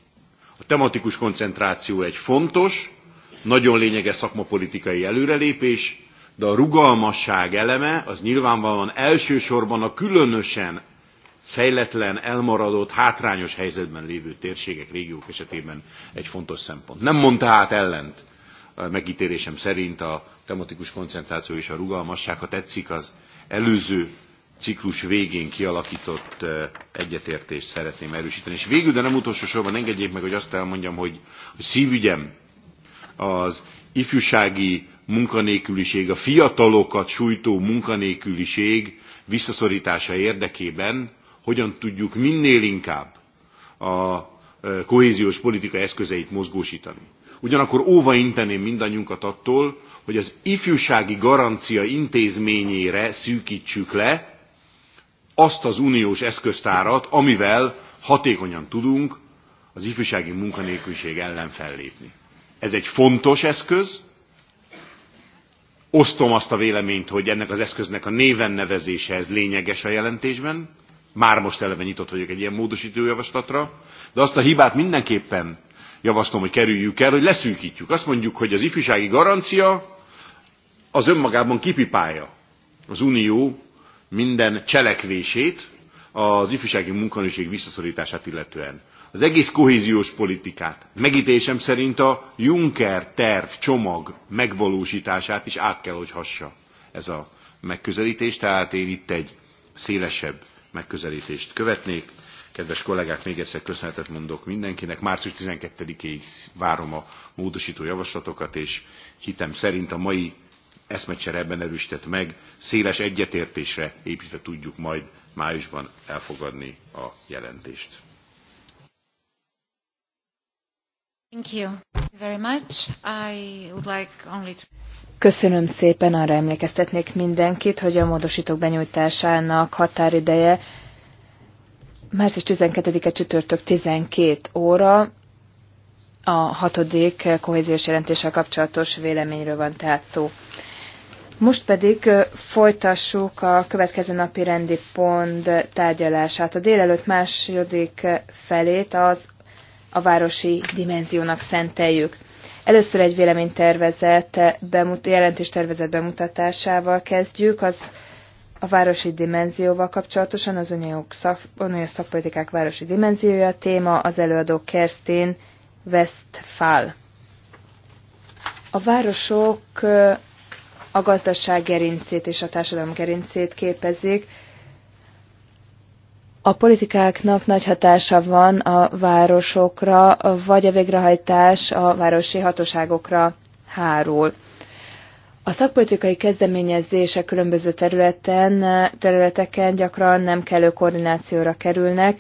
A tematikus koncentráció egy fontos, nagyon lényeges szakmapolitikai előrelépés, de a rugalmasság eleme az nyilvánvalóan elsősorban a különösen fejletlen, elmaradott, hátrányos helyzetben lévő térségek, régiók esetében egy fontos szempont. Nem mondta hát ellent megítélésem szerint a tematikus koncentráció és a rugalmasság, ha tetszik, az előző ciklus végén kialakított egyetértést szeretném erősíteni. És végül, de nem utolsó sorban engedjék meg, hogy azt elmondjam, hogy, a szívügyem az ifjúsági munkanélküliség, a fiatalokat sújtó munkanélküliség visszaszorítása érdekében hogyan tudjuk minél inkább a kohéziós politika eszközeit mozgósítani Ugyanakkor óva inteném mindannyiunkat attól, hogy az ifjúsági garancia intézményére szűkítsük le azt az uniós eszköztárat, amivel hatékonyan tudunk az ifjúsági munkanélküliség ellen fellépni. Ez egy fontos eszköz, osztom azt a véleményt, hogy ennek az eszköznek a néven nevezése ez lényeges a jelentésben, már most eleve nyitott vagyok egy ilyen módosító javaslatra, de azt a hibát mindenképpen javaslom, hogy kerüljük el, hogy leszűkítjük. Azt mondjuk, hogy az ifjúsági garancia az önmagában kipipálja az Unió minden cselekvését az ifjúsági munkanőség visszaszorítását illetően. Az egész kohéziós politikát megítésem szerint a Juncker terv csomag megvalósítását is át kell, hogy hassa ez a megközelítés, tehát én itt egy szélesebb megközelítést követnék. Kedves kollégák, még egyszer köszönetet mondok mindenkinek. Március 12-ig várom a módosító javaslatokat, és hitem szerint a mai eszmecsere ebben erősített meg, széles egyetértésre építve tudjuk majd májusban elfogadni a jelentést. Thank you very much. I would like only to... Köszönöm szépen, arra emlékeztetnék mindenkit, hogy a módosítók benyújtásának határideje Március 12-e csütörtök 12 óra, a hatodik kohéziós jelentéssel kapcsolatos véleményről van tehát szó. Most pedig folytassuk a következő napi rendi pont tárgyalását. A délelőtt második felét az a városi dimenziónak szenteljük. Először egy véleménytervezet, bemut- jelentéstervezet bemutatásával kezdjük. Az a városi dimenzióval kapcsolatosan, az uniós, szakpolitikák városi dimenziója a téma, az előadó Kerstin Westphal. A városok a gazdaság gerincét és a társadalom gerincét képezik. A politikáknak nagy hatása van a városokra, vagy a végrehajtás a városi hatóságokra hárul. A szakpolitikai kezdeményezések különböző területen, területeken gyakran nem kellő koordinációra kerülnek.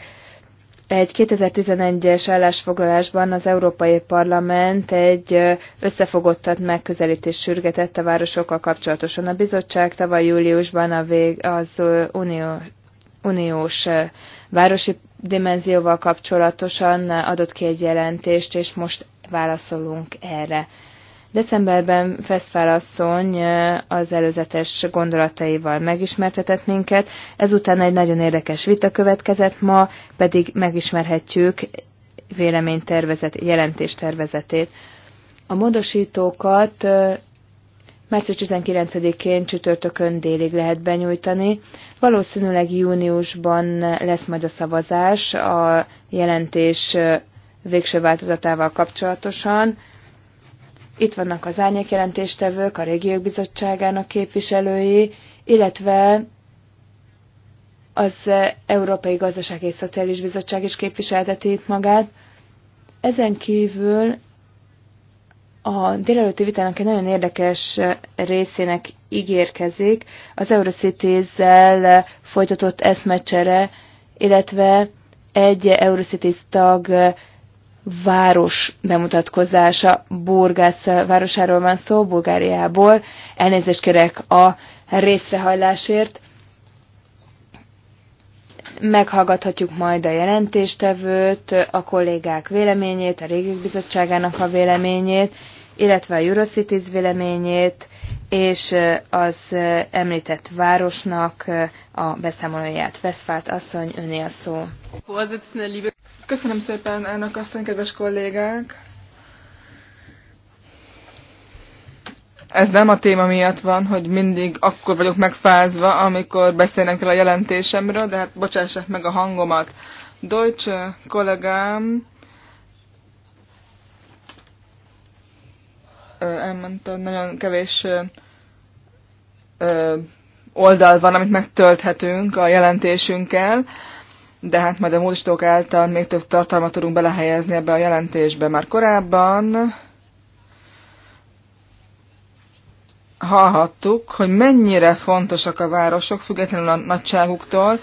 Egy 2011-es állásfoglalásban az Európai Parlament egy összefogottat megközelítés sürgetett a városokkal kapcsolatosan. A bizottság tavaly júliusban a vég, az unió, uniós városi dimenzióval kapcsolatosan adott ki egy jelentést, és most válaszolunk erre. Decemberben Feszfál asszony az előzetes gondolataival megismertetett minket, ezután egy nagyon érdekes vita következett, ma pedig megismerhetjük véleménytervezet, jelentéstervezetét. A módosítókat március 19-én csütörtökön délig lehet benyújtani. Valószínűleg júniusban lesz majd a szavazás a jelentés végső változatával kapcsolatosan. Itt vannak az árnyékjelentéstevők, a régiók bizottságának képviselői, illetve az Európai Gazdasági és Szociális Bizottság is képviselteti itt magát. Ezen kívül a délelőtti vitának egy nagyon érdekes részének ígérkezik az Eurocities-zel folytatott eszmecsere, illetve egy Eurocities tag város bemutatkozása. Burgász városáról van szó, Bulgáriából. Elnézést kérek a részrehajlásért. Meghallgathatjuk majd a jelentéstevőt, a kollégák véleményét, a régi bizottságának a véleményét, illetve a Eurocities véleményét, és az említett városnak a beszámolóját. Veszfált asszony, öné a szó. Köszönöm szépen, elnök asszony, kedves kollégák! Ez nem a téma miatt van, hogy mindig akkor vagyok megfázva, amikor beszélnek el a jelentésemről, de hát bocsássák meg a hangomat. Deutsche kollégám elmondta, nagyon kevés oldal van, amit megtölthetünk a jelentésünkkel, de hát majd a módosítók által még több tartalmat tudunk belehelyezni ebbe a jelentésbe. Már korábban hallhattuk, hogy mennyire fontosak a városok, függetlenül a nagyságuktól.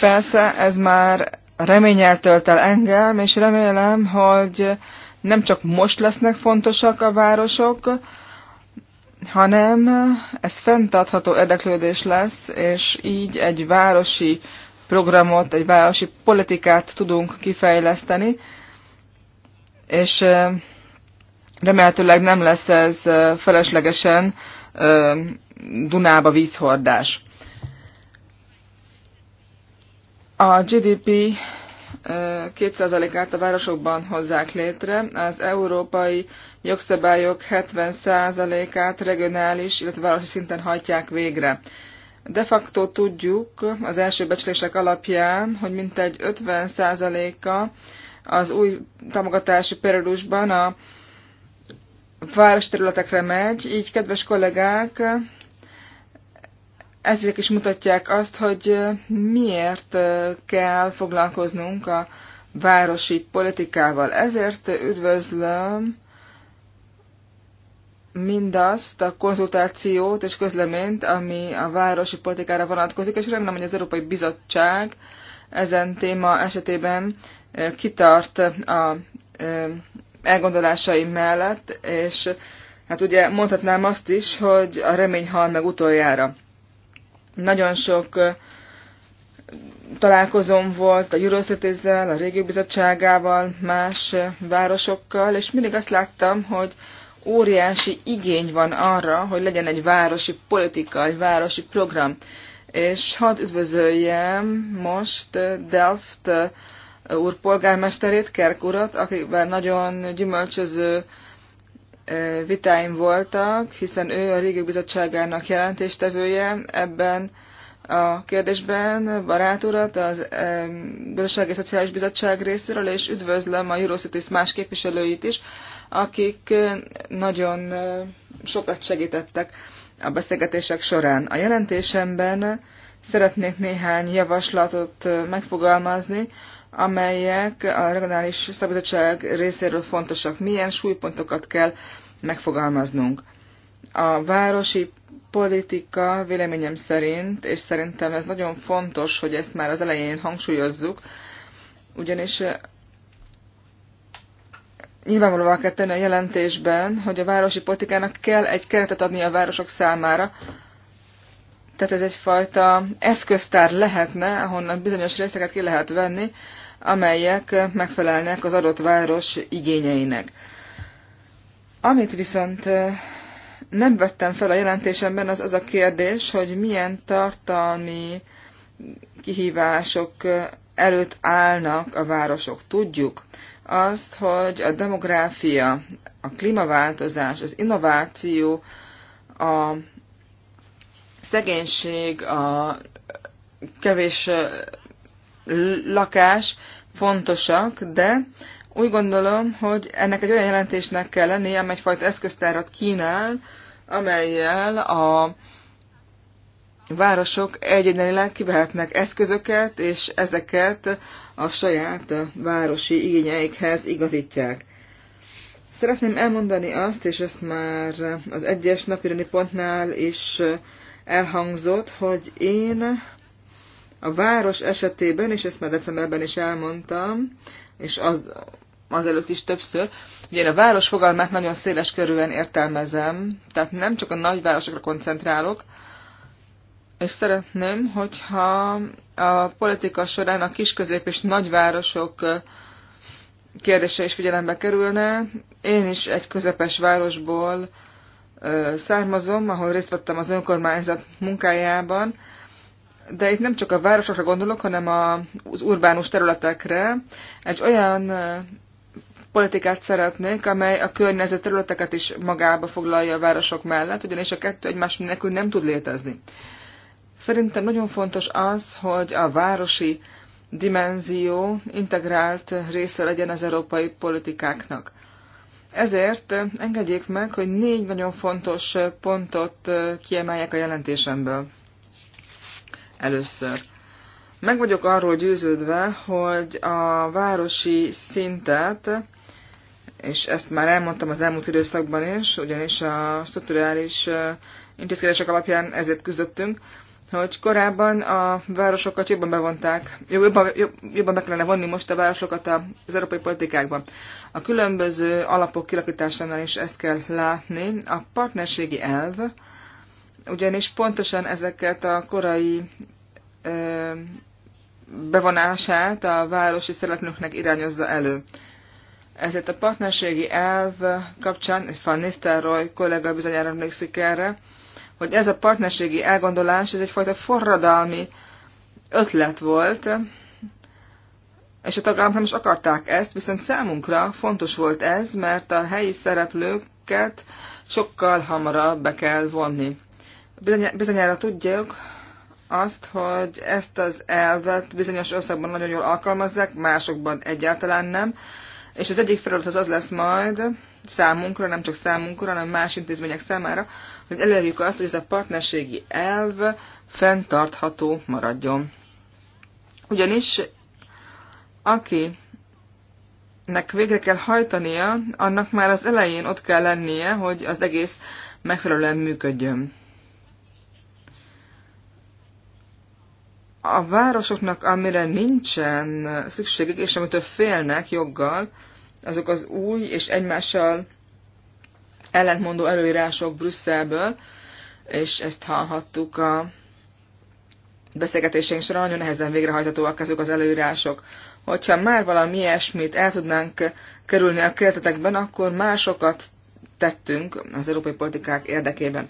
Persze ez már reményel tölt el engem, és remélem, hogy nem csak most lesznek fontosak a városok, hanem ez fenntartható érdeklődés lesz, és így egy városi programot, egy városi politikát tudunk kifejleszteni, és remélhetőleg nem lesz ez feleslegesen Dunába vízhordás. A GDP 2%-át a városokban hozzák létre, az európai jogszabályok 70%-át regionális, illetve városi szinten hajtják végre. De facto tudjuk az első becslések alapján, hogy mintegy 50%-a az új támogatási periódusban a város területekre megy, így kedves kollégák, ezek is mutatják azt, hogy miért kell foglalkoznunk a városi politikával. Ezért üdvözlöm mindazt a konzultációt és közleményt, ami a városi politikára vonatkozik, és remélem, hogy az Európai Bizottság ezen téma esetében kitart a elgondolásai mellett, és hát ugye mondhatnám azt is, hogy a remény hal meg utoljára. Nagyon sok találkozom volt a Eurocities-zel, a régi Bizottságával, más városokkal, és mindig azt láttam, hogy óriási igény van arra, hogy legyen egy városi politika, egy városi program. És hadd üdvözöljem most Delft uh, úr polgármesterét, Kerk urat, akikben nagyon gyümölcsöző uh, vitáim voltak, hiszen ő a Régi Bizottságának jelentéstevője ebben a kérdésben barát urat az um, Gazdasági Szociális Bizottság részéről, és üdvözlöm a Eurocities más képviselőit is, akik nagyon sokat segítettek a beszélgetések során. A jelentésemben szeretnék néhány javaslatot megfogalmazni, amelyek a regionális szabadság részéről fontosak. Milyen súlypontokat kell megfogalmaznunk? A városi politika véleményem szerint, és szerintem ez nagyon fontos, hogy ezt már az elején hangsúlyozzuk, ugyanis nyilvánvalóan kell tenni a jelentésben, hogy a városi politikának kell egy keretet adni a városok számára. Tehát ez egyfajta eszköztár lehetne, ahonnan bizonyos részeket ki lehet venni, amelyek megfelelnek az adott város igényeinek. Amit viszont nem vettem fel a jelentésemben, az az a kérdés, hogy milyen tartalmi kihívások előtt állnak a városok. Tudjuk, azt, hogy a demográfia, a klímaváltozás, az innováció, a szegénység, a kevés lakás fontosak, de úgy gondolom, hogy ennek egy olyan jelentésnek kell lenni, amely egyfajta eszköztárat kínál, amelyel a városok egyénileg kivehetnek eszközöket, és ezeket a saját eh, városi igényeikhez igazítják. Szeretném elmondani azt, és ezt már az egyes napirani pontnál is eh, elhangzott, hogy én a város esetében, és ezt már decemberben is elmondtam, és az, azelőtt is többször, hogy én a város fogalmát nagyon széles körülön értelmezem, tehát nem csak a nagyvárosokra koncentrálok, és szeretném, hogyha a politika során a kisközép és nagyvárosok kérdése is figyelembe kerülne. Én is egy közepes városból származom, ahol részt vettem az önkormányzat munkájában, de itt nem csak a városokra gondolok, hanem az urbánus területekre. Egy olyan politikát szeretnék, amely a környező területeket is magába foglalja a városok mellett, ugyanis a kettő egymás nélkül nem tud létezni. Szerintem nagyon fontos az, hogy a városi dimenzió integrált része legyen az európai politikáknak. Ezért engedjék meg, hogy négy nagyon fontos pontot kiemeljek a jelentésemből. Először. Meg vagyok arról győződve, hogy a városi szintet, és ezt már elmondtam az elmúlt időszakban is, ugyanis a strukturális intézkedések alapján ezért küzdöttünk, hogy korábban a városokat jobban bevonták, jobban, jobban be kellene vonni most a városokat az európai politikákba. A különböző alapok kilakításánál is ezt kell látni. A partnerségi elv ugyanis pontosan ezeket a korai ö, bevonását a városi szereplőknek irányozza elő. Ezért a partnerségi elv kapcsán, van Van Nistelrooy kollega bizonyára emlékszik erre, hogy ez a partnerségi elgondolás, ez egyfajta forradalmi ötlet volt, és a tagállamok nem is akarták ezt, viszont számunkra fontos volt ez, mert a helyi szereplőket sokkal hamarabb be kell vonni. Bizonyára tudjuk azt, hogy ezt az elvet bizonyos országban nagyon jól alkalmazzák, másokban egyáltalán nem, és az egyik feladat az az lesz majd számunkra, nem csak számunkra, hanem más intézmények számára, hogy elérjük azt, hogy ez a partnerségi elv fenntartható maradjon. Ugyanis akinek végre kell hajtania, annak már az elején ott kell lennie, hogy az egész megfelelően működjön. A városoknak, amire nincsen szükségük, és amitől félnek joggal, azok az új és egymással ellentmondó előírások Brüsszelből, és ezt hallhattuk a beszélgetésénk során, nagyon nehezen végrehajthatóak ezek az előírások. Hogyha már valami ilyesmit el tudnánk kerülni a kérdetekben, akkor másokat tettünk az európai politikák érdekében.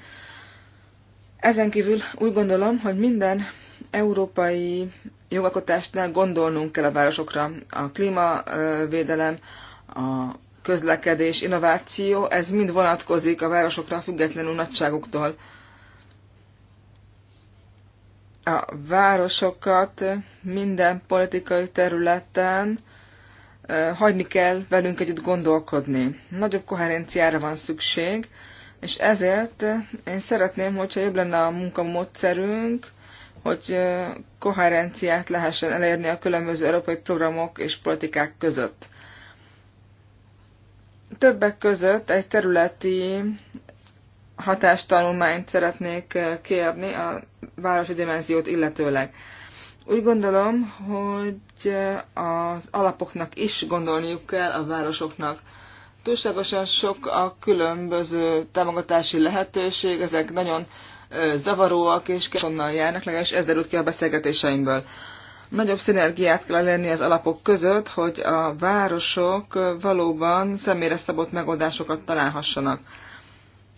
Ezen kívül úgy gondolom, hogy minden európai jogalkotásnál gondolnunk kell a városokra. A klímavédelem, a közlekedés, innováció, ez mind vonatkozik a városokra függetlenül nagyságuktól. A városokat minden politikai területen hagyni kell velünk együtt gondolkodni. Nagyobb koherenciára van szükség, és ezért én szeretném, hogyha jobb lenne a munkamódszerünk, hogy koherenciát lehessen elérni a különböző európai programok és politikák között. Többek között egy területi hatástanulmányt szeretnék eh, kérni a városi dimenziót illetőleg. Úgy gondolom, hogy eh, az alapoknak is gondolniuk kell a városoknak. Túlságosan sok a különböző támogatási lehetőség, ezek nagyon eh, zavaróak és onnan járnak, legalábbis ez derült ki a beszélgetéseimből. Nagyobb szinergiát kell elérni az alapok között, hogy a városok valóban személyre szabott megoldásokat találhassanak.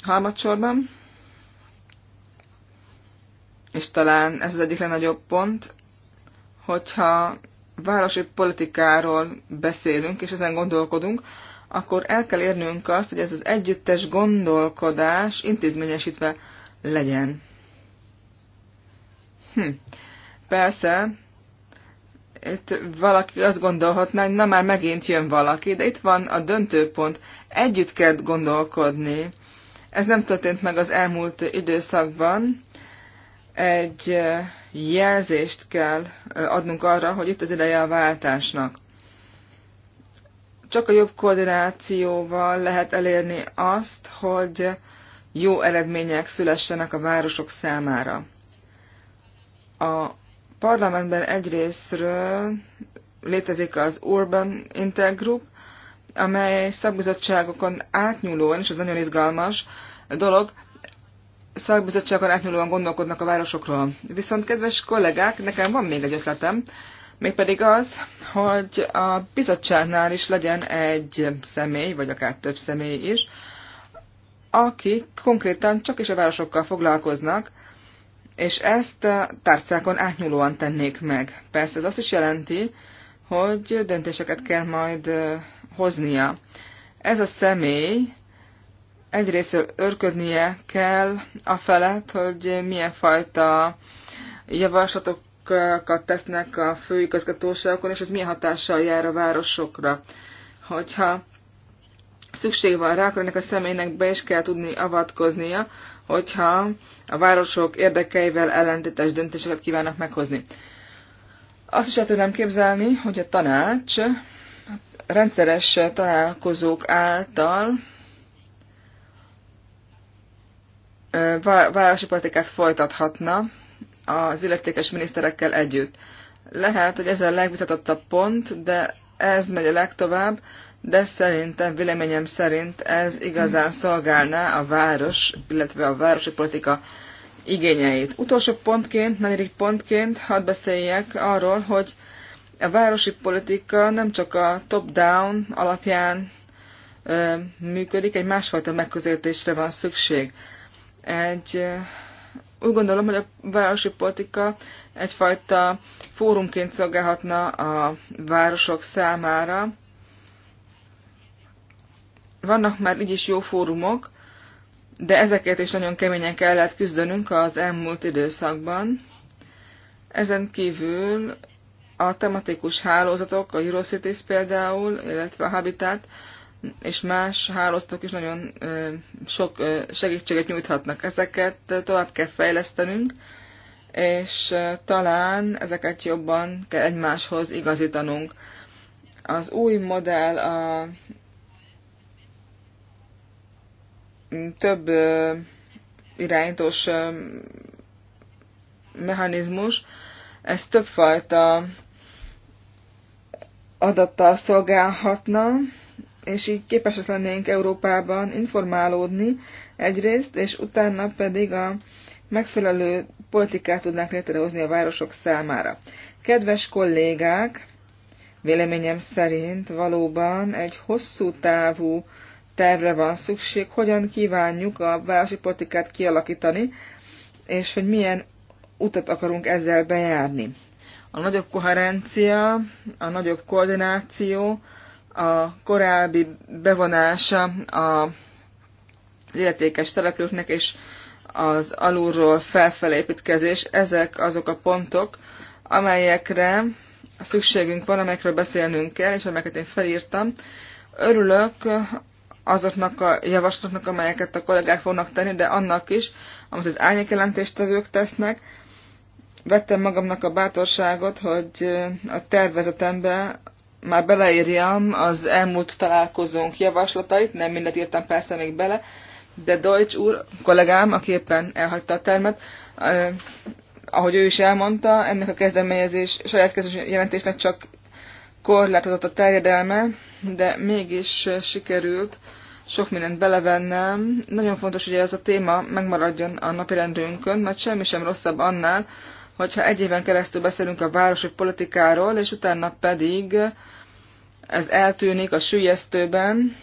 Harmadsorban, és talán ez az egyik legnagyobb pont, hogyha városi politikáról beszélünk, és ezen gondolkodunk, akkor el kell érnünk azt, hogy ez az együttes gondolkodás intézményesítve legyen. Hm. Persze, itt valaki azt gondolhatná, hogy na már megint jön valaki, de itt van a döntőpont. Együtt kell gondolkodni. Ez nem történt meg az elmúlt időszakban. Egy jelzést kell adnunk arra, hogy itt az ideje a váltásnak. Csak a jobb koordinációval lehet elérni azt, hogy jó eredmények szülessenek a városok számára. A parlamentben egyrésztről létezik az Urban Intergroup, amely szakbizottságokon átnyúlóan, és ez nagyon izgalmas dolog, szakbizottságokon átnyúlóan gondolkodnak a városokról. Viszont, kedves kollégák, nekem van még egy ötletem, mégpedig az, hogy a bizottságnál is legyen egy személy, vagy akár több személy is, akik konkrétan csak is a városokkal foglalkoznak, és ezt tárcákon átnyúlóan tennék meg. Persze ez azt is jelenti, hogy döntéseket kell majd hoznia. Ez a személy egyrészt örködnie kell a felett, hogy milyen fajta javaslatokat tesznek a főigazgatóságokon, és ez milyen hatással jár a városokra. Hogyha szükség van rá, akkor ennek a személynek be is kell tudni avatkoznia, hogyha a városok érdekeivel ellentétes döntéseket kívánnak meghozni. Azt is el tudnám képzelni, hogy a tanács rendszeres találkozók által városi politikát folytathatna az illetékes miniszterekkel együtt. Lehet, hogy ez a legvitatottabb pont, de ez megy a legtovább, de szerintem, véleményem szerint ez igazán szolgálná a város, illetve a városi politika igényeit. Utolsó pontként, negyedik pontként hadd beszéljek arról, hogy a városi politika nem csak a top-down alapján ö, működik, egy másfajta megközelítésre van szükség. Egy, ö, úgy gondolom, hogy a városi politika egyfajta fórumként szolgálhatna a városok számára, vannak már így is jó fórumok, de ezeket is nagyon keményen kellett küzdenünk az elmúlt időszakban. Ezen kívül a tematikus hálózatok, a Eurocities például, illetve a Habitat és más hálózatok is nagyon sok segítséget nyújthatnak. Ezeket tovább kell fejlesztenünk, és talán ezeket jobban kell egymáshoz igazítanunk. Az új modell a több irányítós mechanizmus, ez többfajta adattal szolgálhatna, és így képesek lennénk Európában informálódni egyrészt, és utána pedig a megfelelő politikát tudnánk létrehozni a városok számára. Kedves kollégák, véleményem szerint valóban egy hosszú távú tervre van szükség, hogyan kívánjuk a városi politikát kialakítani, és hogy milyen utat akarunk ezzel bejárni. A nagyobb koherencia, a nagyobb koordináció, a korábbi bevonása a illetékes szereplőknek és az alulról felfelé építkezés, ezek azok a pontok, amelyekre szükségünk van, amelyekről beszélnünk kell, és amelyeket én felírtam. Örülök azoknak a javaslatoknak, amelyeket a kollégák fognak tenni, de annak is, amit az árnyékjelentéstevők tesznek. Vettem magamnak a bátorságot, hogy a tervezetembe már beleírjam az elmúlt találkozónk javaslatait, nem mindet írtam persze még bele, de Deutsch úr, kollégám, aki éppen elhagyta a termet, ahogy ő is elmondta, ennek a kezdeményezés saját kezdeményezésnek jelentésnek csak korlátozott a terjedelme, de mégis eh, sikerült sok mindent belevennem. Nagyon fontos, hogy ez a téma megmaradjon a napirendünkön, mert semmi sem rosszabb annál, hogyha egy éven keresztül beszélünk a városi politikáról, és utána pedig ez eltűnik a sülyeztőben.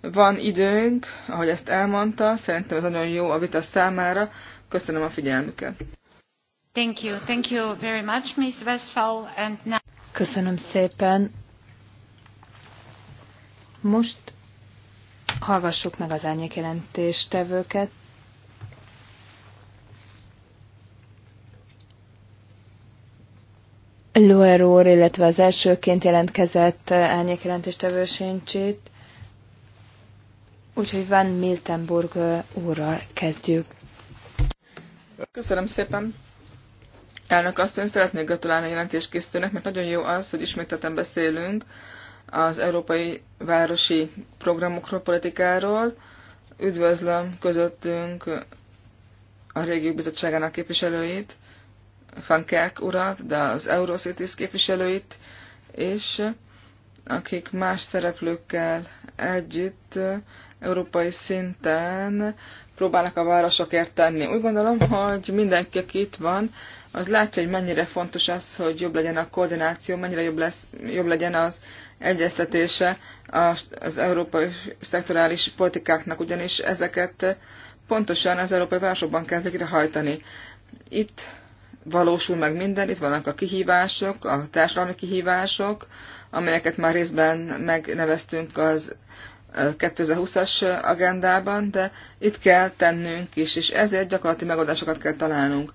Van időnk, ahogy ezt elmondta, szerintem ez nagyon jó a vita számára. Köszönöm a figyelmüket. Thank you. Thank you very much, Ms. Westphal. And now... Köszönöm szépen. Most hallgassuk meg az árnyékjelentéstevőket. Lóer úr, illetve az elsőként jelentkezett árnyékjelentéstevő sincs Úgyhogy Van Miltenburg úrral kezdjük. Köszönöm szépen. Elnök asszony, szeretnék gratulálni a jelentéskészítőnek, mert nagyon jó az, hogy ismételten beszélünk az európai városi programokról, politikáról. Üdvözlöm közöttünk a régiók bizottságának képviselőit, Fankák urat, de az Eurocities képviselőit, és akik más szereplőkkel együtt európai szinten próbálnak a városokért tenni. Úgy gondolom, hogy mindenki, aki itt van, az látja, hogy mennyire fontos az, hogy jobb legyen a koordináció, mennyire jobb, lesz, jobb legyen az egyeztetése az európai szektorális politikáknak, ugyanis ezeket pontosan az európai városokban kell végrehajtani. Itt valósul meg minden, itt vannak a kihívások, a társadalmi kihívások, amelyeket már részben megneveztünk az 2020-as agendában, de itt kell tennünk is, és ezért gyakorlati megoldásokat kell találnunk.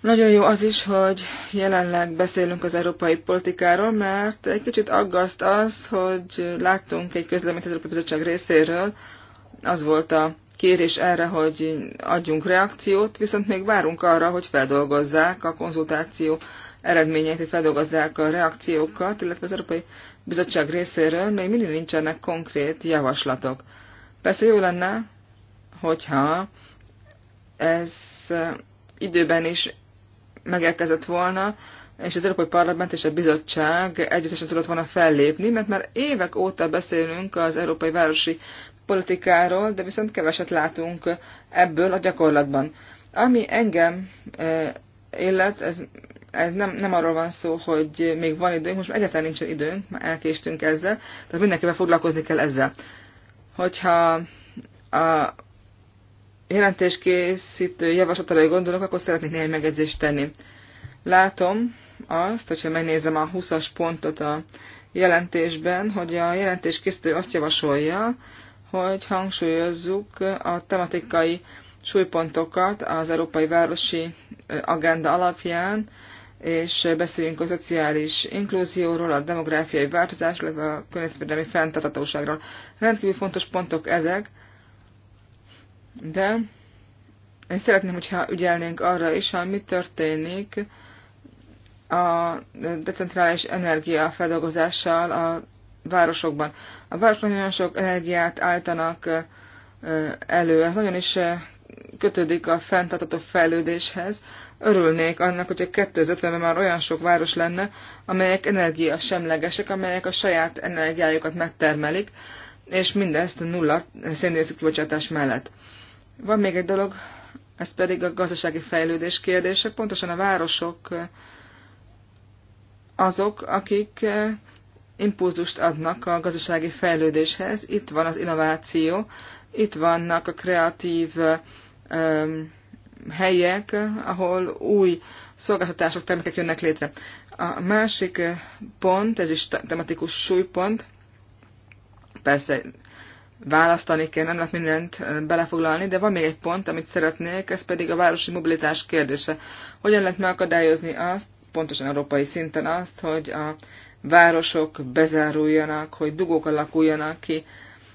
Nagyon jó az is, hogy jelenleg beszélünk az európai politikáról, mert egy kicsit aggaszt az, hogy láttunk egy közleményt az Európai Bizottság részéről, az volt a kérés erre, hogy adjunk reakciót, viszont még várunk arra, hogy feldolgozzák a konzultáció eredményeit, hogy feldolgozzák a reakciókat, illetve az Európai Bizottság részéről még mindig nincsenek konkrét javaslatok. Persze jó lenne, hogyha ez időben is megérkezett volna, és az Európai Parlament és a Bizottság együttesen tudott volna fellépni, mert már évek óta beszélünk az európai városi politikáról, de viszont keveset látunk ebből a gyakorlatban. Ami engem e, illet, ez, ez nem, nem arról van szó, hogy még van időnk, most egyáltalán nincsen időnk, már elkéstünk ezzel, tehát mindenképpen foglalkozni kell ezzel. Hogyha a jelentéskészítő javaslatára gondolok, akkor szeretnék néhány megjegyzést tenni. Látom azt, hogyha megnézem a 20-as pontot a jelentésben, hogy a jelentéskészítő azt javasolja, hogy hangsúlyozzuk a tematikai súlypontokat az Európai Városi Agenda alapján, és beszéljünk a szociális inkluzióról, a demográfiai változásról, a környezetvédelmi fenntartatóságról. Rendkívül fontos pontok ezek, de én szeretném, hogyha ügyelnénk arra is, hogy mi történik a decentrális energia feldolgozással a városokban. A városok nagyon sok energiát állítanak elő. Ez nagyon is kötődik a fenntartató fejlődéshez. Örülnék annak, hogyha 2050-ben már olyan sok város lenne, amelyek energia semlegesek, amelyek a saját energiájukat megtermelik, és mindezt nulla széndiokszid kibocsátás mellett. Van még egy dolog, ez pedig a gazdasági fejlődés kérdése. Pontosan a városok azok, akik eh, impulzust adnak a gazdasági fejlődéshez. Itt van az innováció, itt vannak a kreatív helyek, ahol új szolgáltatások, termékek jönnek létre. A másik eh, pont, ez is tematikus súlypont, persze választani kell, nem lehet mindent belefoglalni, de van még egy pont, amit szeretnék, ez pedig a városi mobilitás kérdése. Hogyan lehet megakadályozni azt, pontosan európai szinten azt, hogy a városok bezáruljanak, hogy dugók alakuljanak ki,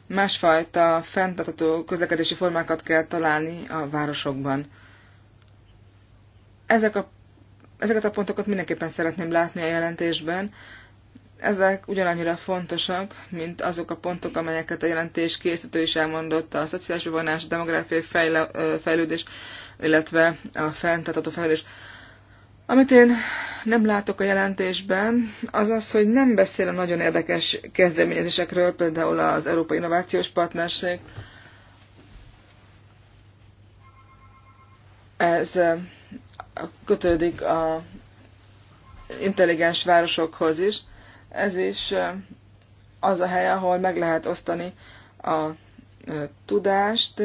másfajta fenntartható közlekedési formákat kell találni a városokban. Ezek a, ezeket a pontokat mindenképpen szeretném látni a jelentésben, ezek ugyanannyira fontosak, mint azok a pontok, amelyeket a jelentés készítő is elmondott, a szociális bevonás, a demográfiai fejle, fejlődés, illetve a fenntartató fejlődés. Amit én nem látok a jelentésben, az az, hogy nem beszél a nagyon érdekes kezdeményezésekről, például az Európai Innovációs Partnerség. Ez kötődik a intelligens városokhoz is. Ez is az a hely, ahol meg lehet osztani a tudást.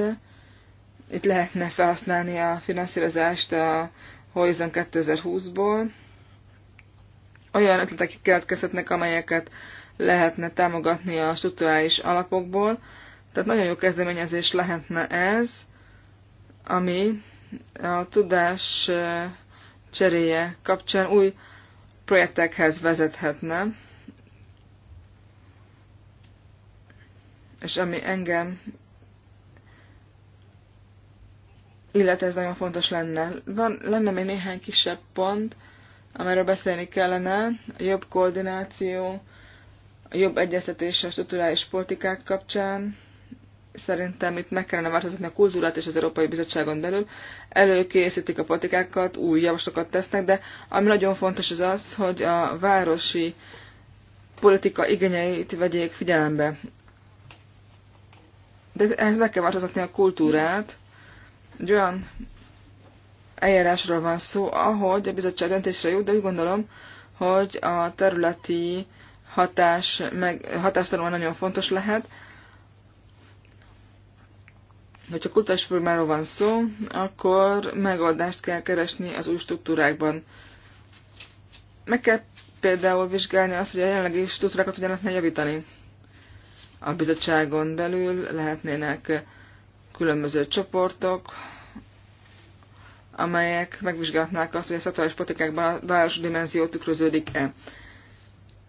Itt lehetne felhasználni a finanszírozást a Horizon 2020-ból. Olyan ötletek keletkezhetnek, amelyeket lehetne támogatni a struktúrális alapokból. Tehát nagyon jó kezdeményezés lehetne ez, ami a tudás cseréje kapcsán új projektekhez vezethetne. és ami engem illetve ez nagyon fontos lenne. Van, lenne még néhány kisebb pont, amelyről beszélni kellene, a jobb koordináció, a jobb egyeztetés a strukturális politikák kapcsán. Szerintem itt meg kellene változtatni a kultúrát és az Európai Bizottságon belül. Előkészítik a politikákat, új javaslatokat tesznek, de ami nagyon fontos az az, hogy a városi politika igényeit vegyék figyelembe de ehhez meg kell változtatni a kultúrát. Egy olyan eljárásról van szó, ahogy a bizottság döntésre jut, de úgy gondolom, hogy a területi hatás, meg hatástalan nagyon fontos lehet. Hogyha kultúrás problémáról van szó, akkor megoldást kell keresni az új struktúrákban. Meg kell például vizsgálni azt, hogy a jelenlegi struktúrákat hogyan lehetne javítani a bizottságon belül lehetnének különböző csoportok, amelyek megvizsgálhatnák azt, hogy a szatellis politikákban a város dimenzió tükröződik-e.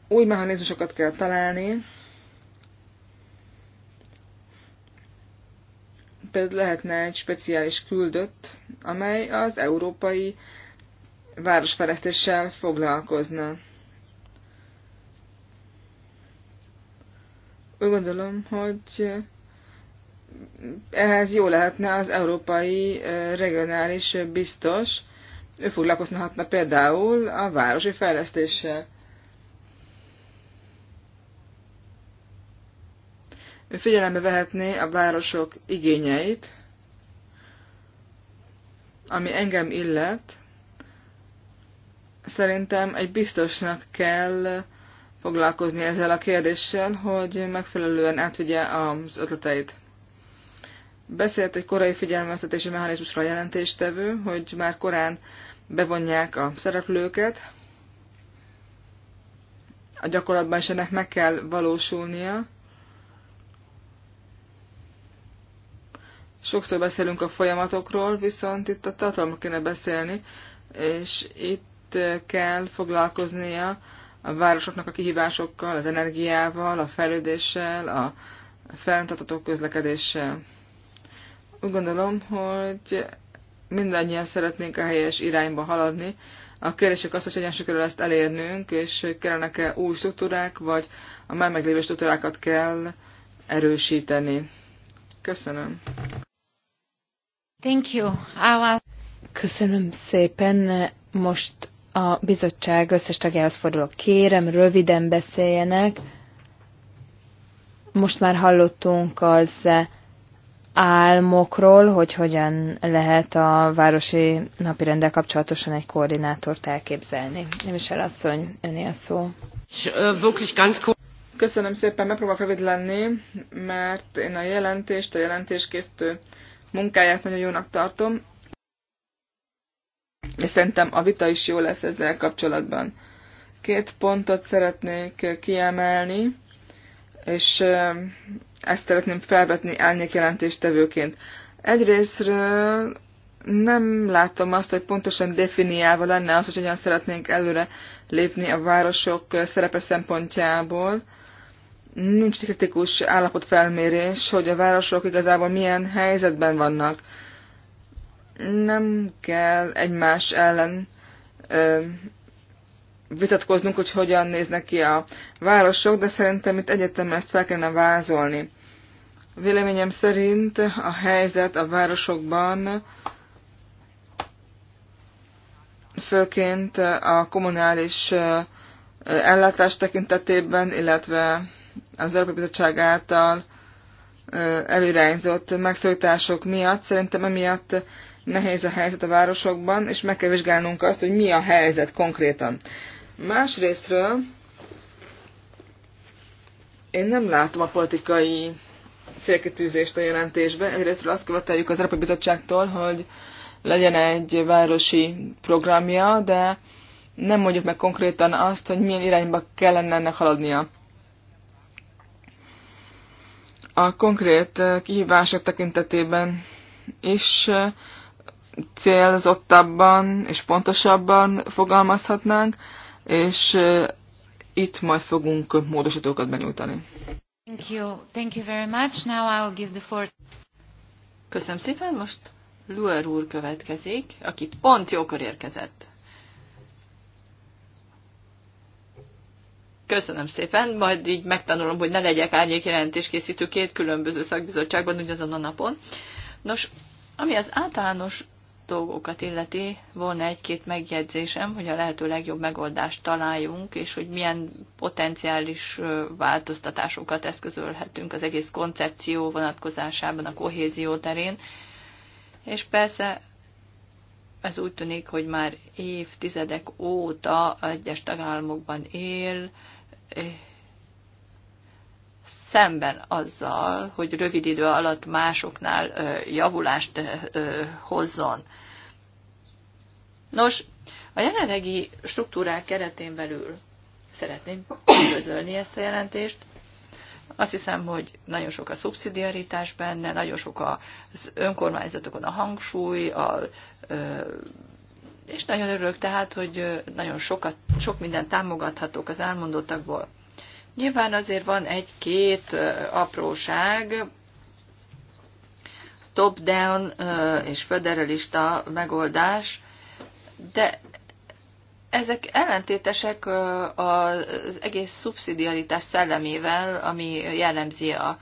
Új mechanizmusokat kell találni, például lehetne egy speciális küldött, amely az európai városfejlesztéssel foglalkozna. úgy gondolom, hogy ehhez jó lehetne az európai regionális biztos, ő foglalkozhatna például a városi fejlesztéssel. Ő figyelembe vehetné a városok igényeit, ami engem illet, szerintem egy biztosnak kell foglalkozni ezzel a kérdéssel, hogy megfelelően átvigye az ötleteit. Beszélt egy korai figyelmeztetési mechanizmusra jelentéstevő, hogy már korán bevonják a szereplőket. A gyakorlatban is ennek meg kell valósulnia. Sokszor beszélünk a folyamatokról, viszont itt a tartalmak kéne beszélni, és itt kell foglalkoznia a városoknak a kihívásokkal, az energiával, a fejlődéssel, a fenntartató közlekedéssel. Úgy gondolom, hogy mindannyian szeretnénk a helyes irányba haladni. A kérdések az, hogy hogyan sikerül ezt elérnünk, és kellenek-e új struktúrák, vagy a már meglévő struktúrákat kell erősíteni. Köszönöm. Thank you. Köszönöm szépen. Most a bizottság összes tagjához fordulok. Kérem, röviden beszéljenek. Most már hallottunk az álmokról, hogy hogyan lehet a városi napirendel kapcsolatosan egy koordinátort elképzelni. Nem is asszony, öné a szó. Köszönöm szépen, megpróbálok rövid lenni, mert én a jelentést, a jelentéskészítő munkáját nagyon jónak tartom, és szerintem a vita is jó lesz ezzel kapcsolatban. Két pontot szeretnék kiemelni, és ezt szeretném felvetni jelentéstevőként. Egyrésztről nem látom azt, hogy pontosan definiálva lenne az, hogy hogyan szeretnénk előre lépni a városok szerepe szempontjából. Nincs kritikus állapotfelmérés, hogy a városok igazából milyen helyzetben vannak nem kell egymás ellen ö, vitatkoznunk, hogy hogyan néznek ki a városok, de szerintem itt egyetemre ezt fel kellene vázolni. Véleményem szerint a helyzet a városokban főként a kommunális ellátás tekintetében, illetve az Európai Bizottság által előirányzott megszólítások miatt szerintem emiatt nehéz a helyzet a városokban, és meg kell vizsgálnunk azt, hogy mi a helyzet konkrétan. Másrésztről én nem látom a politikai célkitűzést a jelentésben. Egyrésztről azt követeljük az Európai Bizottságtól, hogy legyen egy városi programja, de nem mondjuk meg konkrétan azt, hogy milyen irányba kellene ennek haladnia. A konkrét kihívások tekintetében is célzottabban és pontosabban fogalmazhatnánk, és itt majd fogunk módosítókat benyújtani. Thank you. Thank you very much. Now I'll give the floor. Köszönöm szépen, most Luer úr következik, aki pont jókor érkezett. Köszönöm szépen, majd így megtanulom, hogy ne legyek jelentés készítő két különböző szakbizottságban ugyanazon a napon. Nos, ami az általános dolgokat illeti, volna egy-két megjegyzésem, hogy a lehető legjobb megoldást találjunk, és hogy milyen potenciális változtatásokat eszközölhetünk az egész koncepció vonatkozásában a kohézió terén. És persze ez úgy tűnik, hogy már évtizedek óta egyes tagállamokban él, szemben azzal, hogy rövid idő alatt másoknál javulást hozzon. Nos, a jelenlegi struktúrák keretén belül szeretném üdvözölni ezt a jelentést. Azt hiszem, hogy nagyon sok a szubszidiaritás benne, nagyon sok az önkormányzatokon a hangsúly, a, és nagyon örülök tehát, hogy nagyon sokat, sok mindent támogathatok az elmondottakból. Nyilván azért van egy-két apróság, top-down és föderalista megoldás, de ezek ellentétesek az egész szubszidiaritás szellemével, ami jellemzi a,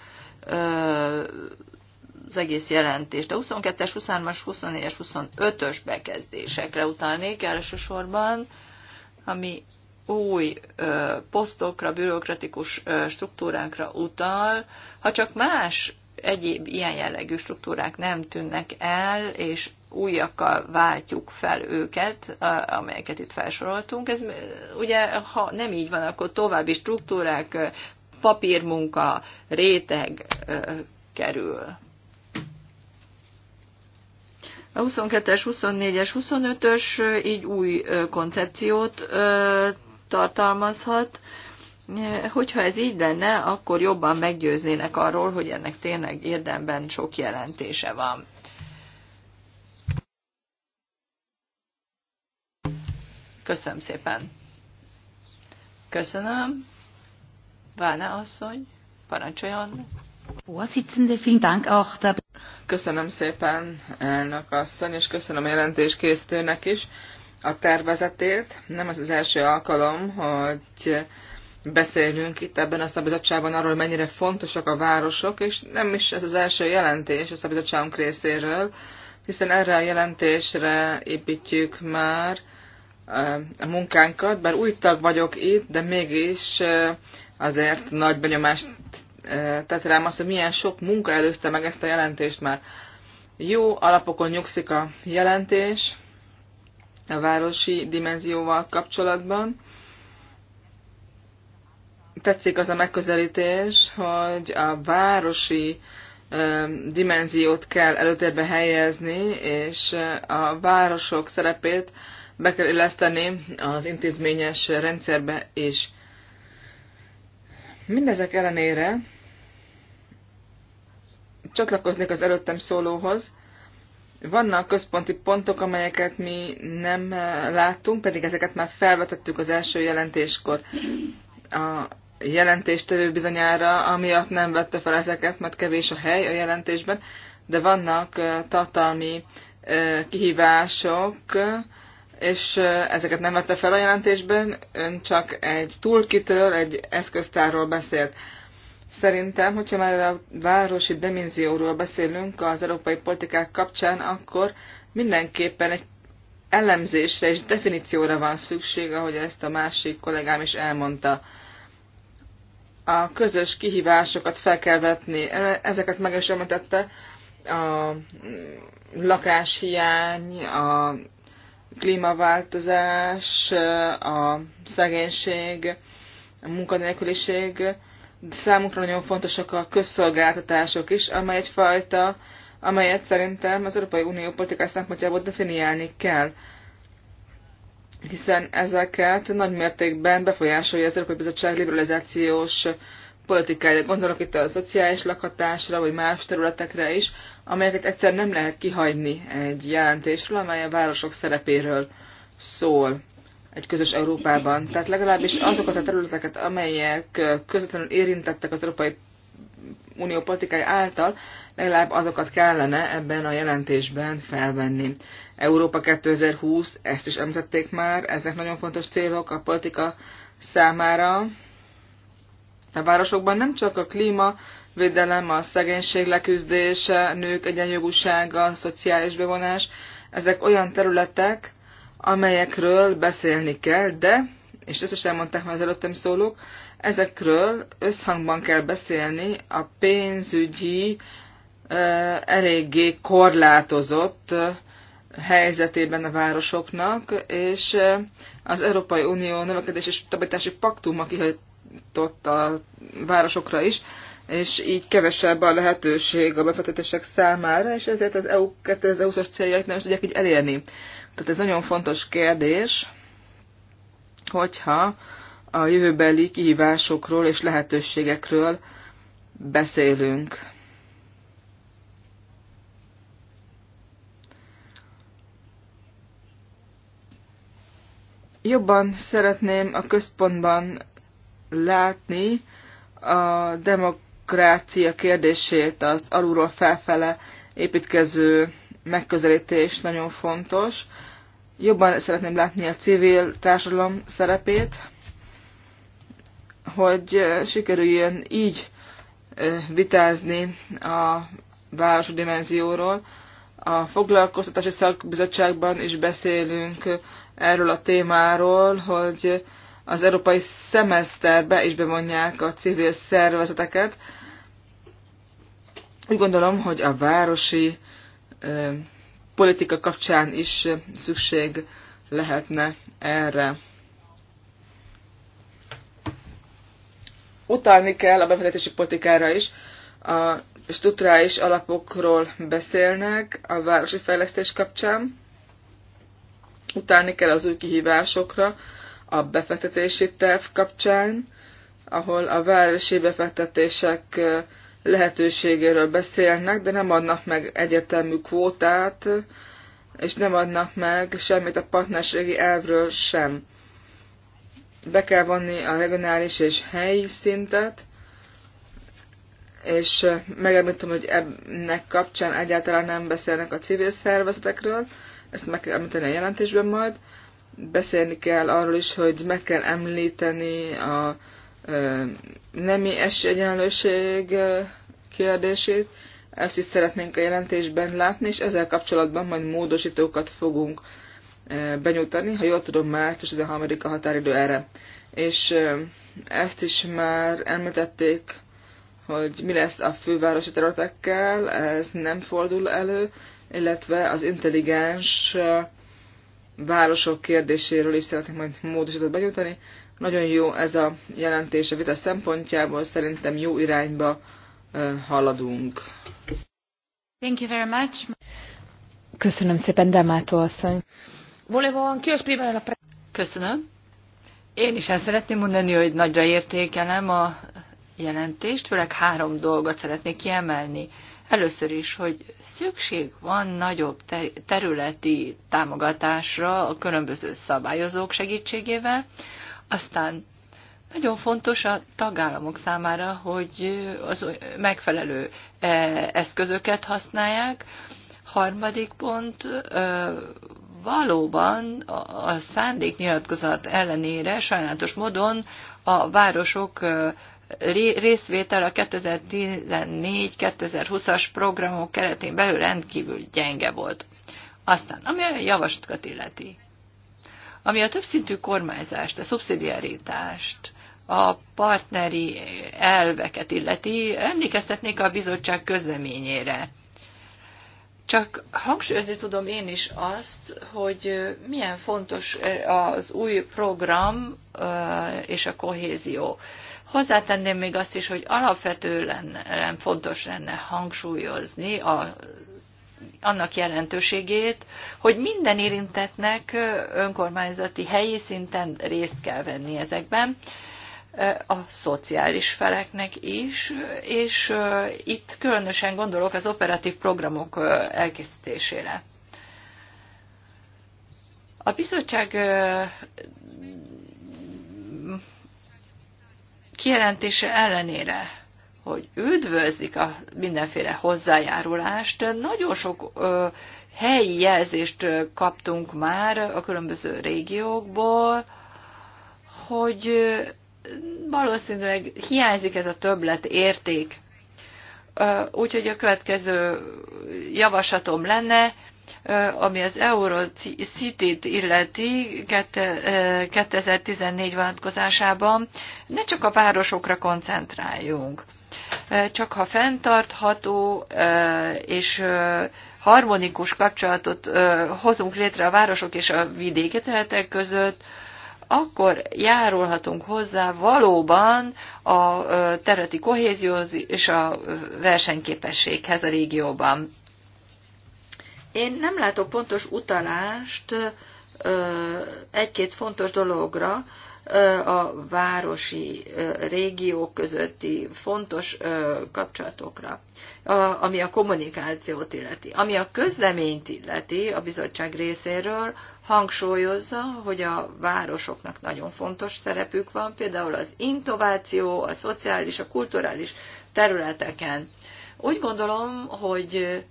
az egész jelentést. A 22-es, 23-as, 24-es, 25-ös bekezdésekre utalnék elsősorban, ami új ö, posztokra, bürokratikus ö, struktúrákra utal, ha csak más egyéb ilyen jellegű struktúrák nem tűnnek el, és újakkal váltjuk fel őket, amelyeket itt felsoroltunk. Ez ugye, ha nem így van, akkor további struktúrák, papírmunka, réteg kerül. A 22-es, 24-es, 25-ös így új koncepciót tartalmazhat. Hogyha ez így lenne, akkor jobban meggyőznének arról, hogy ennek tényleg érdemben sok jelentése van. Köszönöm szépen. Köszönöm. Váne asszony, parancsoljon. Köszönöm szépen, elnök asszony, és köszönöm a jelentéskészítőnek is a tervezetét. Nem ez az első alkalom, hogy beszélünk itt ebben a szabizottságban arról, hogy mennyire fontosak a városok, és nem is ez az első jelentés a szabizottságunk részéről, hiszen erre a jelentésre építjük már a munkánkat, bár új tag vagyok itt, de mégis azért nagy benyomást tett rám az, hogy milyen sok munka előzte meg ezt a jelentést már. Jó alapokon nyugszik a jelentés, a városi dimenzióval kapcsolatban. Tetszik az a megközelítés, hogy a városi dimenziót kell előtérbe helyezni, és a városok szerepét be kell illeszteni az intézményes rendszerbe is. Mindezek ellenére csatlakoznék az előttem szólóhoz, vannak központi pontok, amelyeket mi nem eh, láttunk, pedig ezeket már felvetettük az első jelentéskor. A jelentéstevő bizonyára, amiatt nem vette fel ezeket, mert kevés a hely a jelentésben, de vannak eh, tartalmi eh, kihívások, és ezeket nem vette fel a jelentésben, ön csak egy toolkitről, egy eszköztárról beszélt. Szerintem, hogyha már a városi dimenzióról beszélünk az európai politikák kapcsán, akkor mindenképpen egy elemzésre és definícióra van szükség, ahogy ezt a másik kollégám is elmondta. A közös kihívásokat fel kell vetni, ezeket meg is említette, a lakáshiány, a klímaváltozás, a szegénység, a munkanélküliség, Számukra nagyon fontosak a közszolgáltatások is, amely egyfajta, amelyet szerintem az Európai Unió politikai szempontjából definiálni kell hiszen ezeket nagy mértékben befolyásolja az Európai Bizottság liberalizációs politikája. Gondolok itt a szociális lakhatásra, vagy más területekre is, amelyeket egyszer nem lehet kihagyni egy jelentésről, amely a városok szerepéről szól egy közös Európában. Tehát legalábbis azokat a területeket, amelyek közvetlenül érintettek az Európai Unió politikai által, legalább azokat kellene ebben a jelentésben felvenni. Európa 2020, ezt is említették már, ezek nagyon fontos célok a politika számára. A városokban nem csak a klíma, védelem, a szegénység leküzdése, nők egyenjogúsága, a szociális bevonás, ezek olyan területek, amelyekről beszélni kell, de, és ezt is elmondták már az előttem szólók, ezekről összhangban kell beszélni a pénzügyi eléggé korlátozott helyzetében a városoknak, és az Európai Unió növekedési és stabilitási paktuma kihajtott a városokra is, és így kevesebb a lehetőség a befektetések számára, és ezért az EU 2020-as e céljait nem is tudják így elérni. Tehát ez nagyon fontos kérdés, hogyha a jövőbeli kihívásokról és lehetőségekről beszélünk. Jobban szeretném a központban látni a demokrácia kérdését, az alulról felfele építkező megközelítés nagyon fontos. Jobban szeretném látni a civil társadalom szerepét, hogy sikerüljön így vitázni a városi dimenzióról. A foglalkoztatási szakbizottságban is beszélünk erről a témáról, hogy az európai szemeszterbe is bevonják a civil szervezeteket. Úgy gondolom, hogy a városi politika kapcsán is szükség lehetne erre. Utalni kell a befektetési politikára is. A struktúrális alapokról beszélnek a városi fejlesztés kapcsán. Utálni kell az új kihívásokra a befektetési terv kapcsán, ahol a városi befektetések lehetőségéről beszélnek, de nem adnak meg egyetemű kvótát, és nem adnak meg semmit a partnerségi elvről sem. Be kell vonni a regionális és helyi szintet, és megemlítem, hogy ennek kapcsán egyáltalán nem beszélnek a civil szervezetekről, ezt meg kell említeni a jelentésben majd. Beszélni kell arról is, hogy meg kell említeni a nemi esélyegyenlőség kérdését, ezt is szeretnénk a jelentésben látni, és ezzel kapcsolatban majd módosítókat fogunk e, benyújtani, ha jól tudom, március 13 a határidő erre. És e, ezt is már említették, hogy mi lesz a fővárosi területekkel, ez nem fordul elő, illetve az intelligens e, városok kérdéséről is szeretnék majd módosítót benyújtani. Nagyon jó ez a jelentés a vita szempontjából, szerintem jó irányba haladunk. Thank you very much. Köszönöm szépen, Demátó asszony. Köszönöm. Én is el szeretném mondani, hogy nagyra értékelem a jelentést, főleg három dolgot szeretnék kiemelni. Először is, hogy szükség van nagyobb területi támogatásra a különböző szabályozók segítségével, aztán nagyon fontos a tagállamok számára, hogy az megfelelő e, eszközöket használják. Harmadik pont, e, valóban a szándéknyilatkozat ellenére sajnálatos módon a városok e, részvétel a 2014-2020-as programok keretén belül rendkívül gyenge volt. Aztán, ami a javaslatokat illeti, ami a többszintű kormányzást, a szubszidiaritást a partneri elveket illeti, emlékeztetnék a bizottság közleményére. Csak hangsúlyozni tudom én is azt, hogy milyen fontos az új program és a kohézió. Hozzátenném még azt is, hogy alapvetően fontos lenne hangsúlyozni a, annak jelentőségét, hogy minden érintetnek önkormányzati helyi szinten részt kell venni ezekben, a szociális feleknek is, és itt különösen gondolok az operatív programok elkészítésére. A bizottság kijelentése ellenére, hogy üdvözlik a mindenféle hozzájárulást, nagyon sok helyi jelzést kaptunk már a különböző régiókból, hogy valószínűleg hiányzik ez a többlet érték. Úgyhogy a következő javaslatom lenne, ami az Eurocity-t illeti 2014 vonatkozásában, ne csak a városokra koncentráljunk. Csak ha fenntartható és harmonikus kapcsolatot hozunk létre a városok és a vidéketeletek között, akkor járulhatunk hozzá valóban a területi kohézióhoz és a versenyképességhez a régióban. Én nem látok pontos utalást egy-két fontos dologra, a városi régiók közötti fontos kapcsolatokra, ami a kommunikációt illeti. Ami a közleményt illeti a bizottság részéről, hangsúlyozza, hogy a városoknak nagyon fontos szerepük van, például az innováció, a szociális, a kulturális területeken. Úgy gondolom, hogy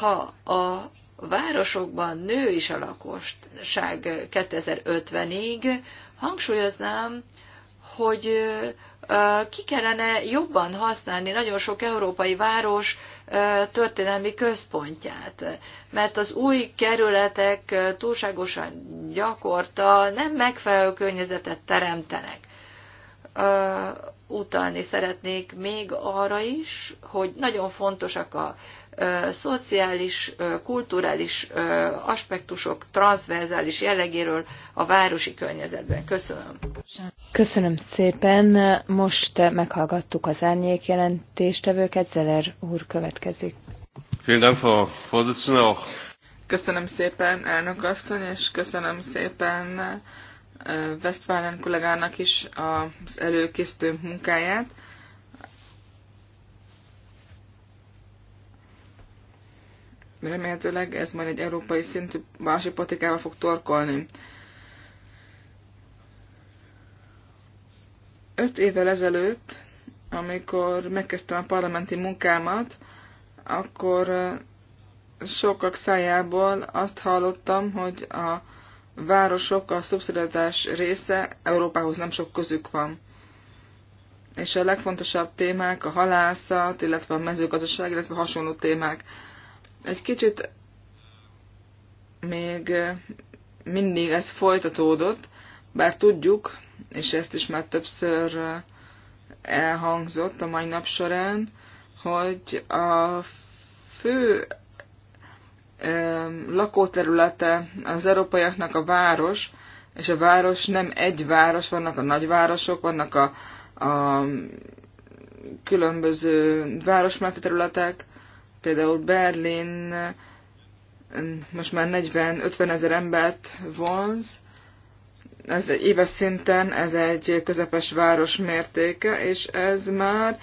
ha a városokban nő is a lakosság 2050-ig, hangsúlyoznám, hogy ki kellene jobban használni nagyon sok európai város történelmi központját, mert az új kerületek túlságosan gyakorta nem megfelelő környezetet teremtenek. Utalni szeretnék még arra is, hogy nagyon fontosak a szociális, kulturális aspektusok transzverzális jellegéről a városi környezetben. Köszönöm. Köszönöm szépen. Most meghallgattuk az árnyék jelentéstevőket. Zeller úr következik. Köszönöm szépen, elnök asszony, és köszönöm szépen Westfalen kollégának is az előkészítő munkáját. Remélhetőleg ez majd egy európai szintű városi patikával fog torkolni. Öt évvel ezelőtt, amikor megkezdtem a parlamenti munkámat, akkor sokak szájából azt hallottam, hogy a városok a szubszidizás része Európához nem sok közük van. És a legfontosabb témák a halászat, illetve a mezőgazdaság, illetve hasonló témák. Egy kicsit még eh, mindig ez folytatódott, bár tudjuk, és ezt is már többször eh, elhangzott a mai nap során, hogy a fő eh, lakóterülete az európaiaknak a város, és a város nem egy város, vannak a nagyvárosok, vannak a, a különböző városmegterületek, Például Berlin most már 40-50 ezer embert vonz, ez éves szinten ez egy közepes város mértéke, és ez már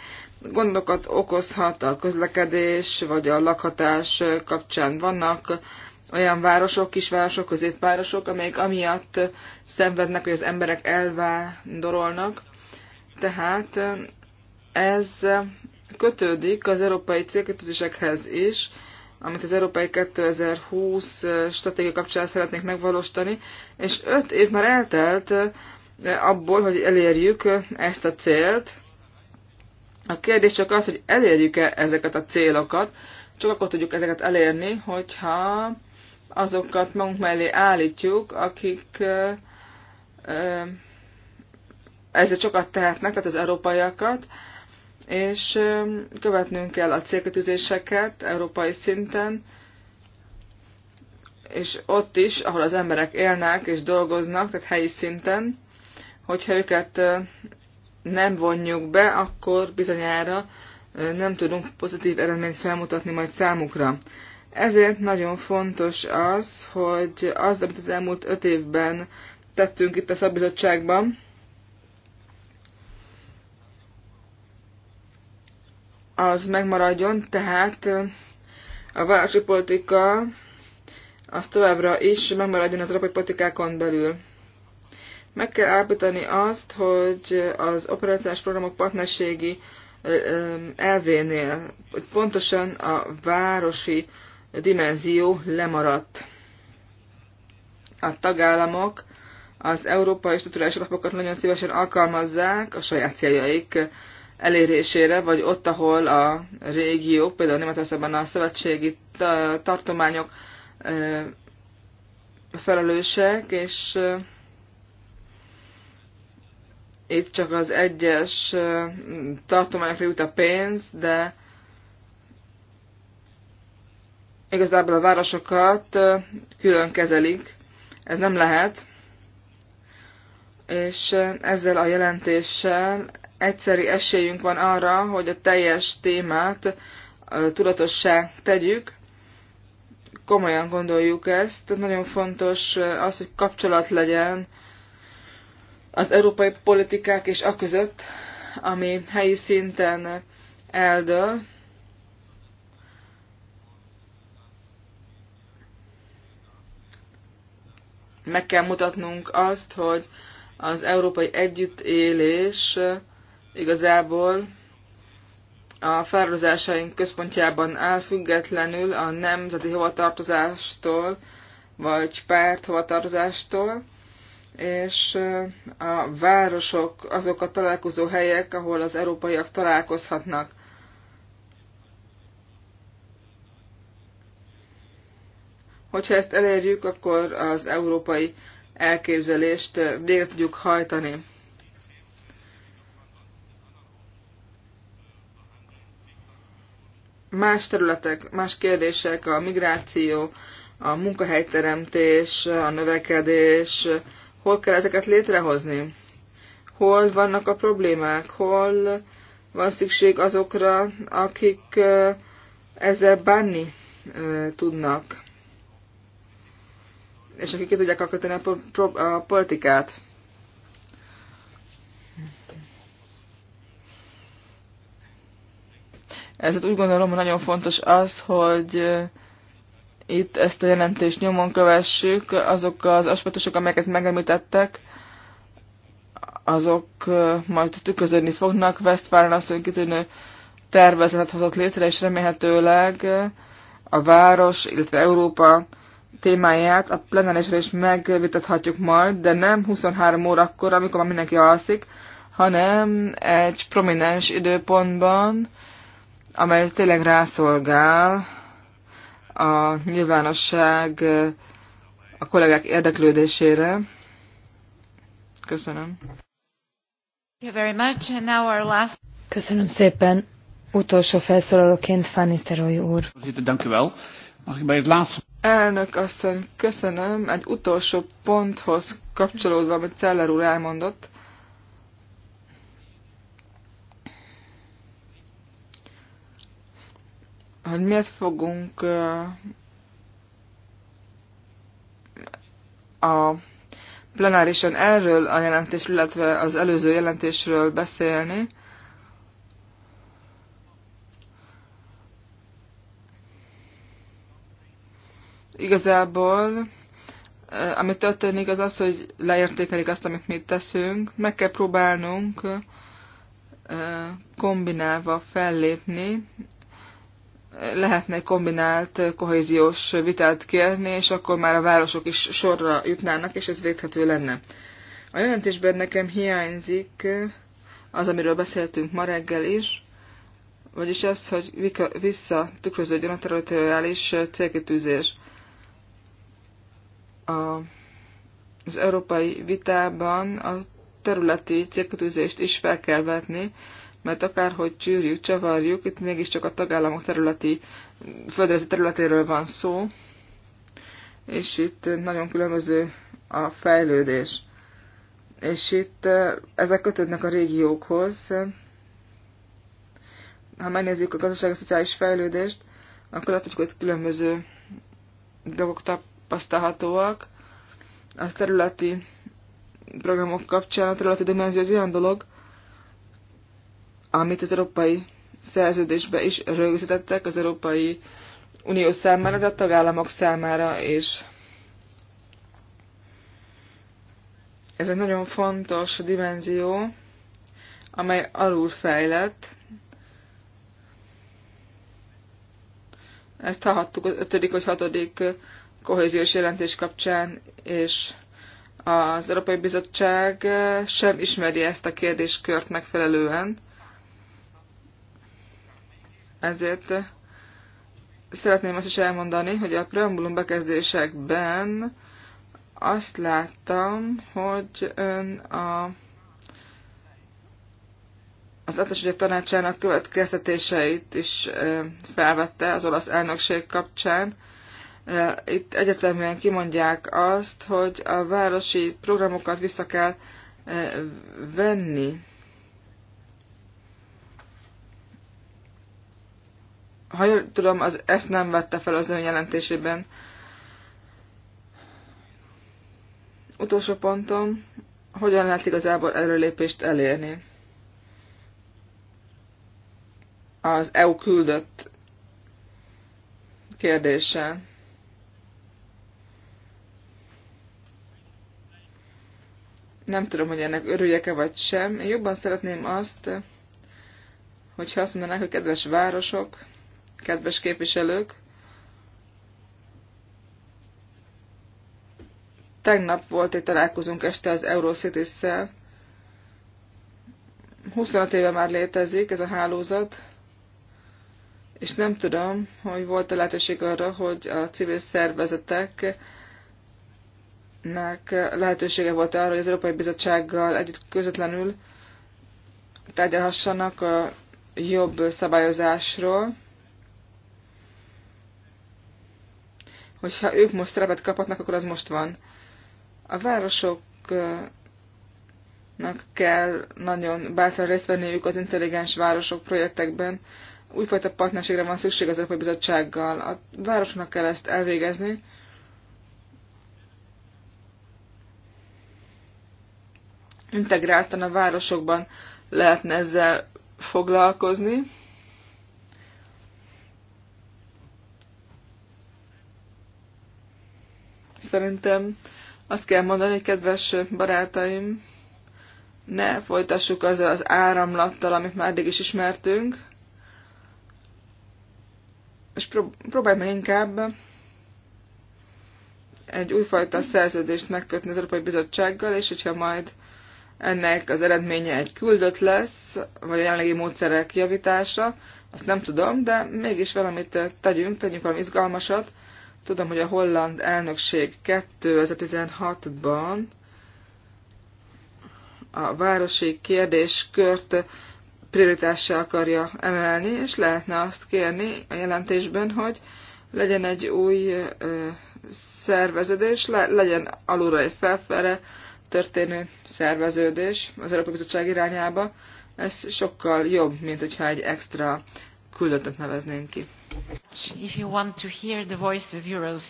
gondokat okozhat a közlekedés vagy a lakhatás kapcsán. Vannak olyan városok, kisvárosok, középvárosok, amelyek amiatt szenvednek, hogy az emberek elvándorolnak. Tehát ez kötődik az európai célkötőzésekhez is, amit az Európai 2020 stratégia kapcsán szeretnénk megvalósítani, és öt év már eltelt eh, abból, hogy elérjük ezt a célt. A kérdés csak az, hogy elérjük-e ezeket a célokat, csak akkor tudjuk ezeket elérni, hogyha azokat magunk mellé állítjuk, akik eh, eh, ezzel sokat tehetnek, tehát az európaiakat, és követnünk kell a célkötőzéseket európai szinten, és ott is, ahol az emberek élnek és dolgoznak, tehát helyi szinten, hogyha őket nem vonjuk be, akkor bizonyára nem tudunk pozitív eredményt felmutatni majd számukra. Ezért nagyon fontos az, hogy az, amit az elmúlt öt évben tettünk itt a szabizottságban, az megmaradjon, tehát a városi politika az továbbra is megmaradjon az európai politikákon belül. Meg kell állapítani azt, hogy az operációs programok partnerségi elvénél pontosan a városi dimenzió lemaradt. A tagállamok az európai struktúrális alapokat nagyon szívesen alkalmazzák a saját céljaik elérésére, vagy ott, ahol a régiók, például Németországban a szövetségi tartományok felelősek, és itt csak az egyes tartományokra jut a pénz, de igazából a városokat külön kezelik. Ez nem lehet. És ezzel a jelentéssel egyszeri esélyünk van arra, hogy a teljes témát tudatossá tegyük. Komolyan gondoljuk ezt. Nagyon fontos az, hogy kapcsolat legyen az európai politikák és a között, ami helyi szinten eldől. Meg kell mutatnunk azt, hogy az európai együttélés igazából a felrozásaink központjában áll függetlenül a nemzeti hovatartozástól, vagy párt hovatartozástól, és a városok azok a találkozó helyek, ahol az európaiak találkozhatnak. Hogyha ezt elérjük, akkor az európai elképzelést végre tudjuk hajtani. más területek, más kérdések, a migráció, a munkahelyteremtés, a növekedés, hol kell ezeket létrehozni? Hol vannak a problémák? Hol van szükség azokra, akik ezzel bánni tudnak? És akik ki tudják alkotni a politikát? Ezért úgy gondolom, hogy nagyon fontos az, hogy itt ezt a jelentést nyomon kövessük, azok az aspektusok, amelyeket megemlítettek, azok majd tükröződni fognak. Westfalen asszony kitűnő tervezetet hozott létre, és remélhetőleg a város, illetve Európa témáját a plenárisra is megvitathatjuk majd, de nem 23 órakor, amikor már mindenki alszik, hanem egy prominens időpontban, amely tényleg rászolgál a nyilvánosság a kollégák érdeklődésére. Köszönöm. Köszönöm szépen. Utolsó felszólalóként Fanny Szerói úr. Elnök asszony, köszönöm. Egy utolsó ponthoz kapcsolódva, amit Celler úr elmondott. hogy miért fogunk a plenárisan erről a jelentésről, illetve az előző jelentésről beszélni. Igazából, ami történik, az az, hogy leértékelik azt, amit mi teszünk. Meg kell próbálnunk kombinálva fellépni lehetne kombinált kohéziós vitát kérni, és akkor már a városok is sorra jutnának, és ez védhető lenne. A jelentésben nekem hiányzik az, amiről beszéltünk ma reggel is, vagyis az, hogy tükröződjön a territoriális célkitűzés. A, az európai vitában a területi célkitűzést is fel kell vetni, mert akárhogy csűrjük, csavarjuk, itt mégiscsak a tagállamok területi, földrajzi területéről van szó, és itt nagyon különböző a fejlődés. És itt eh, ezek kötődnek a régiókhoz. Ha megnézzük a gazdasági szociális fejlődést, akkor látjuk, hogy különböző dolgok tapasztalhatóak. A területi programok kapcsán a területi dimenzió az olyan dolog, amit az európai szerződésbe is rögzítettek az Európai Unió számára, de a tagállamok számára is. Ez egy nagyon fontos dimenzió, amely alul fejlett. Ezt hallhattuk az 5. vagy hatodik kohéziós jelentés kapcsán, és az Európai Bizottság sem ismeri ezt a kérdéskört megfelelően. Ezért szeretném azt is elmondani, hogy a preambulum bekezdésekben azt láttam, hogy ön a, az általános ügyek tanácsának következtetéseit is felvette az olasz elnökség kapcsán. Itt egyetemben kimondják azt, hogy a városi programokat vissza kell venni. Ha jól tudom, az, ezt nem vette fel az ön jelentésében. Utolsó pontom, hogyan lehet igazából előlépést elérni? Az EU küldött kérdéssel. nem tudom, hogy ennek örüljek-e vagy sem. Én jobban szeretném azt, hogyha azt mondanák, hogy kedves városok, kedves képviselők! Tegnap volt egy találkozunk este az Eurocities-szel. 25 éve már létezik ez a hálózat, és nem tudom, hogy volt a lehetőség arra, hogy a civil szervezetek nek lehetősége volt arra, hogy az Európai Bizottsággal együtt közvetlenül tárgyalhassanak a jobb szabályozásról. hogyha ők most szerepet kaphatnak, akkor az most van. A városoknak kell nagyon bátran részt venniük az intelligens városok projektekben. Újfajta partnerségre van szükség az Európai Bizottsággal. A városnak kell ezt elvégezni. Integráltan a városokban lehetne ezzel foglalkozni. Szerintem azt kell mondani, kedves barátaim, ne folytassuk azzal az áramlattal, amit már eddig is ismertünk, és prób próbálj meg inkább egy újfajta szerződést megkötni az Európai Bizottsággal, és hogyha majd ennek az eredménye egy küldött lesz, vagy a jelenlegi módszerek javítása, azt nem tudom, de mégis valamit tegyünk, tegyünk valami izgalmasat, Tudom, hogy a holland elnökség 2016-ban a városi kérdéskört prioritással akarja emelni, és lehetne azt kérni a jelentésben, hogy legyen egy új ö, szerveződés, le, legyen alulra egy felfele történő szerveződés az Európai Bizottság irányába. Ez sokkal jobb, mint hogyha egy extra küldöttet neveznénk ki. If you want to hear the voice of Euros.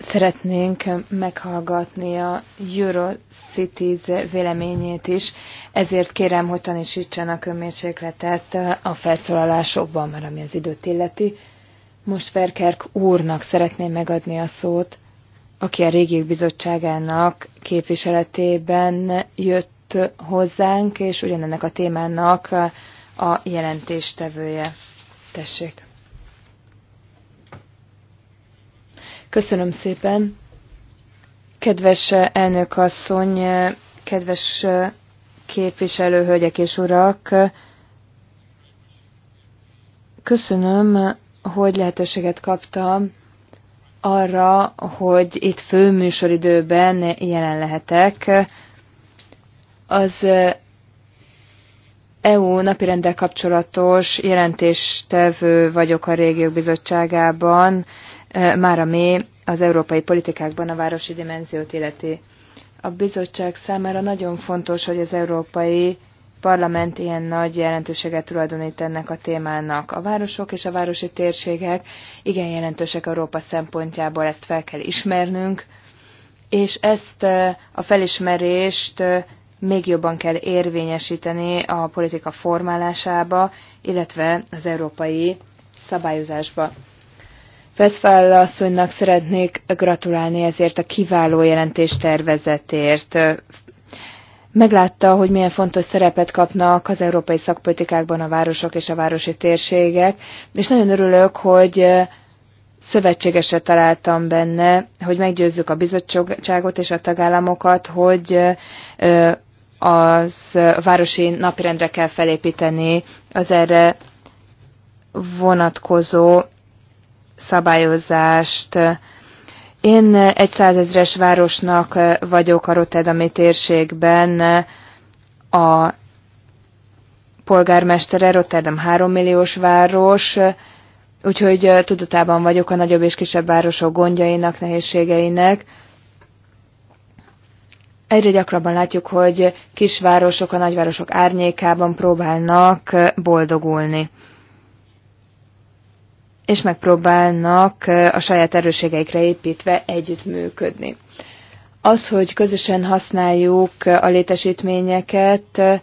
Szeretnénk meghallgatni a Eurocities véleményét is, ezért kérem, hogy tanítsanak önmérsékletet a felszólalásokban, mert ami az időt illeti. Most Verkerk úrnak szeretném megadni a szót, aki a régiók bizottságának képviseletében jött hozzánk, és ugyanennek a témának a jelentéstevője. Tessék. Köszönöm szépen. Kedves eh, elnök asszony, eh, kedves eh, képviselő hölgyek és urak, köszönöm, hogy lehetőséget kaptam arra, hogy itt főműsoridőben jelen lehetek. Az EU napirendel kapcsolatos jelentéstevő vagyok a Régiók Bizottságában, e, már ami az európai politikákban a városi dimenziót illeti. A bizottság számára nagyon fontos, hogy az európai parlament ilyen nagy jelentőséget tulajdonít ennek a témának. A városok és a városi térségek igen jelentősek Európa szempontjából, ezt fel kell ismernünk, és ezt e, a felismerést e, még jobban kell érvényesíteni a politika formálásába, illetve az európai szabályozásba. Veszfál asszonynak szeretnék gratulálni ezért a kiváló jelentés tervezetért. Meglátta, hogy milyen fontos szerepet kapnak az európai szakpolitikákban a városok és a városi térségek, és nagyon örülök, hogy szövetségesre találtam benne, hogy meggyőzzük a bizottságot és a tagállamokat, hogy az városi napirendre kell felépíteni az erre vonatkozó szabályozást. Én egy százezres városnak vagyok a Rotterdami térségben a polgármestere, Rotterdam 3 milliós város, úgyhogy tudatában vagyok a nagyobb és kisebb városok gondjainak, nehézségeinek. Egyre gyakrabban látjuk, hogy kisvárosok a nagyvárosok árnyékában próbálnak boldogulni. És megpróbálnak a saját erősségeikre építve együttműködni. Az, hogy közösen használjuk a létesítményeket,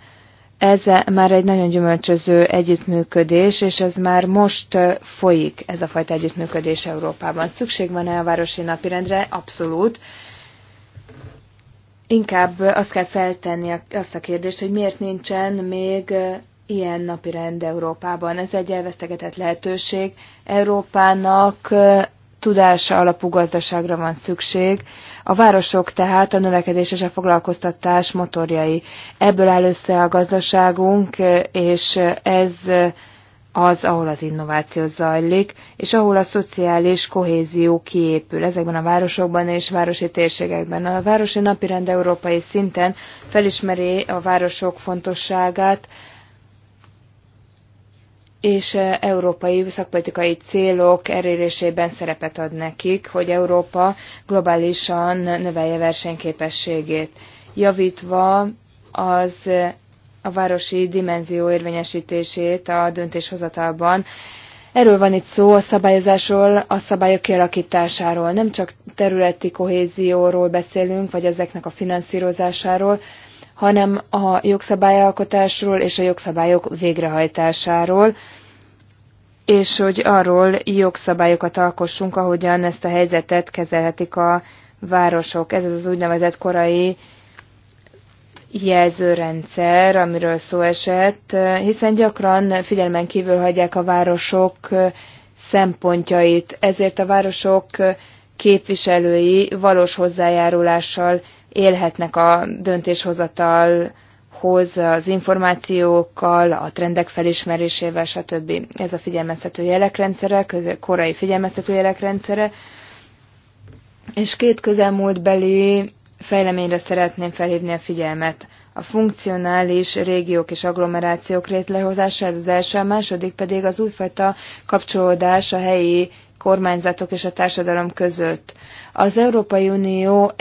ez már egy nagyon gyümölcsöző együttműködés, és ez már most folyik, ez a fajta együttműködés Európában. Szükség van-e a városi napirendre? Abszolút. Inkább azt kell feltenni azt a kérdést, hogy miért nincsen még ilyen napi rend Európában. Ez egy elvesztegetett lehetőség. Európának tudása alapú gazdaságra van szükség. A városok tehát a növekedés és a foglalkoztatás motorjai. Ebből áll össze a gazdaságunk, és ez az, ahol az innováció zajlik, és ahol a szociális kohézió kiépül ezekben a városokban és városi térségekben. A városi napirend európai szinten felismeri a városok fontosságát, és európai szakpolitikai célok elérésében szerepet ad nekik, hogy Európa globálisan növelje versenyképességét, javítva az a városi dimenzió érvényesítését a döntéshozatalban. Erről van itt szó, a szabályozásról, a szabályok kialakításáról. Nem csak területi kohézióról beszélünk, vagy ezeknek a finanszírozásáról, hanem a jogszabályalkotásról és a jogszabályok végrehajtásáról, és hogy arról jogszabályokat alkossunk, ahogyan ezt a helyzetet kezelhetik a városok. Ez az úgynevezett korai jelzőrendszer, amiről szó esett, hiszen gyakran figyelmen kívül hagyják a városok szempontjait, ezért a városok képviselői valós hozzájárulással élhetnek a döntéshozatalhoz, az információkkal, a trendek felismerésével, stb. Ez a figyelmeztető jelekrendszere, korai figyelmeztető jelekrendszere. És két közelmúltbeli fejleményre szeretném felhívni a figyelmet. A funkcionális régiók és agglomerációk rétlehozása ez az első, a második pedig az újfajta kapcsolódás a helyi kormányzatok és a társadalom között. Az Európai Unió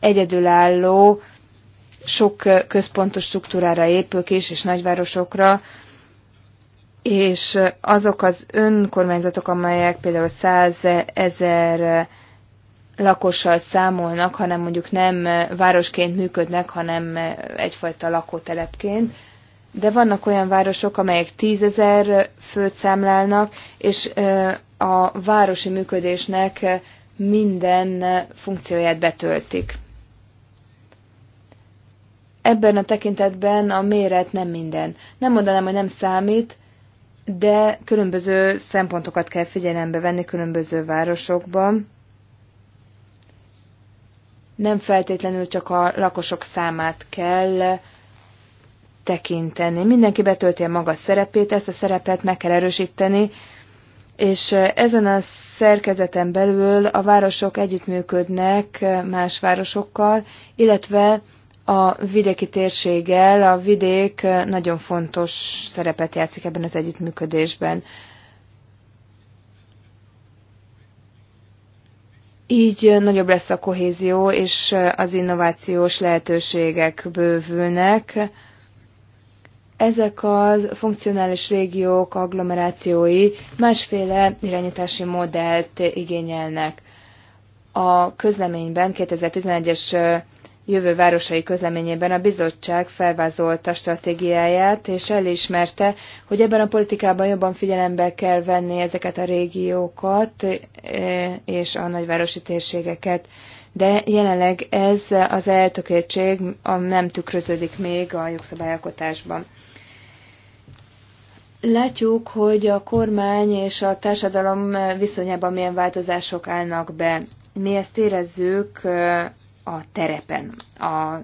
egyedülálló sok központos struktúrára épül kis és nagyvárosokra, és azok az önkormányzatok, amelyek például 100 ezer lakossal számolnak, hanem mondjuk nem eh, városként működnek, hanem eh, egyfajta lakótelepként. De vannak olyan városok, amelyek tízezer főt számlálnak, és eh, a városi működésnek minden funkcióját betöltik. Ebben a tekintetben a méret nem minden. Nem mondanám, hogy nem számít, de különböző szempontokat kell figyelembe venni különböző városokban nem feltétlenül csak a lakosok számát kell tekinteni. Mindenki betölti a maga szerepét, ezt a szerepet meg kell erősíteni, és ezen a szerkezeten belül a városok együttműködnek más városokkal, illetve a vidéki térséggel a vidék nagyon fontos szerepet játszik ebben az együttműködésben. Így nagyobb lesz a kohézió, és az innovációs lehetőségek bővülnek. Ezek a funkcionális régiók, agglomerációi másféle irányítási modellt igényelnek. A közleményben, 2011-es jövő városai közleményében a bizottság felvázolta stratégiáját, és elismerte, hogy ebben a politikában jobban figyelembe kell venni ezeket a régiókat e, és a nagyvárosi térségeket. De jelenleg ez az eltökéltség nem tükröződik még a jogszabályalkotásban. Látjuk, hogy a kormány és a társadalom viszonyában milyen változások állnak be. Mi ezt érezzük a terepen, a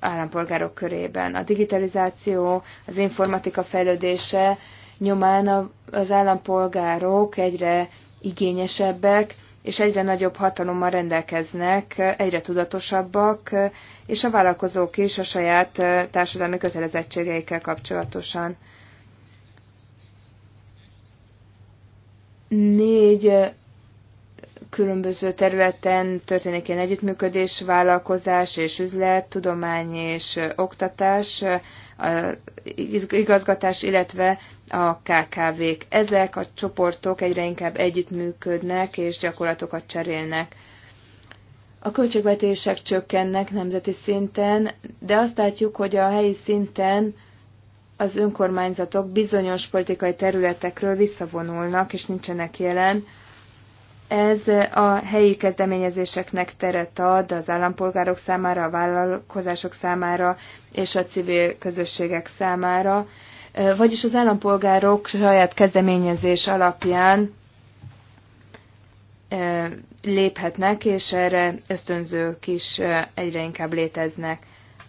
állampolgárok körében. A digitalizáció, az informatika fejlődése nyomán az állampolgárok egyre igényesebbek, és egyre nagyobb hatalommal rendelkeznek, egyre tudatosabbak, és a vállalkozók is a saját társadalmi kötelezettségeikkel kapcsolatosan. Négy különböző területen történik ilyen együttműködés, vállalkozás és üzlet, tudomány és oktatás, igazgatás, illetve a KKV-k. Ezek a csoportok egyre inkább együttműködnek és gyakorlatokat cserélnek. A költségvetések csökkennek nemzeti szinten, de azt látjuk, hogy a helyi szinten az önkormányzatok bizonyos politikai területekről visszavonulnak és nincsenek jelen, ez a helyi kezdeményezéseknek teret ad az állampolgárok számára, a vállalkozások számára és a civil közösségek számára, vagyis az állampolgárok saját kezdeményezés alapján léphetnek, és erre ösztönzők is egyre inkább léteznek.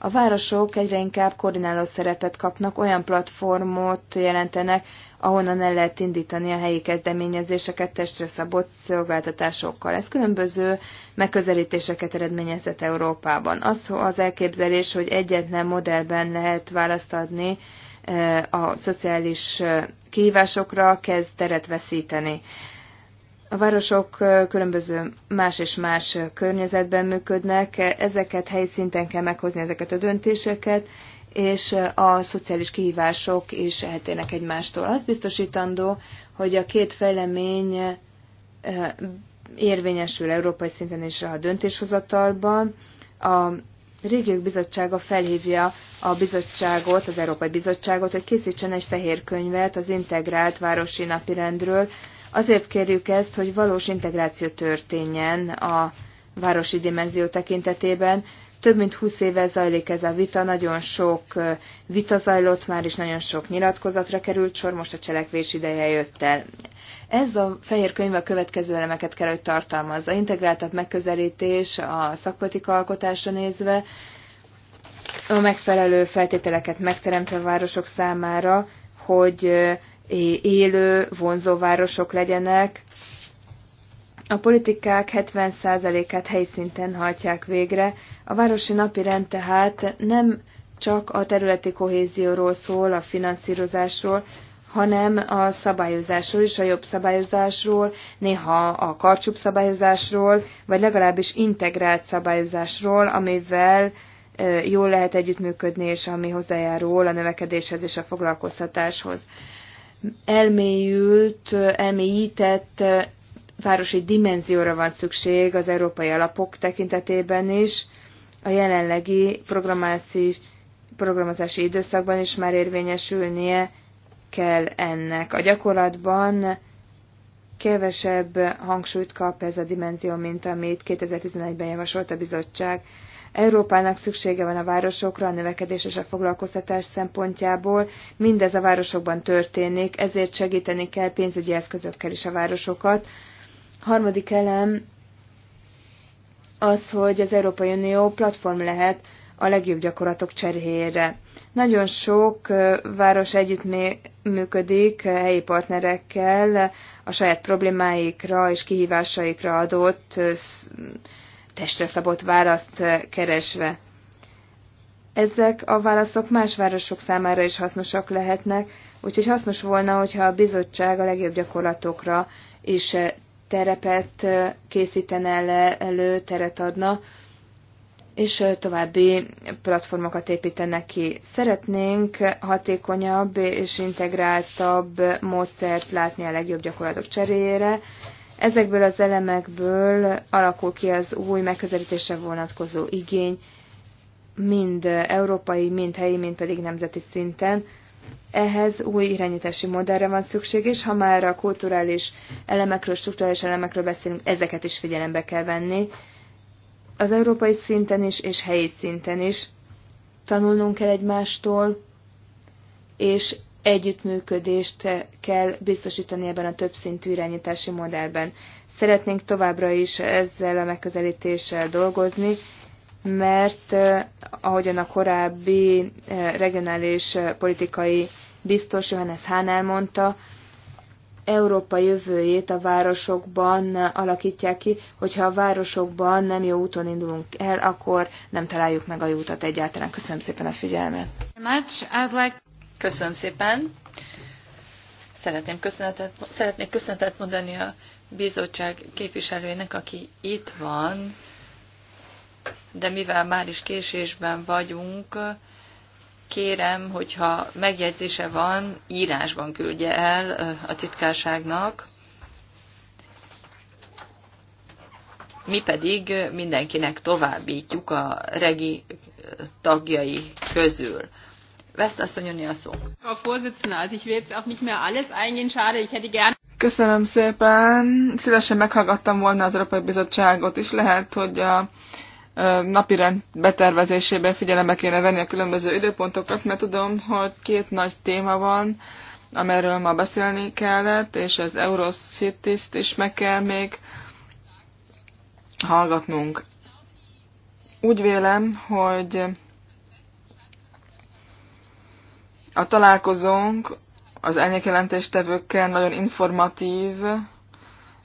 A városok egyre inkább koordináló szerepet kapnak, olyan platformot jelentenek, ahonnan el lehet indítani a helyi kezdeményezéseket testre szabott szolgáltatásokkal. Ez különböző megközelítéseket eredményezett Európában. Az az elképzelés, hogy egyetlen modellben lehet választ adni eh, a szociális eh, kihívásokra, kezd teret veszíteni. A városok különböző más és más környezetben működnek, ezeket helyszinten kell meghozni ezeket a döntéseket, és a szociális kihívások is eltérnek egymástól. Az biztosítandó, hogy a két fejlemény érvényesül európai szinten is a döntéshozatalban. A Régiók Bizottsága felhívja a bizottságot, az Európai Bizottságot, hogy készítsen egy fehér könyvet az integrált városi napirendről, Azért kérjük ezt, hogy valós integráció történjen a városi dimenzió tekintetében. Több mint 20 éve zajlik ez a vita, nagyon sok vita zajlott már, és nagyon sok nyilatkozatra került sor, most a cselekvés ideje jött el. Ez a fehér könyv a következő elemeket kell, hogy tartalmazza. Integráltabb megközelítés a szakpolitika alkotásra nézve, a megfelelő feltételeket megteremtve a városok számára, hogy élő, vonzó városok legyenek. A politikák 70%-át helyszinten hajtják végre. A városi napi rend tehát nem csak a területi kohézióról szól, a finanszírozásról, hanem a szabályozásról is, a jobb szabályozásról, néha a karcsúbb szabályozásról, vagy legalábbis integrált szabályozásról, amivel jól lehet együttműködni, és ami hozzájárul a növekedéshez és a foglalkoztatáshoz elmélyült, elmélyített városi dimenzióra van szükség az európai alapok tekintetében is, a jelenlegi programozási időszakban is már érvényesülnie kell ennek. A gyakorlatban kevesebb hangsúlyt kap ez a dimenzió, mint amit 2011-ben javasolt a bizottság. Európának szüksége van a városokra, a növekedés és a foglalkoztatás szempontjából. Mindez a városokban történik, ezért segíteni kell pénzügyi eszközökkel is a városokat. Harmadik elem az, hogy az Európai Unió platform lehet a legjobb gyakorlatok cseréjére. Nagyon sok város együttműködik helyi partnerekkel a saját problémáikra és kihívásaikra adott testre szabott választ eh, keresve. Ezek a válaszok más városok számára is hasznosak lehetnek, úgyhogy hasznos volna, hogyha a bizottság a legjobb gyakorlatokra is eh, terepet eh, készítene le, elő, teret adna, és további platformokat építene ki. Szeretnénk hatékonyabb és integráltabb módszert látni a legjobb gyakorlatok cseréjére, Ezekből az elemekből alakul ki az új megközelítése vonatkozó igény, mind európai, mind helyi, mind pedig nemzeti szinten. Ehhez új irányítási modellre van szükség, és ha már a kulturális elemekről, struktúrális elemekről beszélünk, ezeket is figyelembe kell venni. Az európai szinten is, és helyi szinten is tanulnunk kell egymástól, és együttműködést kell biztosítani ebben a többszintű irányítási modellben. Szeretnénk továbbra is ezzel a megközelítéssel dolgozni, mert eh, ahogyan a korábbi eh, regionális eh, politikai biztos Johannes Hahn elmondta, Európa jövőjét a városokban alakítják ki, hogyha a városokban nem jó úton indulunk el, akkor nem találjuk meg a utat egyáltalán. Köszönöm szépen a figyelmet. Köszönöm szépen. Szeretném köszönetet, szeretnék köszönetet mondani a bizottság képviselőjének, aki itt van, de mivel már is késésben vagyunk, kérem, hogyha megjegyzése van, írásban küldje el a titkárságnak. Mi pedig mindenkinek továbbítjuk a regi tagjai közül a szó. Frau Vorsitzende, also ich will jetzt auch nicht mehr alles eingehen, schade, ich hätte gerne... Köszönöm szépen. Szívesen meghallgattam volna az Európai Bizottságot is. Lehet, hogy a napi rend betervezésében figyelembe kéne venni a különböző időpontokat, mert tudom, hogy két nagy téma van, amerről ma beszélni kellett, és az Eurocities-t is meg kell még hallgatnunk. Úgy vélem, hogy a találkozónk az elnyékjelentéstevőkkel nagyon informatív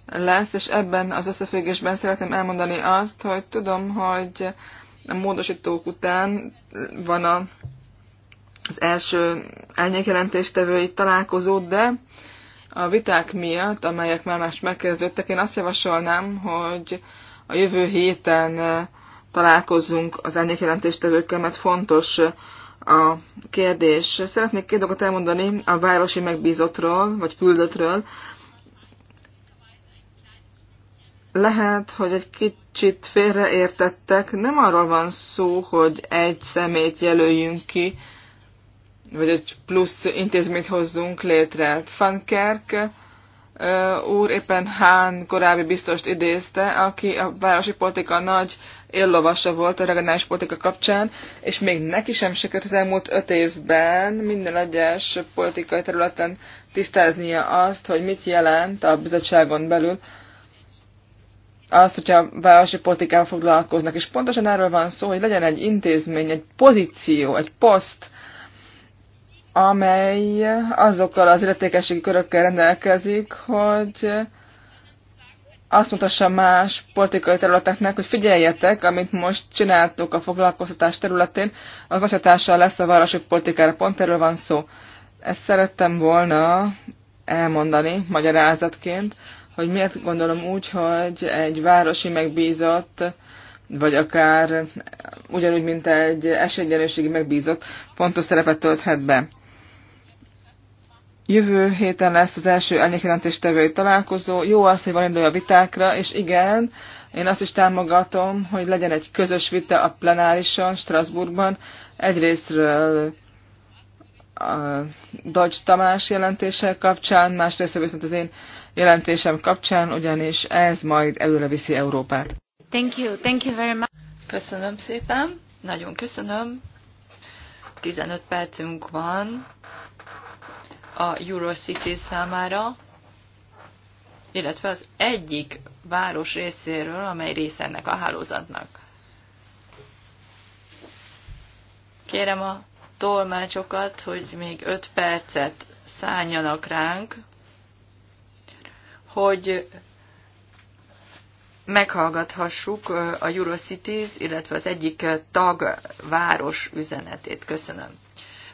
lesz, és ebben az összefüggésben szeretném elmondani azt, hogy tudom, hogy a módosítók után van a, az első elnyékjelentéstevői találkozó, de a viták miatt, amelyek már más megkezdődtek, én azt javasolnám, hogy a jövő héten eh, találkozzunk az elnyékjelentéstevőkkel, mert fontos eh, a kérdés. Szeretnék két dolgot elmondani a városi megbízottról, vagy küldöttről. Lehet, hogy egy kicsit félreértettek. Nem arról van szó, hogy egy szemét jelöljünk ki, vagy egy plusz intézményt hozzunk létre. Fankerk úr éppen Hán korábbi biztost idézte, aki a városi politika nagy éllovasa volt a regionális politika kapcsán, és még neki sem sikerült az elmúlt öt évben minden egyes politikai területen tisztáznia azt, hogy mit jelent a bizottságon belül azt, hogyha a városi politikával foglalkoznak. És pontosan erről van szó, hogy legyen egy intézmény, egy pozíció, egy poszt, amely azokkal az illetékességi körökkel rendelkezik, hogy azt mutassa más politikai területeknek, hogy figyeljetek, amit most csináltok a foglalkoztatás területén, az nagy hatással lesz a városi politikára. Pont erről van szó. Ezt szerettem volna elmondani magyarázatként, hogy miért gondolom úgy, hogy egy városi megbízott, vagy akár ugyanúgy, mint egy esélyegyenlőségi megbízott, fontos szerepet tölthet be. Jövő héten lesz az első tevői találkozó. Jó az, hogy van idő a vitákra, és igen, én azt is támogatom, hogy legyen egy közös vita a plenárison, Strasbourgban. Egyrésztről a Dodge Tamás jelentése kapcsán, másrészt viszont az én jelentésem kapcsán, ugyanis ez majd előre viszi Európát. Thank you, thank you very much. Köszönöm szépen, nagyon köszönöm. 15 percünk van, a Eurocity számára, illetve az egyik város részéről, amely része ennek a hálózatnak. Kérem a tolmácsokat, hogy még 5 percet szálljanak ránk, hogy meghallgathassuk a Eurocities, illetve az egyik tagváros üzenetét. Köszönöm.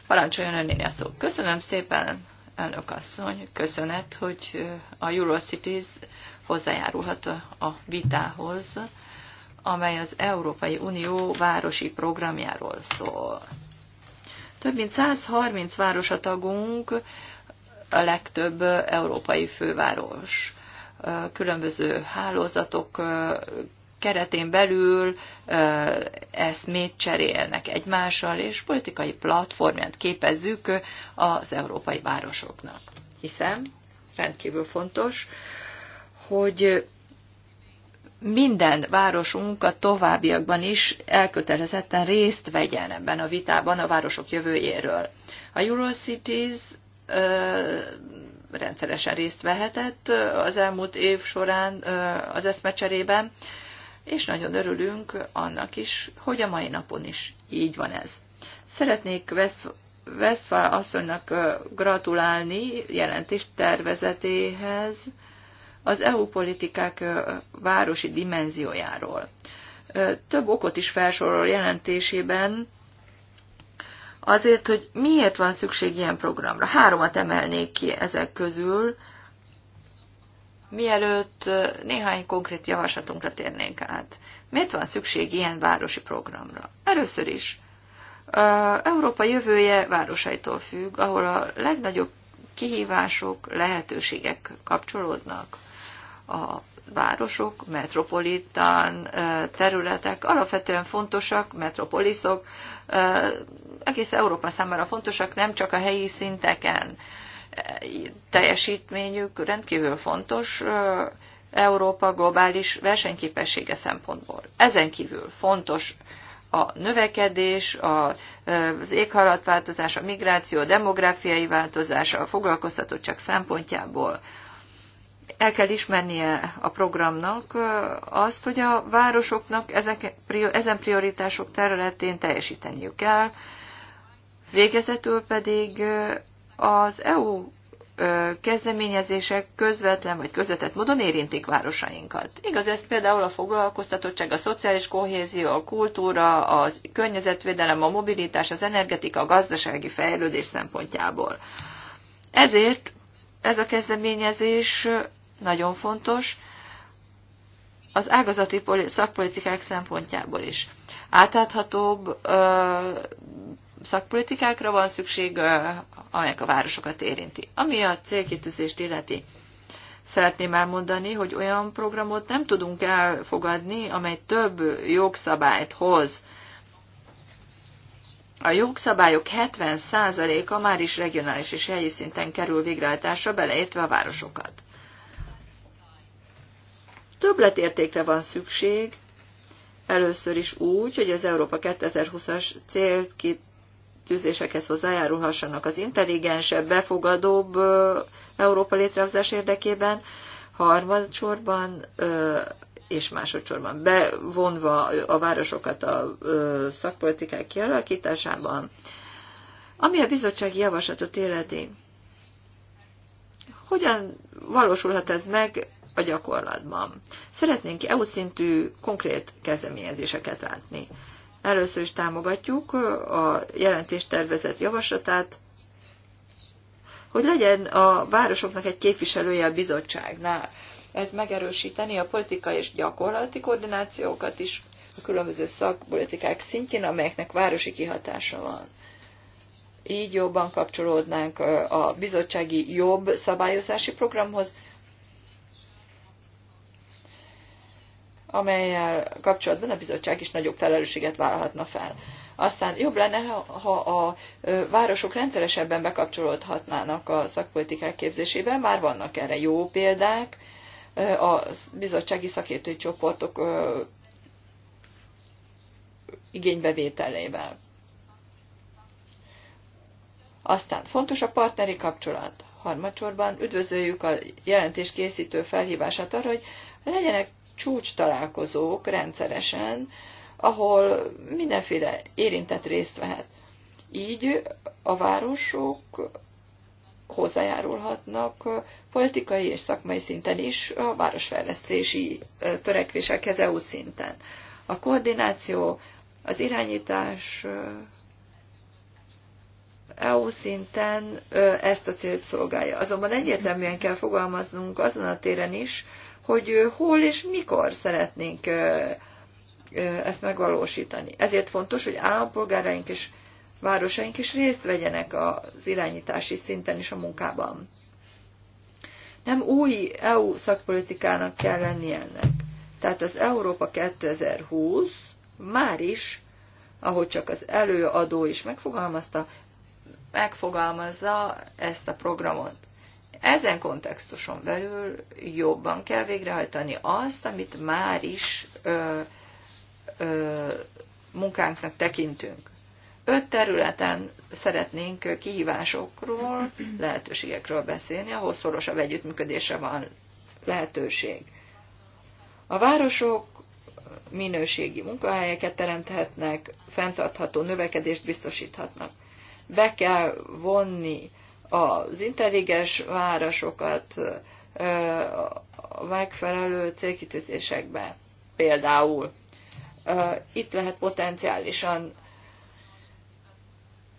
Parancsoljon önnél szó. Köszönöm szépen, elnök asszony, köszönet, hogy a Eurocities hozzájárulhat a vitához, amely az Európai Unió városi programjáról szól. Több mint 130 város a tagunk, a legtöbb európai főváros. Különböző hálózatok keretén belül eszmét cserélnek egymással, és politikai platformját képezzük az európai városoknak. Hiszem, rendkívül fontos, hogy minden városunk a továbbiakban is elkötelezetten részt vegyen ebben a vitában a városok jövőjéről. A Eurocities rendszeresen részt vehetett az elmúlt év során az eszmecserében, és nagyon örülünk annak is, hogy a mai napon is így van ez. Szeretnék Veszfa asszonynak gratulálni jelentést tervezetéhez az EU politikák városi dimenziójáról. Több okot is felsorol jelentésében, azért, hogy miért van szükség ilyen programra. Háromat emelnék ki ezek közül, mielőtt néhány konkrét javaslatunkra térnénk át. Miért van szükség ilyen városi programra? Először is, Európa jövője városaitól függ, ahol a legnagyobb kihívások, lehetőségek kapcsolódnak. A városok, metropolitán területek alapvetően fontosak, metropoliszok, egész Európa számára fontosak, nem csak a helyi szinteken teljesítményük rendkívül fontos Európa globális versenyképessége szempontból. Ezen kívül fontos a növekedés, az éghajlatváltozás, a migráció, a demográfiai változás, a foglalkoztatottság szempontjából. El kell ismernie a programnak azt, hogy a városoknak ezek, ezen prioritások területén teljesíteniük kell, végezetül pedig az EU kezdeményezések közvetlen vagy közvetett módon érintik városainkat. Igaz, ez például a foglalkoztatottság, a szociális kohézió, a kultúra, a környezetvédelem, a mobilitás, az energetika, a gazdasági fejlődés szempontjából. Ezért ez a kezdeményezés nagyon fontos az ágazati szakpolitikák szempontjából is. Átáthatóbb szakpolitikákra van szükség, amelyek a városokat érinti. Ami a célkitűzést illeti, szeretném elmondani, hogy olyan programot nem tudunk elfogadni, amely több jogszabályt hoz. A jogszabályok 70%-a már is regionális és helyi szinten kerül végrehajtásra, beleértve a városokat. Többletértékre van szükség, először is úgy, hogy az Európa 2020-as célkit tűzésekhez hozzájárulhassanak az intelligensebb, befogadóbb Európa létrehozás érdekében, harmadsorban és másodszorban bevonva a városokat a szakpolitikák kialakításában. Ami a bizottsági javaslatot életi, hogyan valósulhat ez meg a gyakorlatban? Szeretnénk EU szintű konkrét kezdeményezéseket látni. Először is támogatjuk a jelentést tervezett javaslatát, hogy legyen a városoknak egy képviselője a bizottságnál. Ez megerősíteni a politikai és gyakorlati koordinációkat is a különböző szakpolitikák szintjén, amelyeknek városi kihatása van. Így jobban kapcsolódnánk a bizottsági jobb szabályozási programhoz, amelyel kapcsolatban a bizottság is nagyobb felelősséget vállalhatna fel. Aztán jobb lenne, ha a városok rendszeresebben bekapcsolódhatnának a szakpolitikák képzésében. már vannak erre jó példák, a bizottsági szakértői csoportok igénybevételével. Aztán fontos a partneri kapcsolat. Harmadsorban üdvözöljük a jelentés készítő felhívását arra, hogy legyenek csúcs találkozók rendszeresen, ahol mindenféle érintett részt vehet. Így a városok hozzájárulhatnak politikai és szakmai szinten is a városfejlesztési törekvésekhez EU szinten. A koordináció, az irányítás EU szinten ezt a célt szolgálja. Azonban egyértelműen kell fogalmaznunk azon a téren is, hogy hol és mikor szeretnénk ezt megvalósítani. Ezért fontos, hogy állampolgáraink és városaink is részt vegyenek az irányítási szinten is a munkában. Nem új EU szakpolitikának kell lenni ennek. Tehát az Európa 2020 már is, ahogy csak az előadó is megfogalmazta, megfogalmazza ezt a programot. Ezen kontextuson belül jobban kell végrehajtani azt, amit már is ö, ö, munkánknak tekintünk. Öt területen szeretnénk kihívásokról, lehetőségekről beszélni, ahol szorosabb együttműködése van lehetőség. A városok minőségi munkahelyeket teremthetnek, fenntartható növekedést biztosíthatnak. Be kell vonni az intelligens városokat a megfelelő célkitűzésekbe például. Itt lehet potenciálisan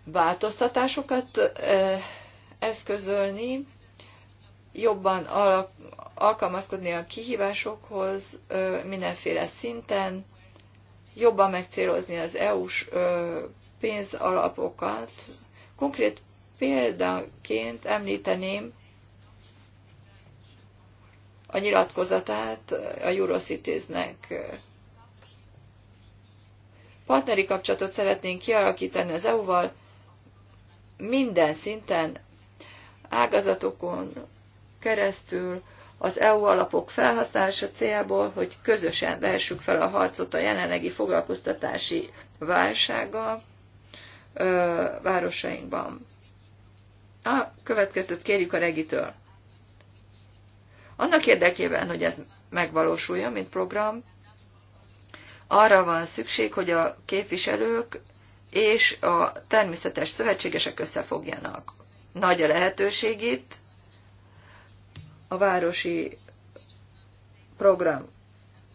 változtatásokat eszközölni, jobban alkalmazkodni a kihívásokhoz mindenféle szinten, jobban megcélozni az EU-s pénzalapokat, konkrét Példaként említeném a nyilatkozatát a Eurocitiesnek. Partneri kapcsolatot szeretnénk kialakítani az EU-val minden szinten, ágazatokon keresztül, az EU alapok felhasználása céljából, hogy közösen versük fel a harcot a jelenlegi foglalkoztatási válsága városainkban. A következőt kérjük a regitől. Annak érdekében, hogy ez megvalósuljon, mint program, arra van szükség, hogy a képviselők és a természetes szövetségesek összefogjanak. Nagy a lehetőség itt, a városi program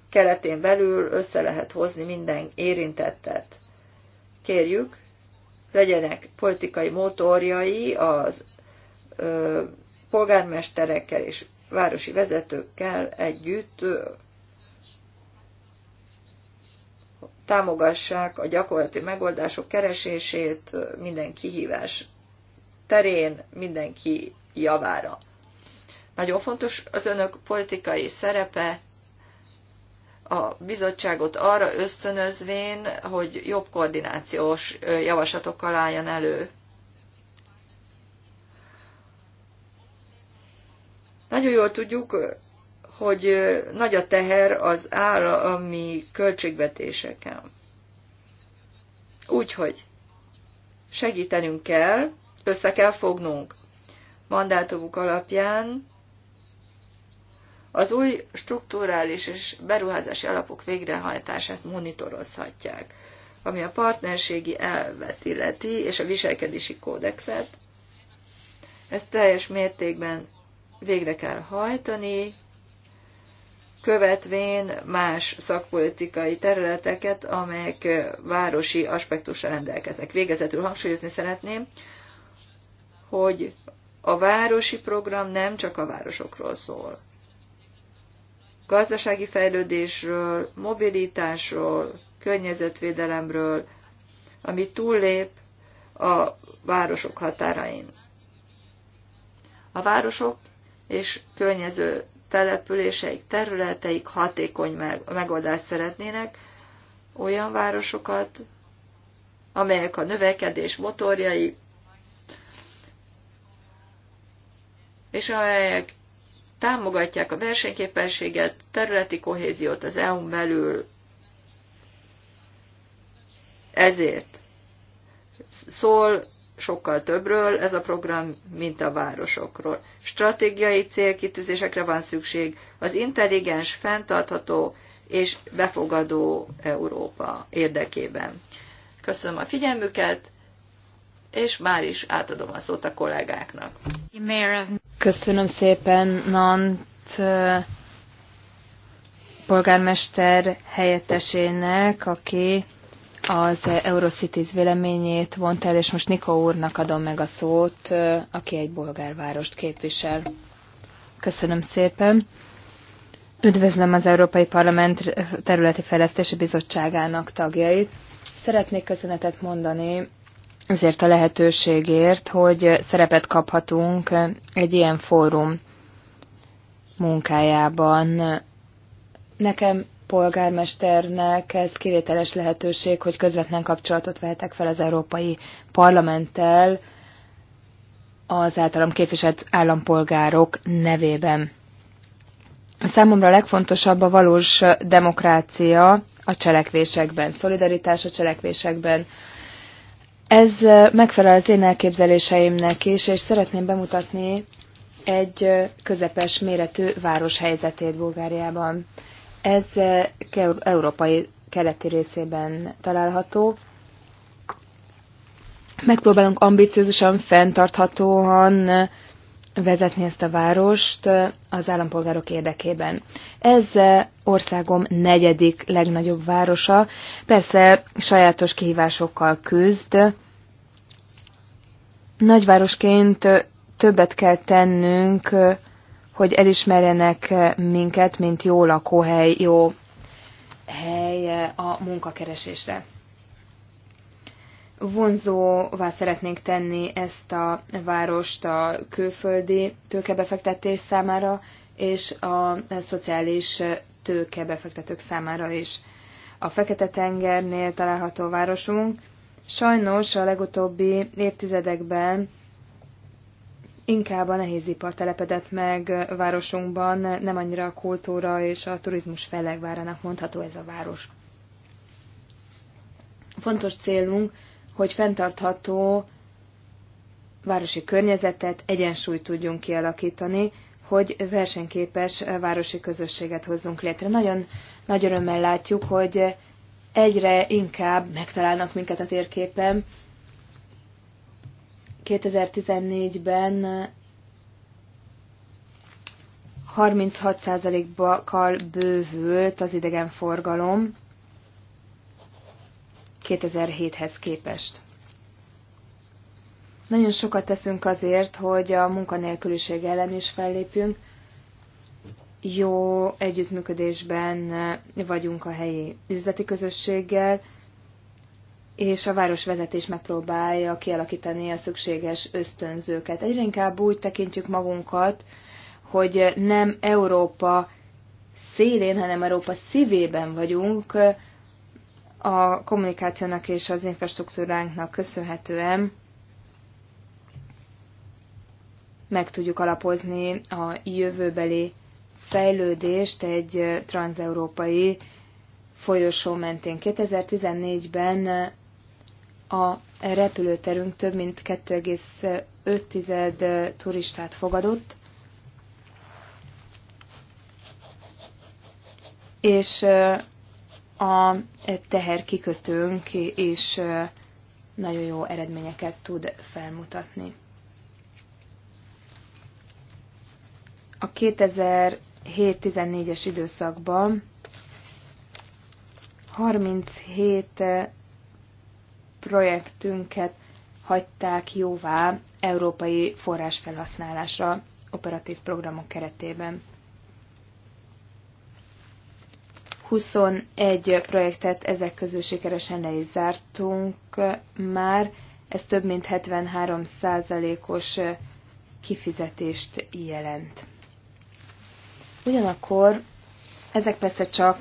keretén belül össze lehet hozni minden érintettet. Kérjük, legyenek politikai motorjai az ö, polgármesterekkel és városi vezetőkkel együtt támogassák a gyakorlati megoldások keresését minden kihívás terén, mindenki javára. Nagyon fontos az önök politikai szerepe, a bizottságot arra ösztönözvén, hogy jobb koordinációs javaslatokkal álljon elő. Nagyon jól tudjuk, hogy nagy a teher az állami költségvetéseken. Úgyhogy segítenünk kell, össze kell fognunk. Mandátumuk alapján az új strukturális és beruházási alapok végrehajtását monitorozhatják, ami a partnerségi elvet illeti, és a viselkedési kódexet. Ezt teljes mértékben végre kell hajtani, követvén más szakpolitikai területeket, amelyek városi aspektusra rendelkeznek. Végezetül hangsúlyozni szeretném, hogy a városi program nem csak a városokról szól gazdasági fejlődésről, mobilitásról, környezetvédelemről, ami túllép a városok határain. A városok és környező településeik, területeik hatékony megoldást szeretnének, olyan városokat, amelyek a növekedés motorjai, és amelyek támogatják a versenyképességet, területi kohéziót az EU-n belül. Ezért szól sokkal többről ez a program, mint a városokról. Stratégiai célkitűzésekre van szükség, az intelligens, fenntartható és befogadó Európa érdekében. Köszönöm a figyelmüket, és már is átadom a szót a kollégáknak. Köszönöm szépen, Nant polgármester helyettesének, aki az Eurocities véleményét vont el, és most Nikó úrnak adom meg a szót, aki egy bolgárvárost képvisel. Köszönöm szépen. Üdvözlöm az Európai Parlament Területi Fejlesztési Bizottságának tagjait. Szeretnék köszönetet mondani ezért a lehetőségért, hogy szerepet kaphatunk egy ilyen fórum munkájában. Nekem polgármesternek ez kivételes lehetőség, hogy közvetlen kapcsolatot vehetek fel az Európai Parlamenttel az általam képviselt állampolgárok nevében. Számomra a legfontosabb a valós demokrácia a cselekvésekben, szolidaritás a cselekvésekben, ez megfelel az én elképzeléseimnek is, és szeretném bemutatni egy közepes méretű város helyzetét Bulgáriában. Ez európai keleti részében található. Megpróbálunk ambiciózusan, fenntarthatóan vezetni ezt a várost az állampolgárok érdekében. Ez országom negyedik legnagyobb városa, persze sajátos kihívásokkal küzd. Nagyvárosként többet kell tennünk, hogy elismerjenek minket, mint jó lakóhely, jó hely a munkakeresésre vonzóvá szeretnénk tenni ezt a várost a külföldi tőkebefektetés számára, és a szociális tőkebefektetők számára is. A Fekete-tengernél található városunk sajnos a legutóbbi évtizedekben inkább a nehézipar telepedett meg városunkban, nem annyira a kultúra és a turizmus fellegvárának mondható ez a város. Fontos célunk, hogy fenntartható városi környezetet, egyensúlyt tudjunk kialakítani, hogy versenyképes városi közösséget hozzunk létre. Nagyon nagy örömmel látjuk, hogy egyre inkább megtalálnak minket a térképen. 2014-ben 36%-kal bővült az idegenforgalom, 2007-hez képest. Nagyon sokat teszünk azért, hogy a munkanélküliség ellen is fellépjünk. Jó együttműködésben vagyunk a helyi üzleti közösséggel, és a városvezetés megpróbálja kialakítani a szükséges ösztönzőket. Egyre inkább úgy tekintjük magunkat, hogy nem Európa szélén, hanem Európa szívében vagyunk, a kommunikációnak és az infrastruktúránknak köszönhetően meg tudjuk alapozni a jövőbeli fejlődést egy transeurópai folyosó mentén. 2014-ben a repülőterünk több mint 2,5 turistát fogadott, és a teherkikötőnk is nagyon jó eredményeket tud felmutatni. A 2007-14-es időszakban 37 projektünket hagyták jóvá európai forrásfelhasználásra operatív programok keretében. 21 projektet ezek közül sikeresen le is zártunk már, ez több mint 73 százalékos kifizetést jelent. Ugyanakkor ezek persze csak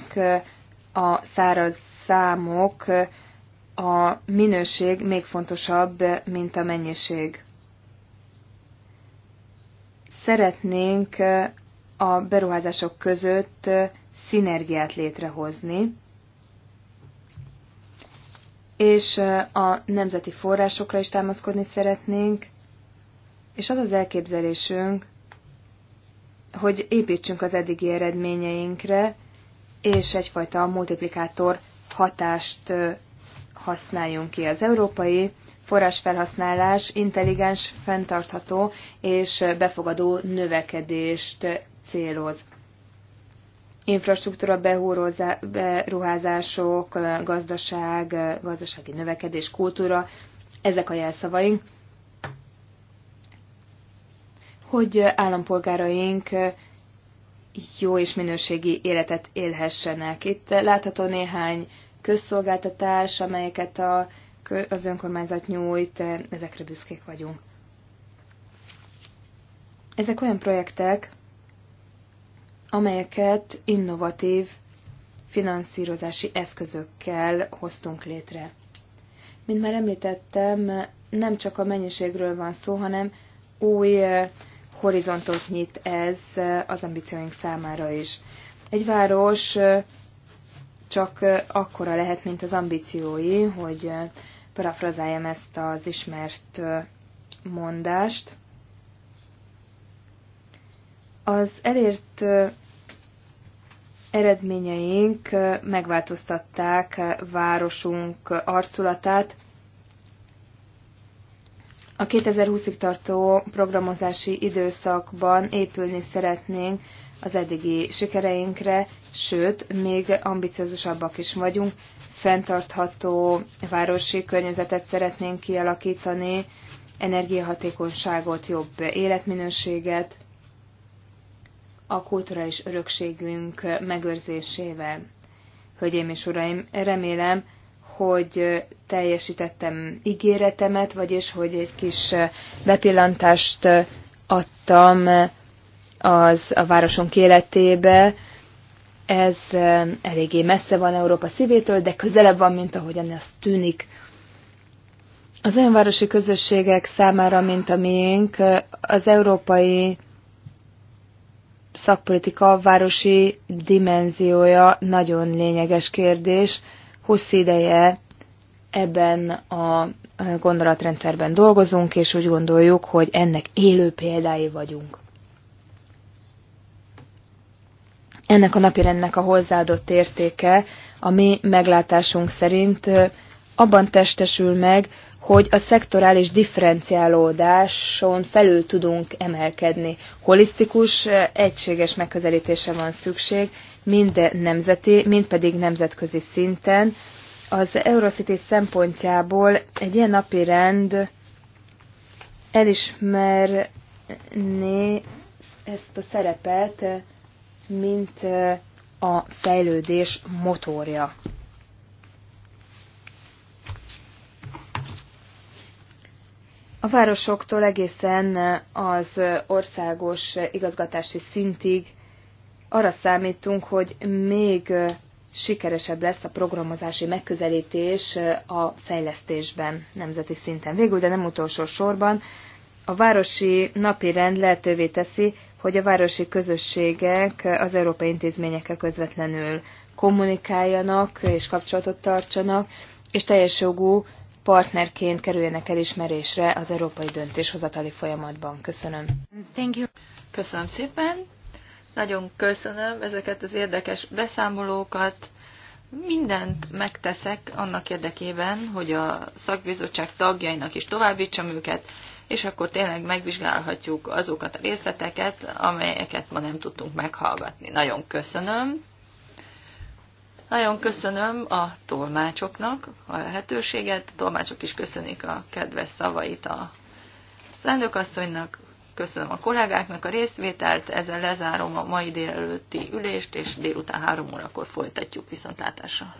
a száraz számok, a minőség még fontosabb, mint a mennyiség. Szeretnénk a beruházások között szinergiát létrehozni, és a nemzeti forrásokra is támaszkodni szeretnénk, és az az elképzelésünk, hogy építsünk az eddigi eredményeinkre, és egyfajta multiplikátor hatást használjunk ki. Az európai forrásfelhasználás intelligens, fenntartható és befogadó növekedést céloz infrastruktúra beruházások, gazdaság, gazdasági növekedés, kultúra, ezek a jelszavaink, hogy állampolgáraink jó és minőségi életet élhessenek. Itt látható néhány közszolgáltatás, amelyeket a, az önkormányzat nyújt, ezekre büszkék vagyunk. Ezek olyan projektek, amelyeket innovatív finanszírozási eszközökkel hoztunk létre. Mint már említettem, nem csak a mennyiségről van szó, hanem új eh, horizontot nyit ez eh, az ambícióink számára is. Egy város eh, csak akkora lehet, mint az ambíciói, hogy parafrazáljam ezt az ismert mondást. Az elért eredményeink megváltoztatták városunk arculatát. A 2020-ig tartó programozási időszakban épülni szeretnénk az eddigi sikereinkre, sőt, még ambiciózusabbak is vagyunk. Fenntartható városi környezetet szeretnénk kialakítani, energiahatékonyságot, jobb életminőséget, a kulturális örökségünk megőrzésével. Hölgyeim és uraim, remélem, hogy teljesítettem ígéretemet, vagyis hogy egy kis bepillantást adtam az a városunk életébe. Ez eléggé messze van Európa szívétől, de közelebb van, mint ahogyan ez tűnik. Az olyan városi közösségek számára, mint a miénk, az európai szakpolitika városi dimenziója nagyon lényeges kérdés. Hosszú ideje ebben a gondolatrendszerben dolgozunk, és úgy gondoljuk, hogy ennek élő példái vagyunk. Ennek a napirendnek a hozzáadott értéke a mi meglátásunk szerint abban testesül meg, hogy a szektorális differenciálódáson felül tudunk emelkedni. Holisztikus, eh, egységes megközelítése van szükség, mind nemzeti, mind pedig nemzetközi szinten. Az Eurocity szempontjából egy ilyen napi rend elismerné ezt a szerepet, eh, mint eh, a fejlődés motorja. a városoktól egészen az országos igazgatási szintig arra számítunk, hogy még sikeresebb lesz a programozási megközelítés a fejlesztésben nemzeti szinten. Végül, de nem utolsó sorban, a városi napirend lehetővé teszi, hogy a városi közösségek az európai intézményekkel közvetlenül kommunikáljanak és kapcsolatot tartsanak, és teljes jogú partnerként kerüljenek elismerésre az európai döntéshozatali folyamatban. Köszönöm. Thank you. Köszönöm szépen. Nagyon köszönöm ezeket az érdekes beszámolókat. Mindent megteszek annak érdekében, hogy a szakbizottság tagjainak is továbbítsam őket, és akkor tényleg megvizsgálhatjuk azokat a részleteket, amelyeket ma nem tudtunk meghallgatni. Nagyon köszönöm. Nagyon köszönöm a tolmácsoknak a lehetőséget, a tolmácsok is köszönik a kedves szavait a elnökasszonynak, köszönöm a kollégáknak a részvételt, ezzel lezárom a mai délelőtti ülést, és délután három órakor folytatjuk viszontlátásra.